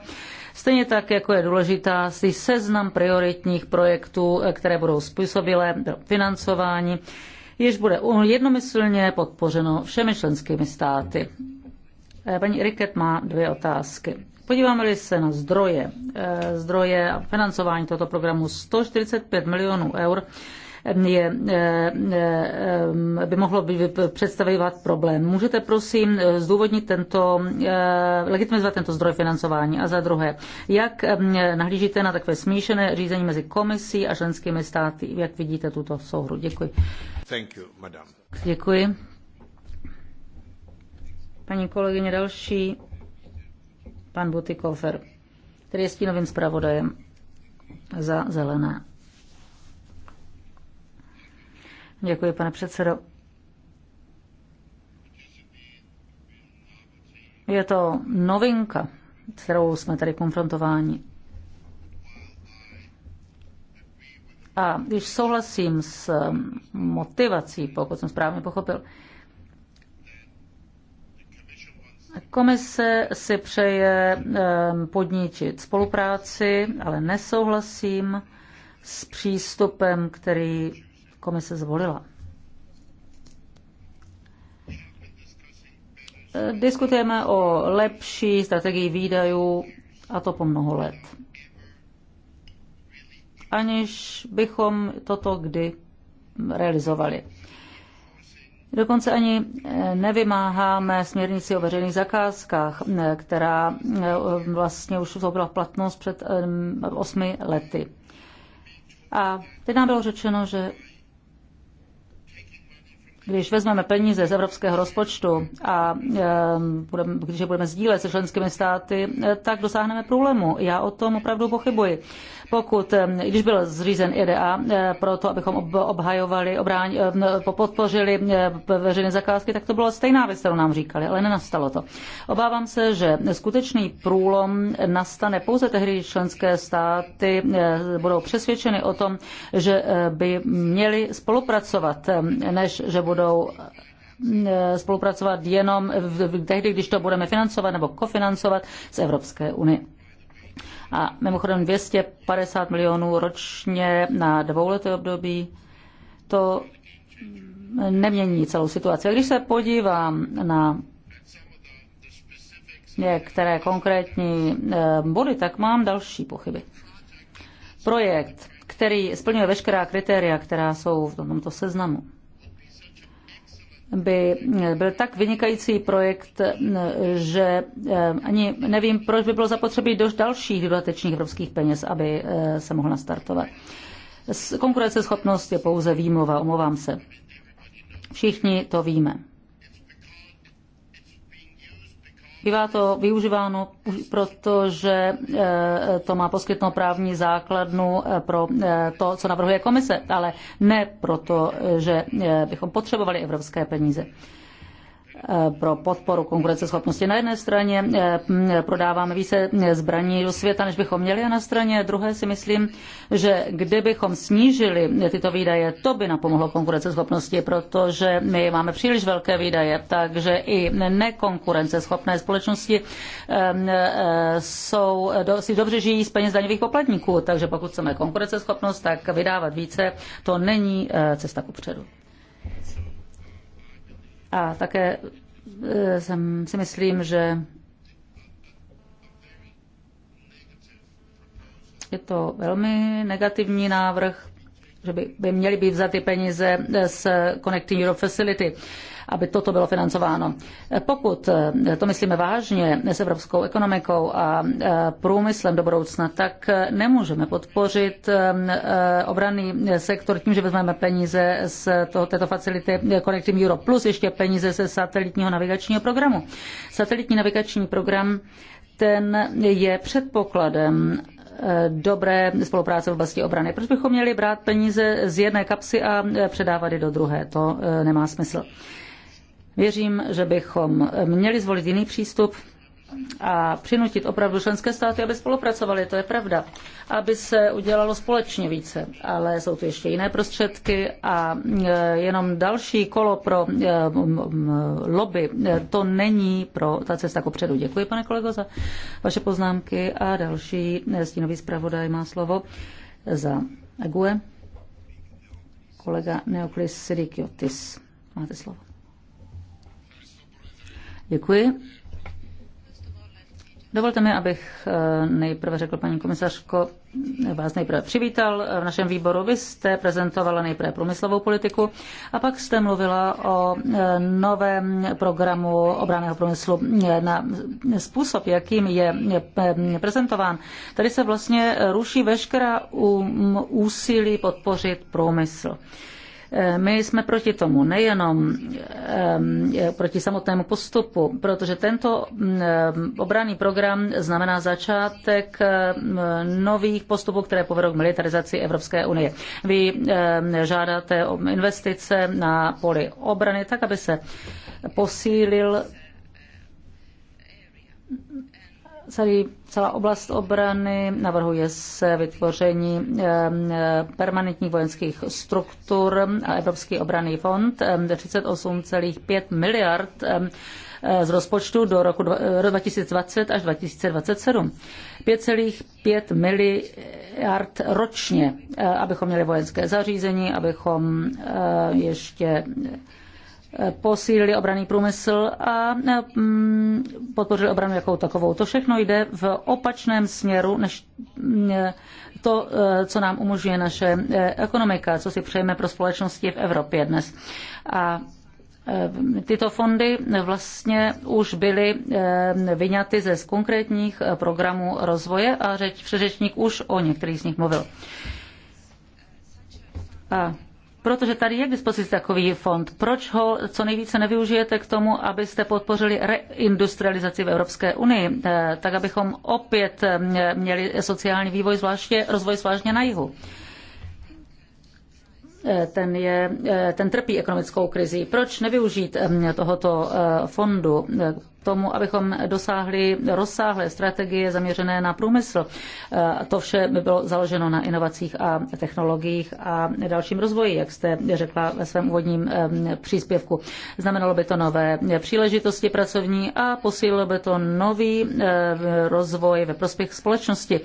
Stejně tak, jako je důležitá si seznam prioritních projektů, eh, které budou způsobilé do financování, jež bude jednomyslně podpořeno všemi členskými státy. Eh, paní Riket má dvě otázky. Podíváme-li se na zdroje, eh, zdroje a financování tohoto programu 145 milionů eur, je, eh, eh, by mohlo být představovat problém. Můžete prosím zdůvodnit tento, eh, legitimizovat tento zdroj financování? A za druhé, jak nahlížíte na takové smíšené řízení mezi komisí a členskými státy? Jak vidíte tuto souhru? Děkuji. Thank you, madam. Děkuji. Paní kolegyně další, pan Butikofer, který je stínovým zpravodajem za zelené. Děkuji, pane předsedo. Je to novinka, kterou jsme tady konfrontováni. A když souhlasím s um, motivací, pokud jsem správně pochopil, Komise si přeje um, podnítit spolupráci, ale nesouhlasím s přístupem, který komise zvolila. Diskutujeme o lepší strategii výdajů a to po mnoho let. Aniž bychom toto kdy realizovali. Dokonce ani eh, nevymáháme směrnici o veřejných zakázkách, eh, která eh, vlastně už zobrala platnost před osmi lety. A teď nám bylo řečeno, že když vezmeme peníze z evropského rozpočtu a budeme, když je budeme sdílet se členskými státy, eh, tak dosáhneme problému. Já o tom opravdu pochybuji. Pokud, eh, když byl zřízen eh, pro to, abychom obhajovali, obráň, eh, podpořili veřejné zakázky, tak to bylo stejná věc, kterou nám říkali, ale nenastalo to. Obávám se, že skutečný průlom nastane pouze tehdy, když členské státy budou přesvědčeny o tom, že by měly spolupracovat, než že budou spolupracovat jenom tehdy, když to budeme financovat nebo kofinancovat z Evropské unie a mimochodem 250 milionů ročně na dvouleté období, to nemění celou situaci. A když se podívám na některé konkrétní eh, body, tak mám další pochyby. Projekt, který splňuje veškerá kritéria, která jsou v tomto seznamu by byl tak vynikající projekt, že eh, ani nevím, proč by bylo zapotřebí do dalších dodatečných evropských peněz, aby eh, se mohl nastartovat. Konkurenceschopnost je pouze výmluva, omlouvám se. Všichni to víme. Bývá to využíváno, protože eh, to má poskytnout právní základnu eh, pro eh, to, co navrhuje komise, ale ne proto, že bychom potřebovali evropské peníze pro podporu konkurenceschopnosti. Na jedné straně eh, prodáváme více zbraní do světa, než bychom měli, a na straně druhé si myslím, že kdybychom snížili tyto výdaje, to by napomohlo konkurenceschopnosti, protože my máme příliš velké výdaje, takže i nekonkurenceschopné společnosti eh, jsou, si dobře žijí z peněz daňových poplatníků, takže pokud chceme konkurenceschopnost, tak vydávat více, to není eh, cesta kupředu. A také eh, jsem si myslím, že je to velmi negativní návrh, že by, by měly být vzaty peníze z Connecting Europe Facility aby toto bylo financováno. Eh, Pokud eh, to myslíme vážně s evropskou ekonomikou a eh, průmyslem do budoucna, tak nemůžeme podpořit obranný sektor tím, že vezmeme peníze z toho, této facility Connecting Europe plus ještě peníze ze satelitního navigačního programu. Satelitní navigační program ten je předpokladem dobré spolupráce v oblasti obrany. Proč bychom měli brát peníze z jedné kapsy a předávat je do druhé? To nemá smysl. Věřím, že bychom měli zvolit jiný přístup a přinutit opravdu členské státy, aby spolupracovali, to je pravda, aby se udělalo společně více, ale jsou tu ještě jiné prostředky a e, jenom další kolo pro e, lobby, e, to není pro ta cesta opředu. Děkuji, pane kolego, za vaše poznámky a další stínový zpravodaj má slovo za GUE. Kolega Neoklis Sirikiotis. Máte slovo. Děkuji. Dovolte mi, abych eh, nejprve řekl, paní komisařko, vás nejprve přivítal v našem výboru. Vy jste prezentovala nejprve průmyslovou politiku a pak jste mluvila o eh, novém programu obraného průmyslu na způsob, jakým je eh, prezentován. Tady se vlastně ruší veškerá um, úsilí podpořit průmysl. My jsme proti tomu nejenom ehm, proti samotnému postupu, protože tento ehm, obranný program znamená začátek ehm, nových postupů, které povedou k militarizaci Evropské unie. Vy žádáte o investice na poli obrany, tak aby se posílil Celý, celá oblast obrany navrhuje se vytvoření permanentních vojenských struktur a Evropský obranný fond 38,5 miliard z rozpočtu do roku 2020 až 2027. 5,5 miliard ročně, e, abychom měli vojenské zařízení, abychom e, ještě posílili obraný průmysl a mm, podpořili obranu jako takovou. To všechno jde v opačném směru, než mm, to, eh, co nám umožňuje naše eh, ekonomika, co si přejeme pro společnosti v Evropě dnes. A eh, Tyto fondy vlastně už byly vyňaty ze z konkrétních programů rozvoje a řeč, přeřečník už o některých z nich mluvil. A protože tady je k dispozici takový fond. Proč ho co nejvíce nevyužijete k tomu, abyste podpořili reindustrializaci v Evropské unii, eh, tak abychom opět eh, měli sociální vývoj, zvláště rozvoj zvláště na jihu? Eh, ten, je, ten trpí ekonomickou krizí. Proč nevyužít tohoto fondu tomu, abychom dosáhli rozsáhlé strategie zaměřené na průmysl. E, to vše by bylo založeno na inovacích a technologiích a dalším rozvoji, jak jste řekla ve svém úvodním příspěvku. Znamenalo by to nové příležitosti pracovní a posílilo by to nový e, rozvoj ve prospěch společnosti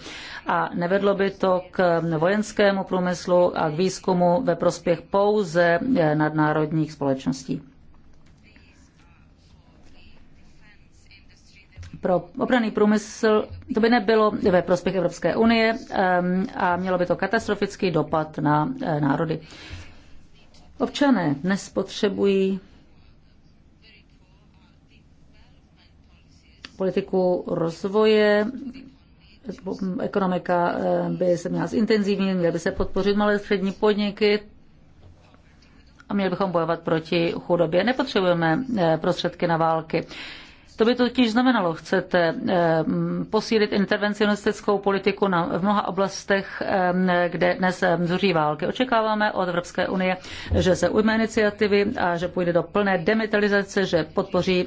a nevedlo by to k vojenskému průmyslu a k výzkumu ve prospěch pouze e, nadnárodních společností. pro obraný průmysl, to by nebylo ve prospěch Evropské unie a mělo by to katastrofický dopad na eh, národy. Občané dnes potřebují politiku rozvoje, ekonomika eh, by se měla zintenzivnit, měly by se podpořit malé střední podniky a měli bychom bojovat proti chudobě. Nepotřebujeme eh, prostředky na války. To by totiž znamenalo, chcete eh, posílit intervencionistickou politiku na, v mnoha oblastech, eh, kde dnes eh, zuří války. Očekáváme od Evropské unie, že se ujme iniciativy a že půjde do plné demitalizace, že podpoří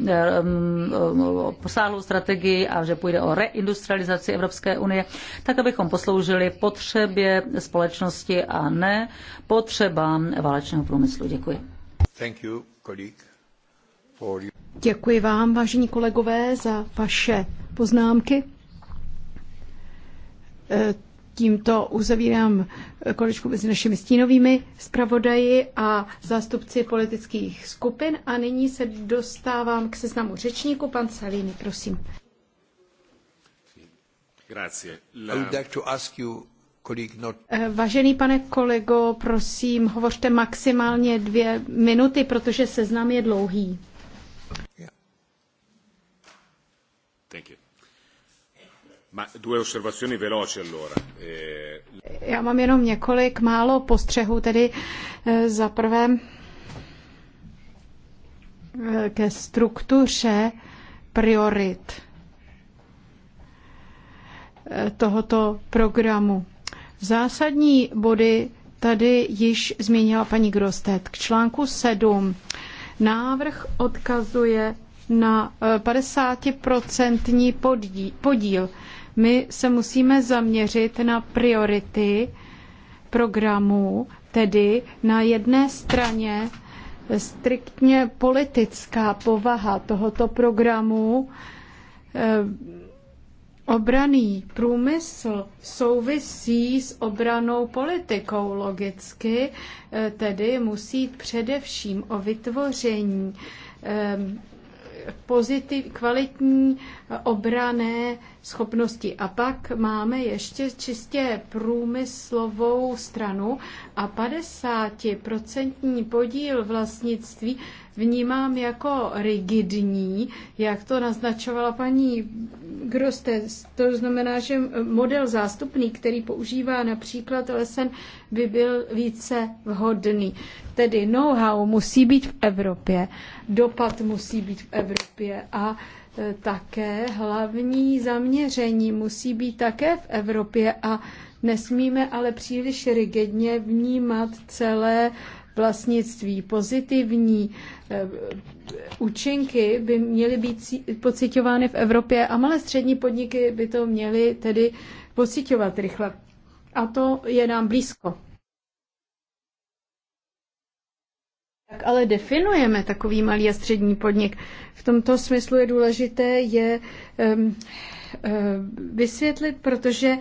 posáhlou strategii a že půjde o reindustrializaci Evropské unie, tak abychom posloužili potřebě společnosti a ne potřebám válečného průmyslu. Děkuji. Thank you, colleague. Děkuji vám, vážení kolegové, za vaše poznámky. E, tímto uzavírám kolečku mezi našimi stínovými zpravodaji a zástupci politických skupin a nyní se dostávám k seznamu řečníku. Pan Salini, prosím. E, vážený pane kolego, prosím, hovořte maximálně dvě minuty, protože seznam je dlouhý. Yeah. Thank you. Ma due osservazioni veloci allora. Eh... Já mám jenom několik málo postřehů, tedy eh, za prvé eh, ke struktuře priorit eh, tohoto programu. Zásadní body tady již zmínila paní Grostet. K článku 7 Návrh odkazuje na 50% e, podíl. My se musíme zaměřit na priority programu, tedy na jedné straně striktně politická povaha tohoto programu, e, Obraný průmysl souvisí s obranou politikou logicky, eh, tedy musí především o vytvoření eh, pozitiv, kvalitní eh, obrané schopnosti. A pak máme ještě čistě průmyslovou stranu a 50% podíl vlastnictví vnímám jako rigidní, jak to naznačovala paní Grostes. To znamená, že model zástupný, který používá například lesen, by byl více vhodný. Tedy know-how musí být v Evropě, dopad musí být v Evropě a e, také hlavní zaměření musí být také v Evropě a nesmíme ale příliš rigidně vnímat celé vlastnictví. Pozitivní eh, účinky by měly být pocitovány v Evropě a malé střední podniky by to měly tedy pocitovat rychle. A to je nám blízko. Tak ale definujeme takový malý a střední podnik? V tomto smyslu je důležité je um, vysvětlit, protože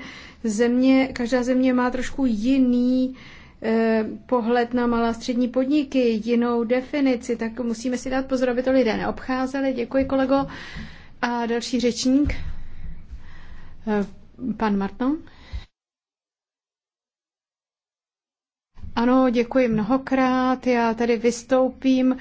země, každá země má trošku jiný Eh, pohled na malá střední podniky, jinou definici, tak musíme si dát pozor, aby to lidé neobcházeli. Děkuji, kolego. A další řečník, eh, pan Marton. Ano, děkuji mnohokrát. Já tady vystoupím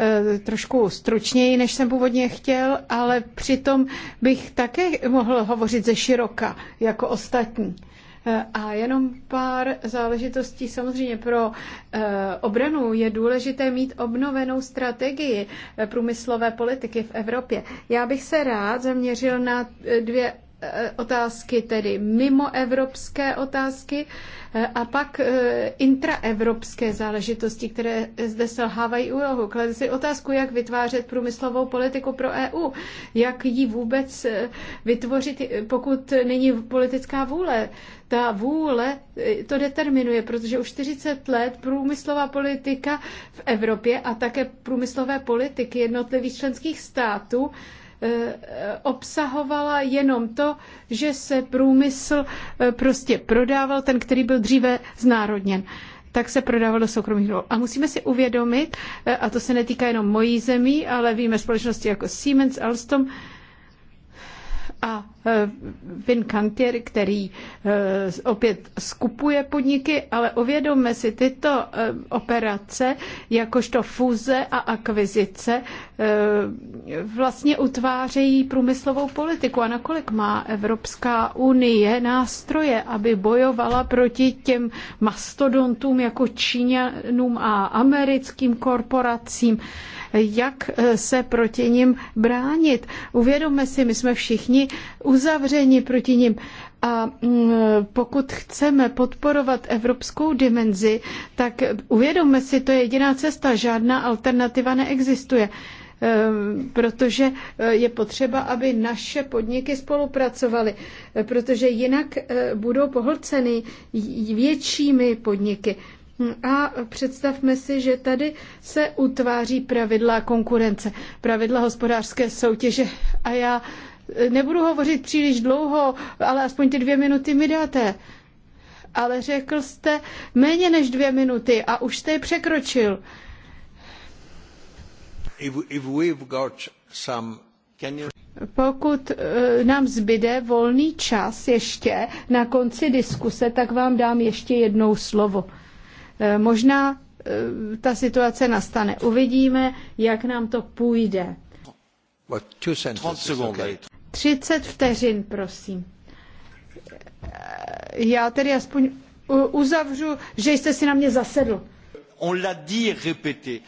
eh, trošku stručněji, než jsem původně chtěl, ale přitom bych také mohl hovořit ze široka, jako ostatní. A jenom pár záležitostí. Samozřejmě pro eh, obranu je důležité mít obnovenou strategii eh, průmyslové politiky v Evropě. Já bych se rád zaměřil na eh, dvě Eh, otázky, tedy mimo evropské otázky eh, a pak eh, intraevropské záležitosti, které zde selhávají úlohu. Klade si otázku, jak vytvářet průmyslovou politiku pro EU, jak ji vůbec vytvořit, pokud není politická vůle. Ta vůle to determinuje, protože už 40 let průmyslová politika v Evropě a také průmyslové politiky jednotlivých členských států Eh, obsahovala jenom to, že se průmysl eh, prostě prodával, ten, který byl dříve znárodněn tak se prodával do soukromých A musíme si uvědomit, eh, a to se netýká jenom mojí zemí, ale víme společnosti jako Siemens, Alstom, a e, Vin Kantier, který e, opět skupuje podniky, ale uvědomme si tyto e, operace, jakožto fuze a akvizice, vlastně utvářejí průmyslovou politiku. A nakolik má Evropská unie nástroje, aby bojovala proti těm mastodontům jako Číňanům a americkým korporacím, jak eh, se proti nim bránit. Uvědomme si, my jsme všichni uzavřeni proti nim. A mm, pokud chceme podporovat evropskou dimenzi, tak uvědomme si, to je jediná cesta, žádná alternativa neexistuje eh, protože eh, je potřeba, aby naše podniky spolupracovaly, protože jinak budou pohlceny většími podniky. Hm, a představme si, že tady se utváří pravidla konkurence, pravidla hospodářské soutěže. A já eh, nebudu hovořit příliš dlouho, ale aspoň ty dvě minuty mi dáte. Ale řekl jste méně než dvě minuty a už jste je překročil. If, if we've got some... you... Pokud eh, nám zbyde volný čas ještě na konci diskuse, tak vám dám ještě jednou slovo. E, možná e, ta situace nastane. Uvidíme, jak nám to půjde. 30 vteřin, prosím. E, já tedy aspoň uzavřu, že jste si na mě zasedl. On l'a dit répété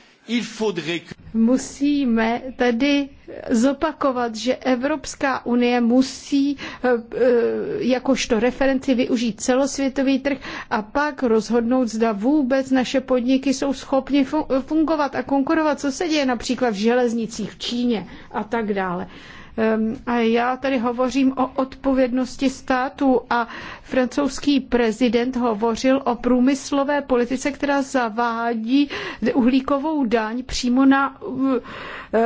Musíme tedy zopakovat, že Evropská unie musí eh, eh, jakožto referenci využít celosvětový trh a pak rozhodnout, zda vůbec naše podniky jsou schopny fungovat a konkurovat, co se děje například v železnicích v Číně a tak dále. Ehm, a já tady hovořím o odpovědnosti států a francouzský prezident hovořil o průmyslové politice, která zavádí uhlíkovou daň přímo na eh,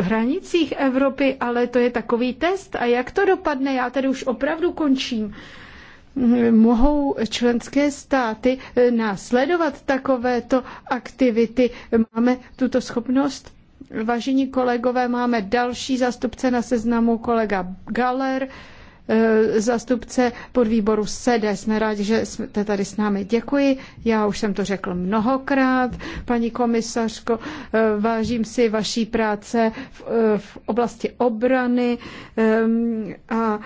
hranicích Evropy, ale to je takový test. A jak to dopadne? Já tady už opravdu končím mohou členské státy eh, následovat takovéto aktivity. Máme tuto schopnost? Vážení kolegové, máme další zástupce na seznamu, kolega Galer, eh, zástupce podvýboru SEDE. Jsme rádi, že jste tady s námi. Děkuji. Já už jsem to řekl mnohokrát. Paní komisařko, eh, vážím si vaší práce v, eh, v oblasti obrany a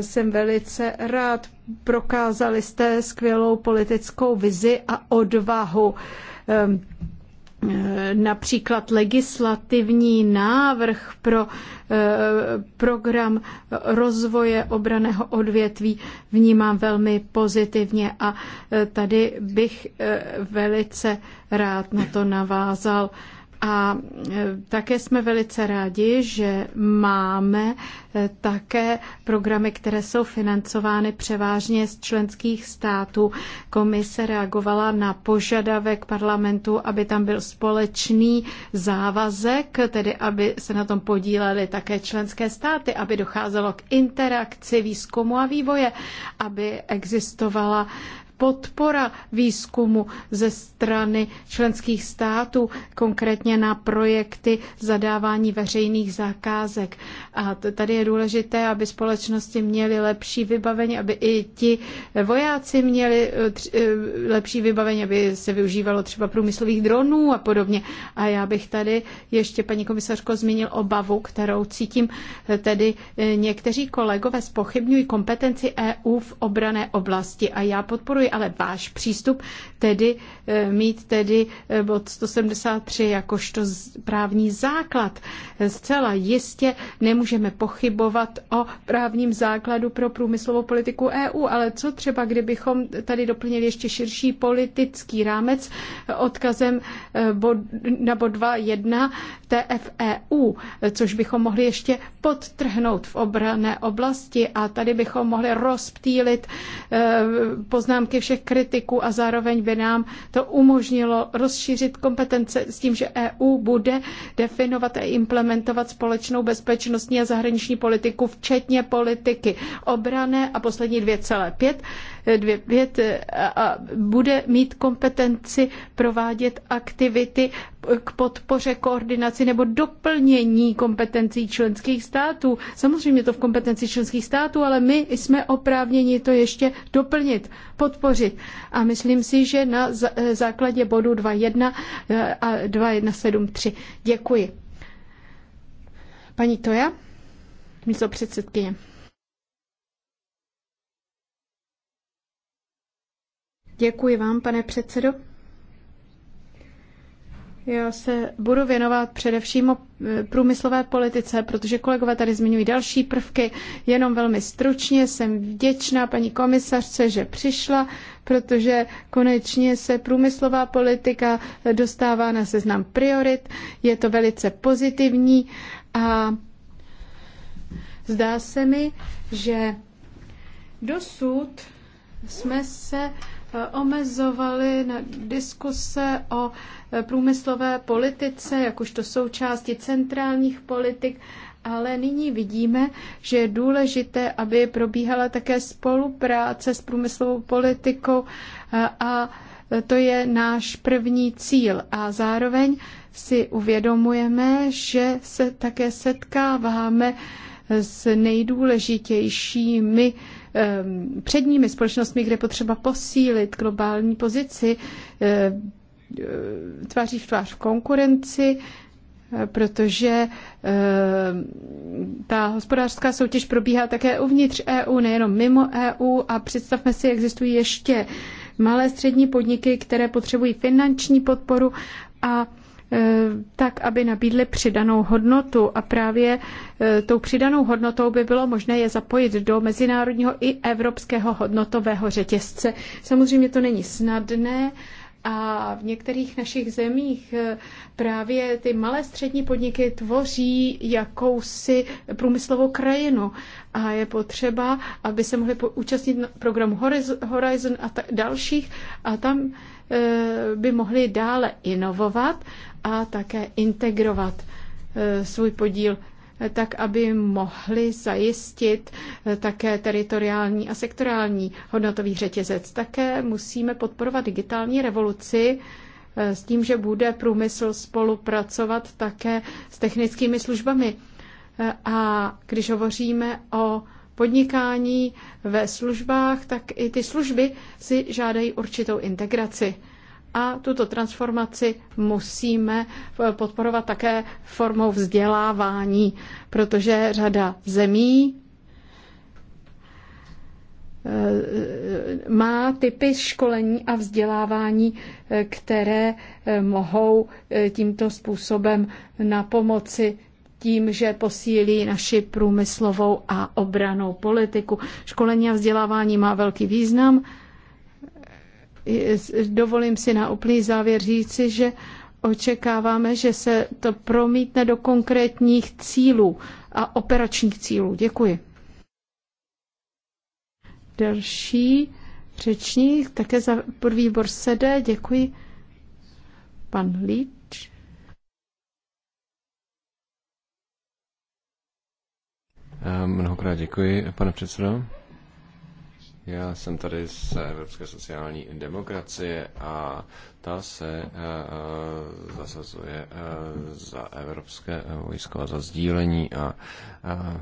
jsem velice rád. Prokázali jste skvělou politickou vizi a odvahu Eh, například legislativní návrh pro eh, program rozvoje obraného odvětví vnímám velmi pozitivně a eh, tady bych velice rád na to navázal. A e, také jsme velice rádi, že máme e, také programy, které jsou financovány převážně z členských států. Komise reagovala na požadavek parlamentu, aby tam byl společný závazek, tedy aby se na tom podílely také členské státy, aby docházelo k interakci výzkumu a vývoje, aby existovala podpora výzkumu ze strany členských států, konkrétně na projekty zadávání veřejných zakázek. A tady je důležité, aby společnosti měly lepší vybavení, aby i ti vojáci měli eh, eh, lepší vybavení, aby se využívalo třeba průmyslových dronů a podobně. A já bych tady ještě, paní komisařko, zmínil obavu, kterou cítím eh, tedy někteří kolegové spochybňují kompetenci EU v obrané oblasti a já podporuji ale váš přístup, tedy eh, mít tedy eh, bod 173 jakožto právní základ. Zcela jistě nemůžeme pochybovat o právním základu pro průmyslovou politiku EU, ale co třeba, kdybychom tady doplnili ještě širší politický rámec odkazem eh, bod, na bod 2.1 TFEU, což bychom mohli ještě podtrhnout v obrané oblasti a tady bychom mohli rozptýlit poznámky poznámky všech kritiků a zároveň by nám to umožnilo rozšířit kompetence s tím, že EU bude definovat a implementovat společnou bezpečnostní a zahraniční politiku, včetně politiky obrané a poslední 2,5 25 eh, a bude mít kompetenci provádět aktivity k podpoře, koordinaci nebo doplnění kompetencí členských států. Samozřejmě to v kompetenci členských států, ale my jsme oprávněni to ještě doplnit, podpořit. A myslím si, že na eh, základě bodu 2.1 eh, a 2.1.7.3. Děkuji. Paní Toja, místo předsedkyně. Děkuji vám, pane předsedo. Já se budu věnovat především o e, průmyslové politice, protože kolegové tady zmiňují další prvky. Jenom velmi stručně jsem vděčná paní komisařce, že přišla, protože konečně se průmyslová politika dostává na seznam priorit. Je to velice pozitivní a zdá se mi, že dosud jsme se omezovali na diskuse o průmyslové politice, jakožto součásti centrálních politik, ale nyní vidíme, že je důležité, aby probíhala také spolupráce s průmyslovou politikou a to je náš první cíl. A zároveň si uvědomujeme, že se také setkáváme s nejdůležitějšími Ehm, předními společnostmi, kde potřeba posílit globální pozici eh, eh, tváří v tvář v konkurenci, eh, protože ehm, ta hospodářská soutěž probíhá také uvnitř EU, nejenom mimo EU a představme si, existují ještě malé střední podniky, které potřebují finanční podporu a Eh, tak, aby nabídly přidanou hodnotu a právě eh, tou přidanou hodnotou by bylo možné je zapojit do mezinárodního i evropského hodnotového řetězce. Samozřejmě to není snadné, a v některých našich zemích eh, právě ty malé střední podniky tvoří jakousi průmyslovou krajinu a je potřeba, aby se mohli účastnit programu Horizon a dalších a tam by mohli dále inovovat a také integrovat eh, svůj podíl eh, tak aby mohli zajistit eh, také teritoriální a sektorální hodnotový řetězec. Také musíme podporovat digitální revoluci s tím, že bude průmysl spolupracovat také s technickými službami. A když hovoříme o podnikání ve službách, tak i ty služby si žádají určitou integraci a tuto transformaci musíme eh, podporovat také formou vzdělávání, protože řada zemí eh, má typy školení a vzdělávání, eh, které mohou tímto způsobem na pomoci tím, že posílí naši průmyslovou a obranou politiku. Školení a vzdělávání má velký význam dovolím si na úplný závěr říci, že očekáváme, že se to promítne do konkrétních cílů a operačních cílů. Děkuji. Další řečník, také za výbor sede, děkuji. Pan Líč. Eh, mnohokrát děkuji, pane předsedo. Já jsem tady z Evropské sociální demokracie a ta se uh, zasazuje uh, za evropské vojsko a za sdílení a uh,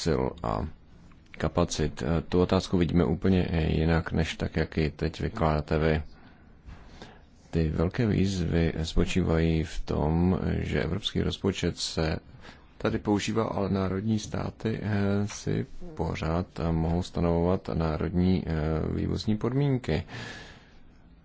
sil a kapacit. Tu otázku vidíme úplně jinak, než tak, jak ji teď vykládáte vy. Ty velké výzvy spočívají v tom, že evropský rozpočet se tady používá, ale národní státy eh, si pořád mohou stanovovat národní eh, vývozní podmínky.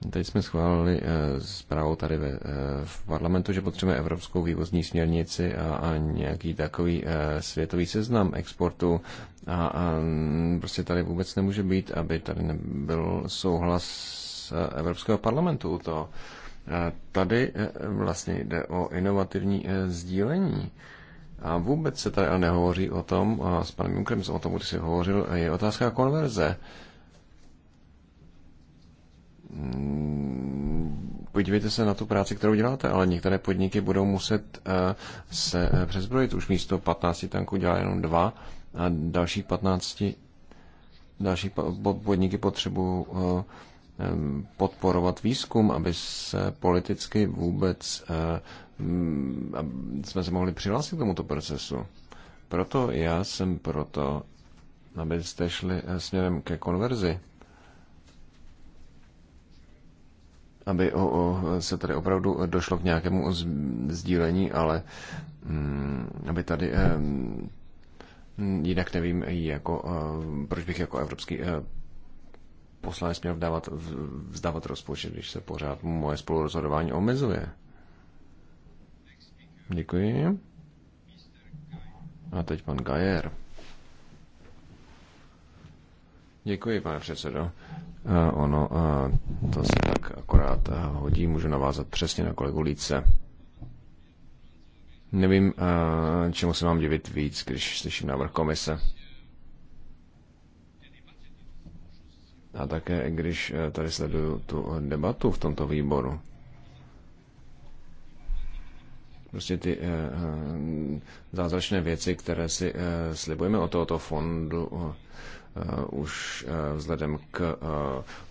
Teď jsme schválili eh, zprávu tady ve, v parlamentu, že potřebujeme evropskou vývozní směrnici a, a nějaký takový světový seznam exportu. A, a mm, prostě tady vůbec nemůže být, aby tady nebyl souhlas Evropského parlamentu u toho. Tady vlastně jde o inovativní sdílení a vůbec se tady ale nehovoří o tom, a s panem Junkerem o tom, když si hovořil, je otázka konverze. Mm, podívejte se na tu práci, kterou děláte, ale některé podniky budou muset eh, se eh, přezbrojit. Už místo 15 tanků dělá jenom dva a další 15 další podniky potřebují eh, podporovat výzkum, aby se politicky vůbec Mm, jsme se mohli přihlásit k tomuto procesu. Proto já jsem proto, abyste šli eh, směrem ke konverzi. Aby o, o, se tady opravdu došlo k nějakému sdílení, ale mm, aby tady eh, mm, jinak nevím, jako, eh, proč bych jako evropský poslanec měl vzdávat rozpočet, když se pořád moje spolurozhodování omezuje. Děkuji. A teď pan Gajer. Děkuji, pane předsedo. Uh, ono, uh, to se tak akorát uh, hodí, můžu navázat přesně na kolegu Líce. Nevím, uh, čemu se mám divit víc, když slyším návrh komise. A také, když uh, tady sleduju tu debatu v tomto výboru. Prostě ty eh, eh, zázračné věci, které si eh, slibujeme od tohoto fondu, už vzhledem k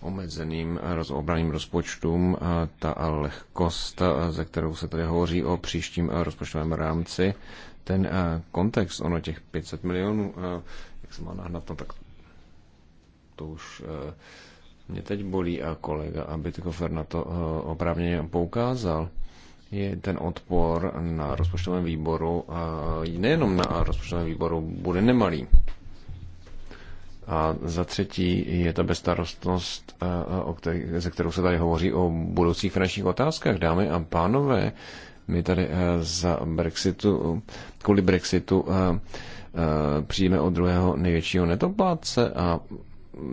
omezeným rozobraným rozpočtům ta lehkost, ze kterou se tady hovoří o příštím rozpočtovém rámci, ten kontext, ono těch 500 milionů, jak se má nahnat, no tak to už mě teď bolí a kolega aby Abitkofer na to oprávněně poukázal je ten odpor na rozpočtovém výboru, nejenom na rozpočtovém výboru, bude nemalý. A za třetí je ta bezstarostnost, ze kterou se tady hovoří o budoucích finančních otázkách. Dámy a pánové, my tady za Brexitu, kvůli Brexitu přijíme od druhého největšího netopláce a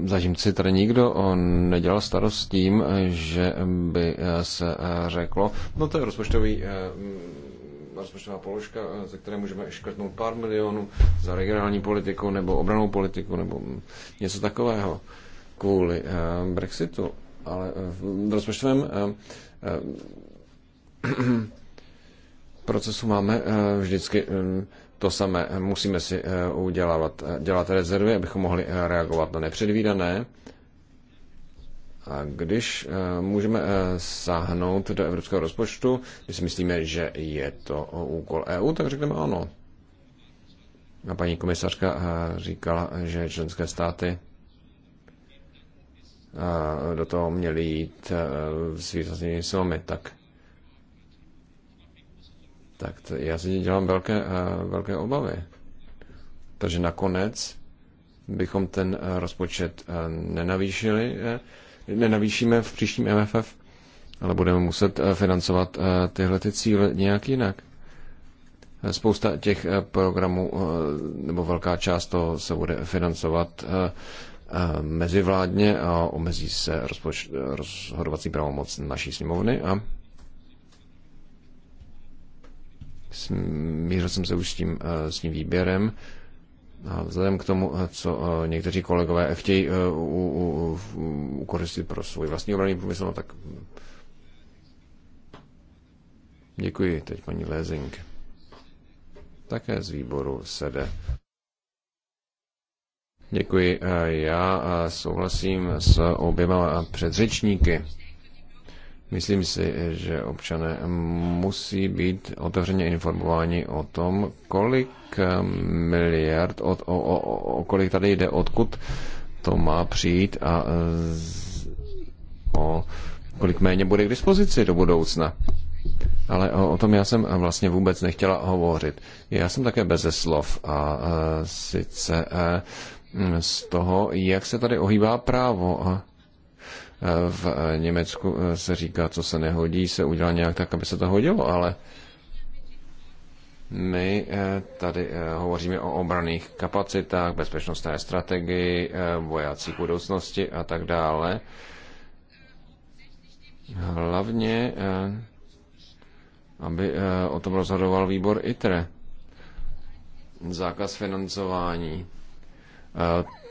Zatím si tady nikdo eh, nedělal starost s tím, že by eh, se eh, řeklo, no to je rozpočtový, mm, rozpočtová položka, ze které můžeme škrtnout pár milionů za regionální politiku nebo obranou politiku nebo mm, něco takového kvůli Brexitu. Ale v rozpočtovém procesu máme vždycky mm, to samé eh, musíme si eh, udělávat, eh, dělat rezervy, abychom mohli reagovat na nepředvídané. A když můžeme sáhnout do evropského rozpočtu, když si myslíme, že je to úkol EU, tak řekneme ano. A paní komisařka říkala, že členské státy do toho měly jít s výraznými silami, tak tak to, já si dělám velké, eh, velké obavy. Takže nakonec bychom ten eh, rozpočet eh, nenavýšili, nenavýšíme v příštím MFF, ale budeme muset financovat tyhle ty cíle nějak jinak. Spousta těch programů, nebo velká část toho se bude financovat mezivládně a omezí se rozpoč- rozhodovací pravomoc naší sněmovny a Mířil jsem se už s tím, eh, s tím výběrem. A vzhledem k tomu, eh, co eh, někteří kolegové chtějí ukořistit pro svůj vlastní obranný průmysl, no tak děkuji teď paní Lézing. Také z výboru sede. Děkuji. Já souhlasím s oběma předřečníky. Myslím si, že občané musí být otevřeně informováni o tom, kolik eh, miliard, od, o, o, o kolik tady jde, odkud to má přijít a eh, o kolik méně bude k dispozici do budoucna. Ale o, o tom já jsem vlastně vůbec nechtěla hovořit. Já jsem také beze slov a, a eh, sice a, z toho, jak se tady ohýbá právo. A, v Německu eh, se říká, co se nehodí, se udělá nějak tak, aby se to hodilo, ale my eh, tady eh, hovoříme o obraných kapacitách, bezpečnostné strategii, vojácí budoucnosti a tak dále. Hlavně, aby o tom rozhodoval výbor ITRE. Zákaz financování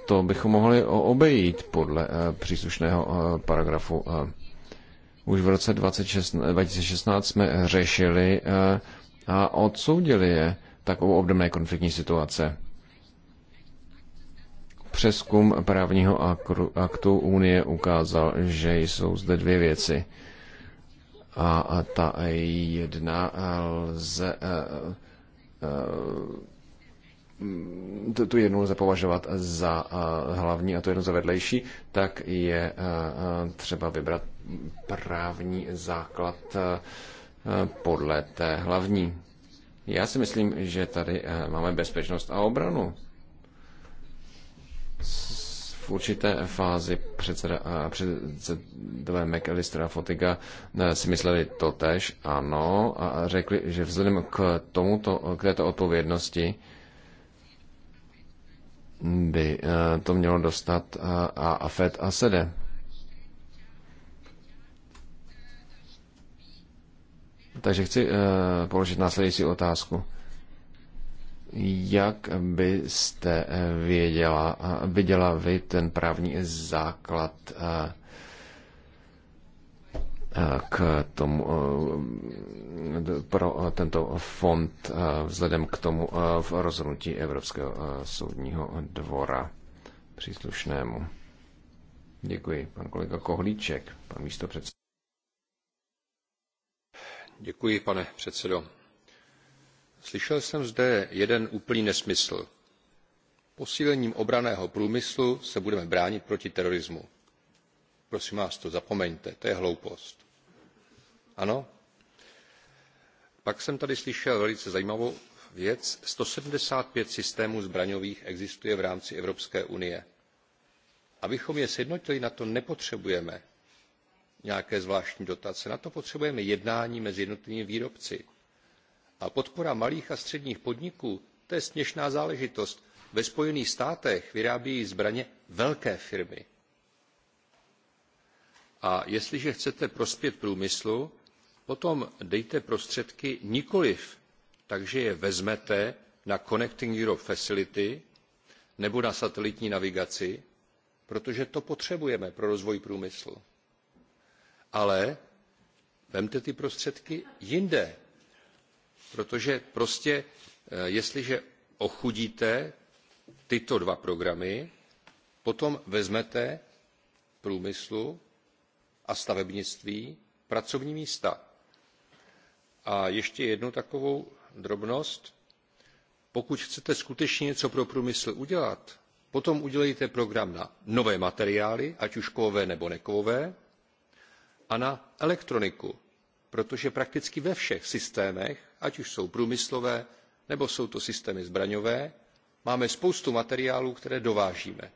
to bychom mohli obejít podle eh, příslušného eh, paragrafu. Eh. Už v roce 2016 jsme řešili a odsoudili je takovou obdobné konfliktní situace. Přeskum právního aktu Unie ukázal, že jsou zde dvě věci. A ta jedna lze tu, tu jednu lze považovat za hlavní a tu jednu za vedlejší, tak je třeba vybrat právní základ podle té hlavní. Já si myslím, že tady máme bezpečnost a obranu. V určité fázi předseda, předsedové McAllister a Fotiga si mysleli to ano, a řekli, že vzhledem k tomuto, k této odpovědnosti, by eh, to mělo dostat eh, a afet a SEDE. Takže chci eh, položit následující otázku. Jak byste věděla, viděla vy ten právní základ k tomu, eh, pro tento fond eh, vzhledem k tomu eh, v rozhodnutí Evropského soudního dvora příslušnému. Děkuji. Pan kolega Kohlíček, pan místo předseda. Děkuji, pane předsedo. Slyšel jsem zde jeden úplný nesmysl. Posílením obraného průmyslu se budeme bránit proti terorismu. Prosím vás, to zapomeňte, to je hloupost ano? pak jsem tady slyšel velice zajímavou věc one hundred and seventy five systémů zbraňových existuje v rámci evropské unie. abychom je sjednotili na to nepotřebujeme nějaké zvláštní dotace na to potřebujeme jednání mezi jednotlivými výrobci. a podpora malých a středních podniků to je směšná záležitost. ve spojených státech vyrábějí zbraně velké firmy. a jestliže chcete prospět průmyslu potom dejte prostředky nikoliv tak že je vezmete na connecting europe facility nebo na satelitní navigaci protože to potřebujeme pro rozvoj průmyslu ale vezměte ty prostředky jinde protože prostě eh, jestliže ochudíte tyto dva programy potom vezmete průmyslu a stavebnictví pracovní místa. A ještě jednu takovou drobnost. Pokud chcete skutečně něco pro průmysl udělat, potom udělejte program na nové materiály, ať už kovové nebo nekovové, a na elektroniku, protože prakticky ve všech systémech, ať už jsou průmyslové nebo jsou to systémy zbraňové, máme spoustu materiálů, které dovážíme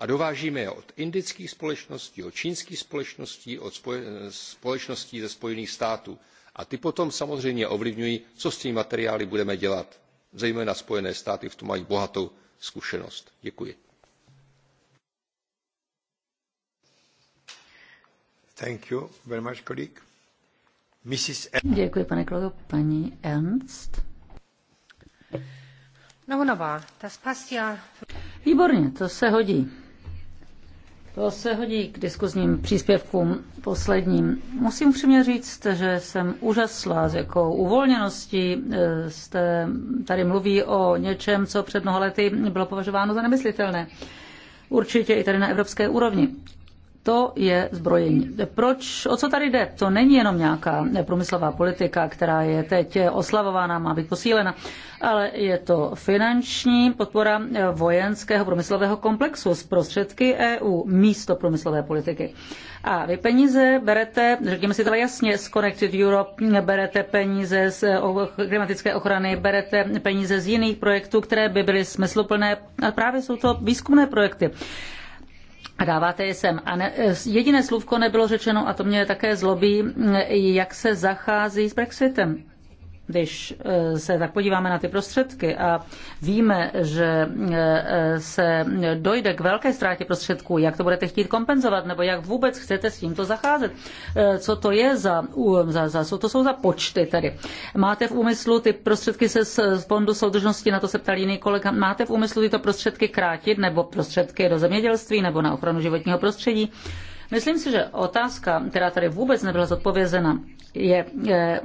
a dovážíme je od indických společností od čínských společností od společností ze spojených států a ty potom samozřejmě ovlivňují co s těmi materiály budeme dělat. zejména spojené státy v tom mají bohatou zkušenost. děkuji. Much, děkuji pane kolego. paní ernst? No, no, no, ta no, Výborně, to se hodí. To se hodí k diskuzním příspěvkům posledním. Musím upřímně říct, že jsem úžasla, s jakou uvolněností eh, jste tady mluví o něčem, co před mnoha lety bylo považováno za nemyslitelné. Určitě i tady na evropské úrovni to je zbrojení. Proč, o co tady jde? To není jenom nějaká průmyslová politika, která je teď oslavována, má být posílena, ale je to finanční podpora vojenského průmyslového komplexu z prostředky EU místo průmyslové politiky. A vy peníze berete, řekněme si to jasně, z Connected Europe, berete peníze z klimatické ochrany, berete peníze z jiných projektů, které by byly smysluplné. A právě jsou to výzkumné projekty dáváte je sem. A ne, e, jediné slůvko nebylo řečeno, a to mě také zlobí, jak se zachází s Brexitem. Když eh, se tak podíváme na ty prostředky a víme, že eh, se dojde k velké ztrátě prostředků, jak to budete chtít kompenzovat, nebo jak vůbec chcete s tímto zacházet, eh, co to je za, za, za co to jsou za počty tady? Máte v úmyslu ty prostředky se z fondu soudržnosti, na to se ptal jiný kolega, máte v úmyslu tyto prostředky krátit, nebo prostředky do zemědělství, nebo na ochranu životního prostředí? Myslím si, že otázka, která tady vůbec nebyla zodpovězena, je, e,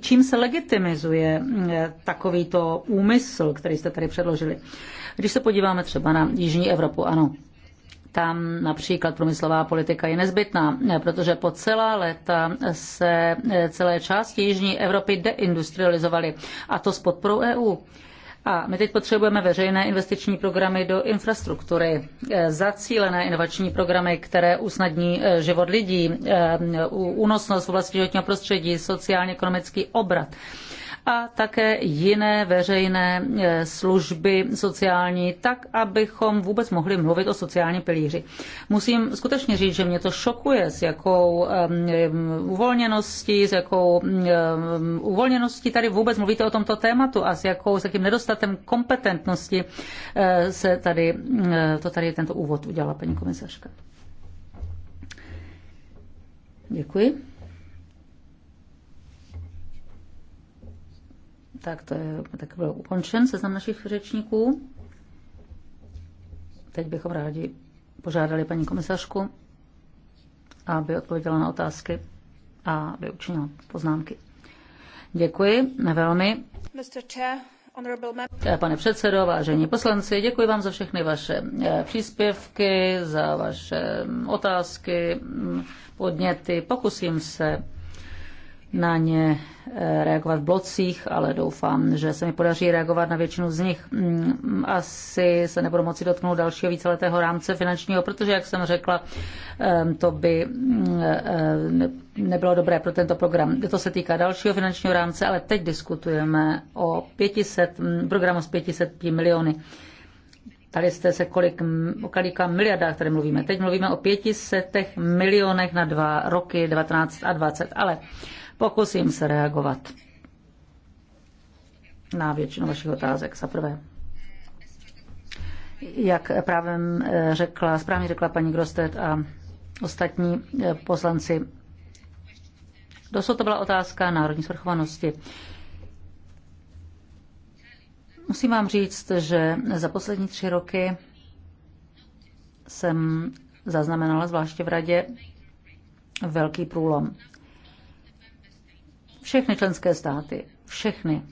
čím se legitimizuje e, takovýto úmysl, který jste tady předložili. Když se podíváme třeba na Jižní Evropu, ano, tam například průmyslová politika je nezbytná, e, protože po celá léta se celé části Jižní Evropy deindustrializovaly, a to s podporou EU. A my teď potřebujeme veřejné investiční programy do infrastruktury, eh, zacílené inovační programy, které usnadní eh, život lidí, eh, únosnost v oblasti životního prostředí, sociálně-ekonomický obrat a také jiné veřejné eh, služby sociální, tak abychom vůbec mohli mluvit o sociální pilíři. Musím skutečně říct, že mě to šokuje, s jakou ehm, ehm, uvolněností, s jakou ehm, uvolněností tady vůbec mluvíte o tomto tématu a s, jakou, s jakým nedostatem kompetentnosti eh, se tady, eh, to tady tento úvod udělala paní komisařka. Děkuji. Tak to je, tak byl ukončen seznam našich řečníků. Teď bychom rádi požádali paní komisařku, aby odpověděla na otázky a aby učinila poznámky. Děkuji velmi. Eh, pane předsedo, vážení poslanci, děkuji vám za všechny vaše eh, příspěvky, za vaše mm, otázky, mm, podněty. Pokusím se na ně eh, reagovat v blocích, ale doufám, že se mi podaří reagovat na většinu z nich. Mm, asi se nebudu moci dotknout dalšího víceletého rámce finančního, protože, jak jsem řekla, to by mm, eh, nebylo dobré pro tento program. To se týká dalšího finančního rámce, ale teď diskutujeme o 500, mm, programu s 500 miliony. Tady jste se kolik, o kolika miliardách tady mluvíme. Teď mluvíme o 500 milionech na dva roky 19 a 20, ale Pokusím se reagovat na většinu vašich otázek. Za prvé, jak právě eh, řekla, správně řekla paní Grostet a ostatní eh, poslanci, dosud to byla otázka národní svrchovanosti. Musím vám říct, že za poslední tři roky jsem zaznamenala, zvláště v radě, velký průlom. Všechny členské státy, všechny,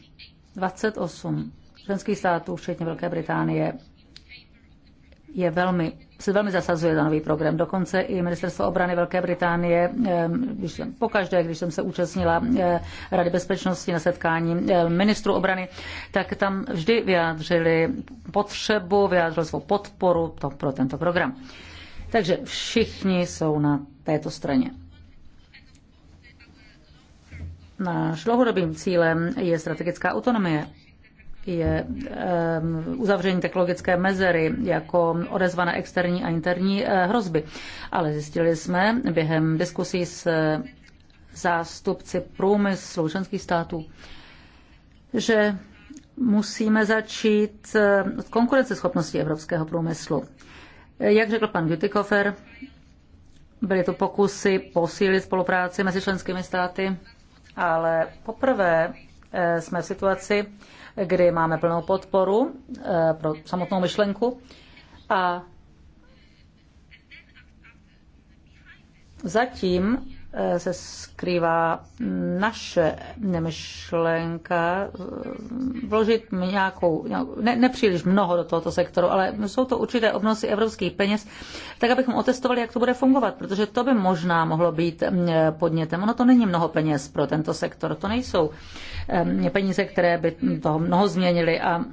28 členských států, včetně Velké Británie, je velmi, se velmi zasazuje za nový program. Dokonce i Ministerstvo obrany Velké Británie, když jsem, pokaždé, když jsem se účastnila Rady bezpečnosti na setkání ministru obrany, tak tam vždy vyjádřili potřebu, vyjádřili svou podporu to, pro tento program. Takže všichni jsou na této straně. Náš dlouhodobým cílem je strategická autonomie je ehm, uzavření technologické mezery jako odezva na externí a interní eh, hrozby. Ale zjistili jsme během diskusí s eh, zástupci průmyslu členských států, že musíme začít od eh, konkurenceschopnosti evropského průmyslu. Jak řekl pan Gutikofer, byly to pokusy posílit spolupráci mezi členskými státy ale poprvé eh, jsme v situaci, kdy máme plnou podporu eh, pro samotnou myšlenku a zatím Eh, se skrývá naše nemyšlenka eh, vložit nějakou, ne, nepříliš mnoho do tohoto sektoru, ale jsou to určité obnosy evropských peněz, tak abychom otestovali, jak to bude fungovat, protože to by možná mohlo být eh, podnětem. Ono to není mnoho peněz pro tento sektor, to nejsou peníze, které by toho mnoho změnily a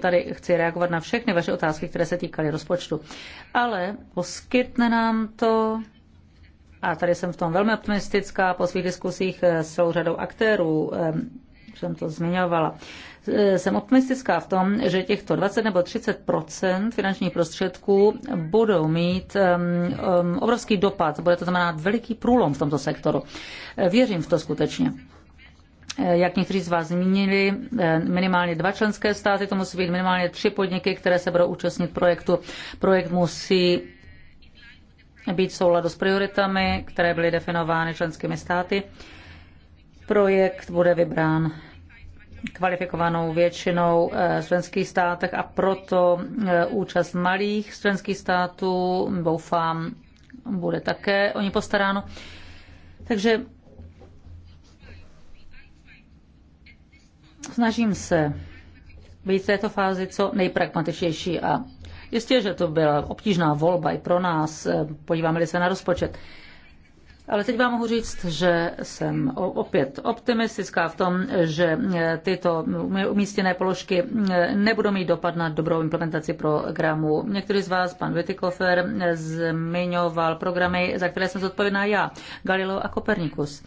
tady chci reagovat na všechny vaše otázky, které se týkaly rozpočtu. Ale poskytne nám to a tady jsem v tom velmi optimistická po svých diskusích eh, s celou řadou aktérů, eh, jsem to zmiňovala. Eh, jsem optimistická v tom, že těchto 20 nebo 30 finančních prostředků budou mít um, obrovský dopad, bude to znamenat veliký průlom v tomto sektoru. Věřím v to skutečně jak někteří z vás zmínili, minimálně dva členské státy, to musí být minimálně tři podniky, které se budou účastnit projektu. Projekt musí být v souladu s prioritami, které byly definovány členskými státy. Projekt bude vybrán kvalifikovanou většinou v eh, členských státech a proto eh, účast malých členských států, doufám, bude také o ní postaráno. Takže snažím se být v této fázi co nejpragmatičtější a Jistě, že to byla obtížná volba i pro nás, eh, podíváme-li se na rozpočet. Ale teď vám mohu říct, že jsem opět optimistická v tom, že eh, tyto umístěné položky eh, nebudou mít dopad na dobrou implementaci programu. Některý z vás, pan Vitikofer, zmiňoval programy, za které jsem zodpovědná já, Galileo a Kopernikus.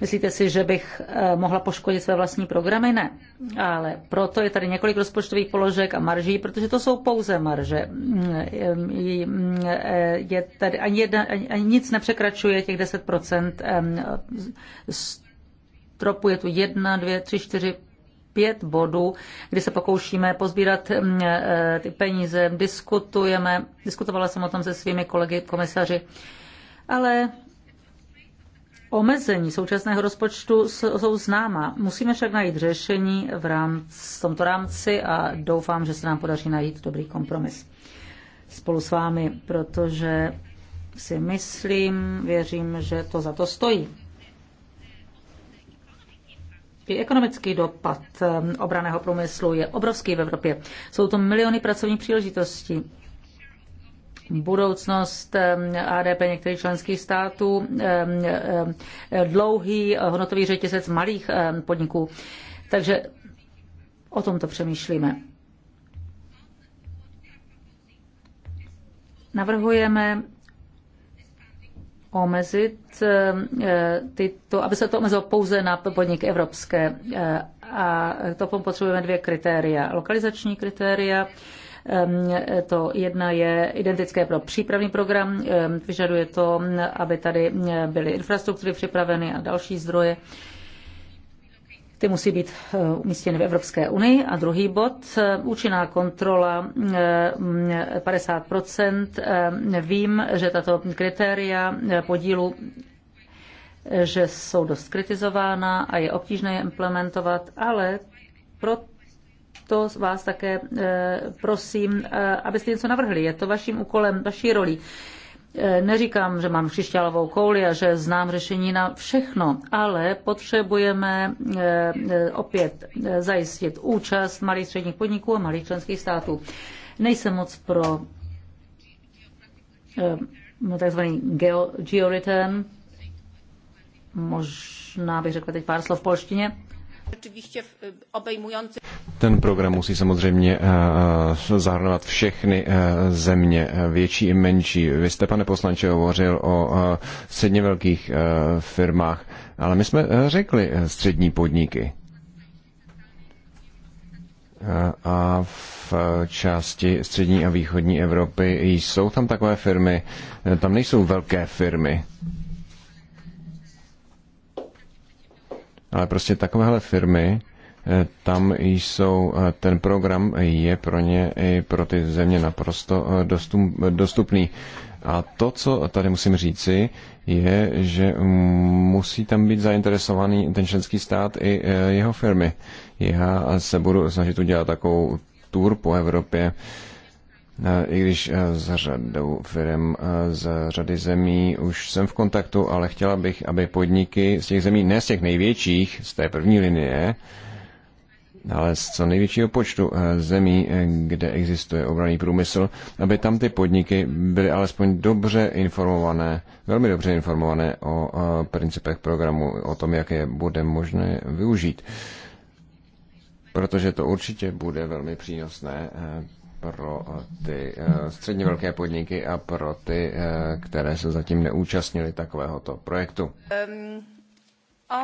Myslíte si, že bych eh, mohla poškodit své vlastní programy? Ne. Ale proto je tady několik rozpočtových položek a marží, protože to jsou pouze marže. Mm, eh, mm, eh, je tady, ani, jedna, ani nic nepřekračuje těch 10%. Stropu je tu jedna, dvě, tři, čtyři, pět bodů, kdy se pokoušíme pozbírat mm, ty peníze, diskutujeme, diskutovala jsem o tom se svými kolegy komisaři, ale Omezení současného rozpočtu jsou známa. Musíme však najít řešení v, rámci, v tomto rámci a doufám, že se nám podaří najít dobrý kompromis spolu s vámi, protože si myslím, věřím, že to za to stojí. I ekonomický dopad ehm, obraného průmyslu je obrovský v Evropě. Jsou to miliony pracovních příležitostí budoucnost ADP některých členských států, dlouhý eh, hodnotový řetězec malých podniků. Takže o tom to přemýšlíme. Navrhujeme omezit eh, tyto, aby se to omezilo pouze na podniky evropské. Eh, a to potřebujeme dvě kritéria. Lokalizační kritéria to jedna je identické pro přípravný program, vyžaduje to, aby tady byly infrastruktury připraveny a další zdroje. Ty musí být eh, umístěny v Evropské unii. A druhý bod, eh, účinná kontrola 50 eh, Vím, že tato kritéria podílu že jsou dost kritizována a je obtížné je implementovat, ale proto to vás také eh, prosím, eh, abyste něco navrhli. Je to vaším úkolem, vaší rolí. Eh, neříkám, že mám křišťálovou kouli a že znám řešení na všechno, ale potřebujeme opět zajistit účast malých středních podniků a malých členských států. Nejsem moc pro no, takzvaný georitem, Možná bych řekla teď pár slov v polštině. E, obejmujący ten program musí samozřejmě eh, eh, zahrnovat všechny eh, země, větší i menší. Vy jste, pane poslanče, hovořil o středně velkých firmách, ale my jsme řekli střední podniky. A v části střední a východní Evropy jsou tam takové firmy, tam nejsou velké firmy. Ale prostě takovéhle firmy, Eh, tam jsou, eh, ten program je pro ně i pro ty země naprosto eh, dostupný. A to, co tady musím říci, je, že musí tam být zainteresovaný ten členský stát i jeho firmy. Já se budu snažit udělat takovou tour po Evropě, i když s řadou firm z řady zemí už jsem v kontaktu, ale chtěla bych, aby podniky z těch zemí, ne z těch největších, z té první linie, ale z co největšího počtu eh, zemí, eh, kde existuje obraný průmysl, aby tam ty podniky byly alespoň dobře informované, velmi dobře informované o eh, principech programu, o tom, jak je bude možné využít. Protože to určitě bude velmi přínosné pro ty středně velké podniky a pro ty, které se zatím neúčastnili takovéhoto projektu. Um,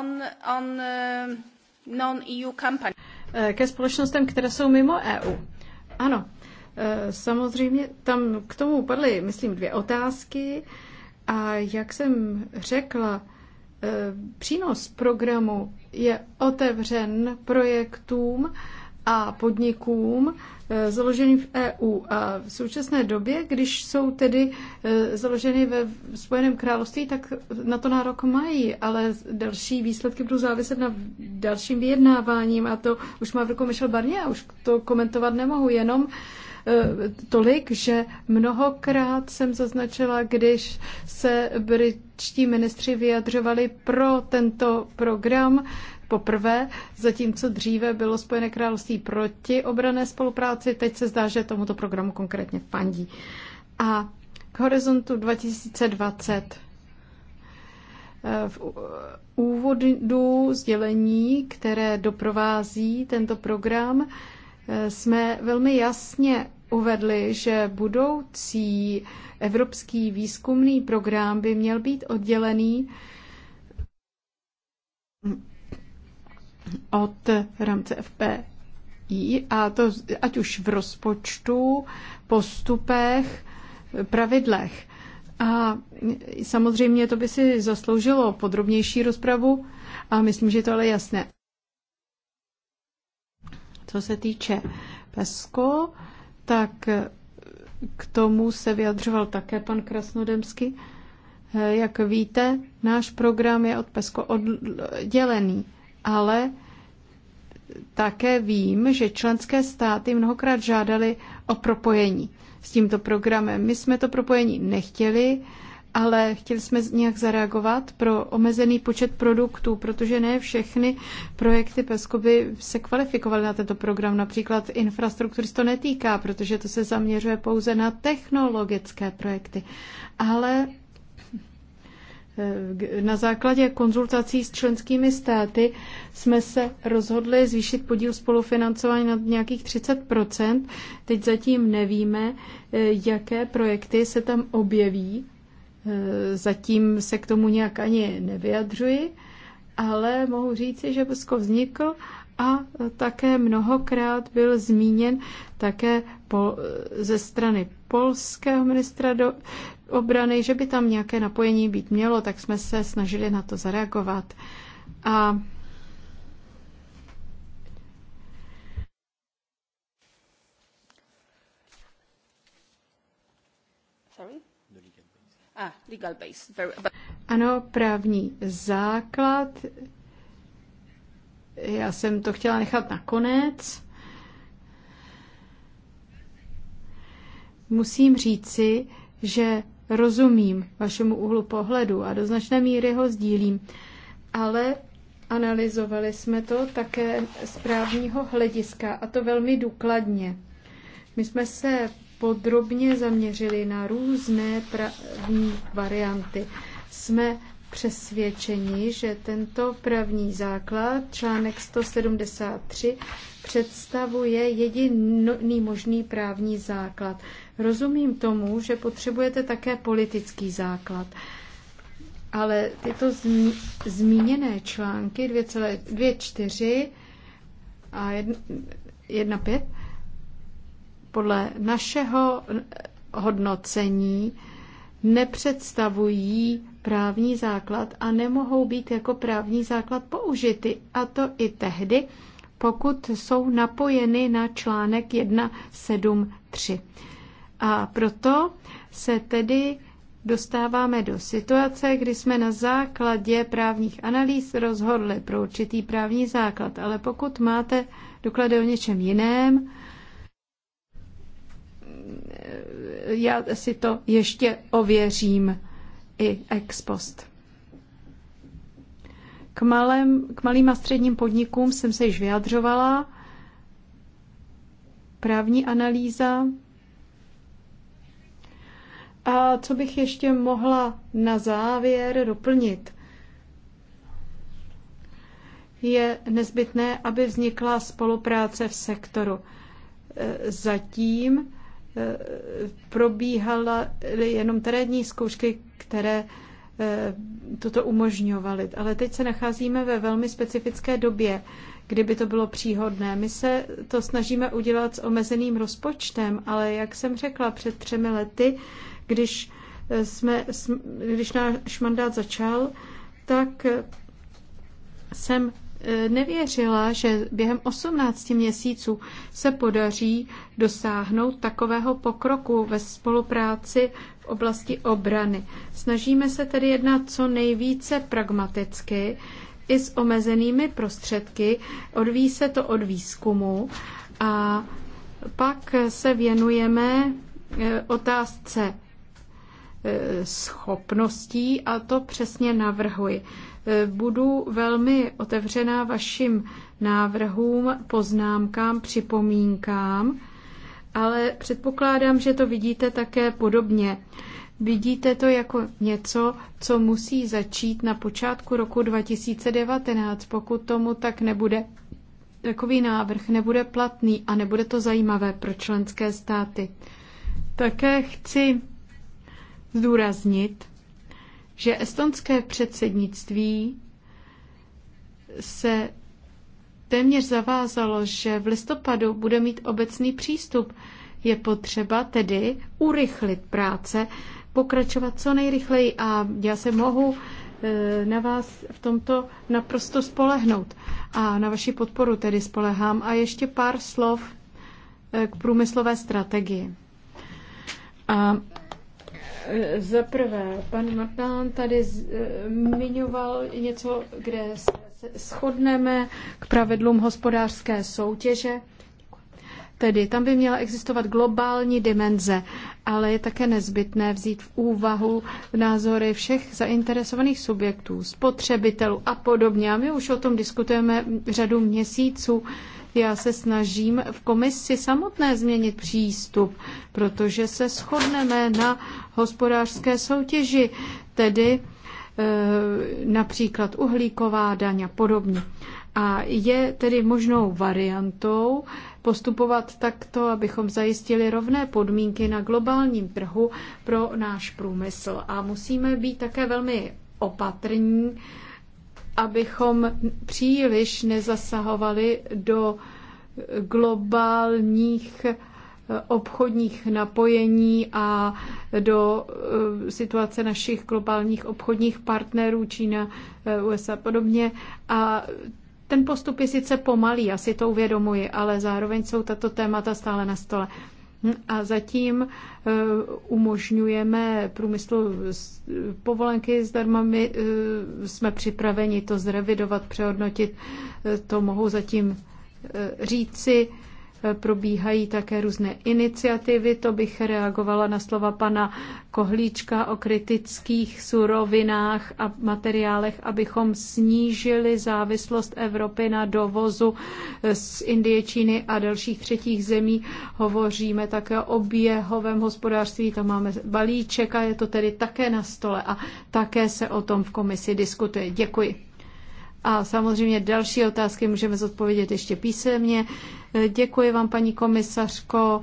on, on, uh non-EU eh, Ke společnostem, které jsou mimo EU. Ano, eh, samozřejmě tam k tomu padly, myslím, dvě otázky. A jak jsem řekla, eh, přínos programu je otevřen projektům, a podnikům eh, založeným v EU. A v současné době, když jsou tedy eh, založeny ve Spojeném království, tak na to nárok mají, ale další výsledky budou záviset na dalším vyjednáváním a to už má v rukou Michel Barnier a už to komentovat nemohu, jenom eh, tolik, že mnohokrát jsem zaznačila, když se britští ministři vyjadřovali pro tento program, poprvé, zatímco dříve bylo Spojené království proti obrané spolupráci, teď se zdá, že tomuto programu konkrétně fandí. A k horizontu 2020 eh, v úvodu sdělení, které doprovází tento program, eh, jsme velmi jasně uvedli, že budoucí evropský výzkumný program by měl být oddělený od rámce FPI, a to ať už v rozpočtu, postupech, pravidlech. A samozřejmě to by si zasloužilo podrobnější rozpravu a myslím, že to ale jasné. Co se týče PESCO, tak k tomu se vyjadřoval také pan Krasnodemsky. Jak víte, náš program je od PESCO oddělený ale také vím, že členské státy mnohokrát žádali o propojení s tímto programem. My jsme to propojení nechtěli, ale chtěli jsme nějak zareagovat pro omezený počet produktů, protože ne všechny projekty PESCO by se kvalifikovaly na tento program. Například infrastruktury se to netýká, protože to se zaměřuje pouze na technologické projekty. Ale Eh, na základě konzultací s členskými státy jsme se rozhodli zvýšit podíl spolufinancování na nějakých 30 Teď zatím nevíme, eh, jaké projekty se tam objeví. Eh, zatím se k tomu nějak ani nevyjadřuji, ale mohu říci, že Bosko vznikl a také mnohokrát byl zmíněn také po, ze strany polského ministra do, obrany, že by tam nějaké napojení být mělo, tak jsme se snažili na to zareagovat. A ah, Ano, právní základ. Já jsem to chtěla nechat na konec. Musím říci, že rozumím vašemu úhlu pohledu a do značné míry ho sdílím, ale analyzovali jsme to také z právního hlediska a to velmi důkladně. My jsme se podrobně zaměřili na různé právní varianty. Jsme přesvědčeni, že tento právní základ, článek 173, představuje jediný možný právní základ. Rozumím tomu, že potřebujete také politický základ. Ale tyto zmí, zmíněné články 2,4 a 1,5 podle našeho hodnocení nepředstavují právní základ a nemohou být jako právní základ použity. A to i tehdy, pokud jsou napojeny na článek 173. A proto se tedy dostáváme do situace, kdy jsme na základě právních analýz rozhodli pro určitý právní základ. Ale pokud máte doklady o něčem jiném, já si to ještě ověřím i ex post. K, malém, k malým a středním podnikům jsem se již vyjadřovala. Právní analýza a co bych ještě mohla na závěr doplnit? Je nezbytné, aby vznikla spolupráce v sektoru. E, zatím e, probíhala jenom terénní zkoušky, které e, toto umožňovaly. Ale teď se nacházíme ve velmi specifické době, kdyby to bylo příhodné. My se to snažíme udělat s omezeným rozpočtem, ale jak jsem řekla před třemi lety, když, eh, jsme, když náš mandát začal, tak eh, jsem eh, nevěřila, že během 18 měsíců se podaří dosáhnout takového pokroku ve spolupráci v oblasti obrany. Snažíme se tedy jednat co nejvíce pragmaticky i s omezenými prostředky. Odvíjí se to od výzkumu a pak se věnujeme otázce schopností a to přesně navrhuji. Budu velmi otevřená vašim návrhům, poznámkám, připomínkám, ale předpokládám, že to vidíte také podobně. Vidíte to jako něco, co musí začít na počátku roku 2019. Pokud tomu tak nebude, takový návrh nebude platný a nebude to zajímavé pro členské státy. Také chci zdůraznit, že estonské předsednictví se téměř zavázalo, že v listopadu bude mít obecný přístup. Je potřeba tedy urychlit práce, pokračovat co nejrychleji a já se mohu eh, na vás v tomto naprosto spolehnout a na vaši podporu tedy spolehám. A ještě pár slov eh, k průmyslové strategii. A za prvé, pan Martán tady eh, zmiňoval něco, kde se shodneme k pravidlům hospodářské soutěže. Tedy tam by měla existovat globální dimenze, ale je také nezbytné vzít v úvahu názory všech zainteresovaných subjektů, spotřebitelů a podobně. A my už o tom diskutujeme řadu měsíců já se snažím v komisi samotné změnit přístup, protože se shodneme na hospodářské soutěži, tedy eh, například uhlíková daň a podobně. A je tedy možnou variantou postupovat takto, abychom zajistili rovné podmínky na globálním trhu pro náš průmysl. A musíme být také velmi opatrní, abychom příliš nezasahovali do globálních eh, obchodních napojení a do eh, situace našich globálních obchodních partnerů, Čína, eh, USA a podobně. A ten postup je sice pomalý, asi to uvědomuji, ale zároveň jsou tato témata stále na stole. A zatím eh, umožňujeme průmyslu povolenky zdarma. My eh, jsme připraveni to zrevidovat, přehodnotit. Eh, to mohu zatím říci probíhají také různé iniciativy. To bych reagovala na slova pana Kohlíčka o kritických surovinách a materiálech, abychom snížili závislost Evropy na dovozu z Indie, Číny a dalších třetích zemí. Hovoříme také o běhovém hospodářství, tam máme balíček a je to tedy také na stole a také se o tom v komisi diskutuje. Děkuji. A samozřejmě další otázky můžeme zodpovědět ještě písemně. Děkuji vám, paní komisařko,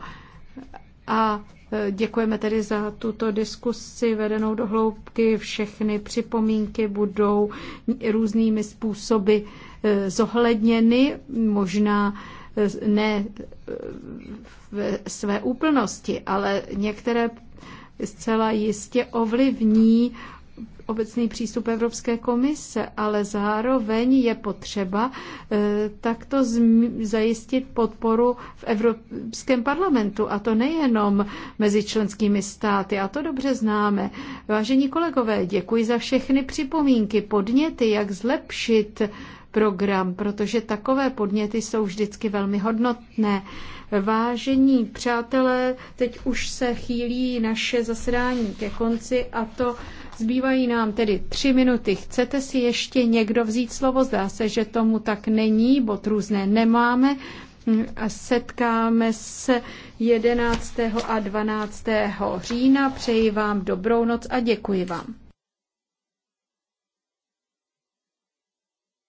a děkujeme tedy za tuto diskusi vedenou do hloubky. Všechny připomínky budou různými způsoby eh, zohledněny, možná eh, ne eh, v své úplnosti, ale některé zcela jistě ovlivní obecný přístup Evropské komise, ale zároveň je potřeba eh, takto zajistit podporu v Evropském parlamentu, a to nejenom mezi členskými státy, a to dobře známe. Vážení kolegové, děkuji za všechny připomínky, podněty, jak zlepšit program, protože takové podněty jsou vždycky velmi hodnotné. Vážení přátelé, teď už se chýlí naše zasedání ke konci a to Zbývají nám tedy tři minuty. Chcete si ještě někdo vzít slovo? Zdá se, že tomu tak není, bod různé nemáme. Mm, a setkáme se 11. a 12. října. Přeji vám dobrou noc a děkuji vám.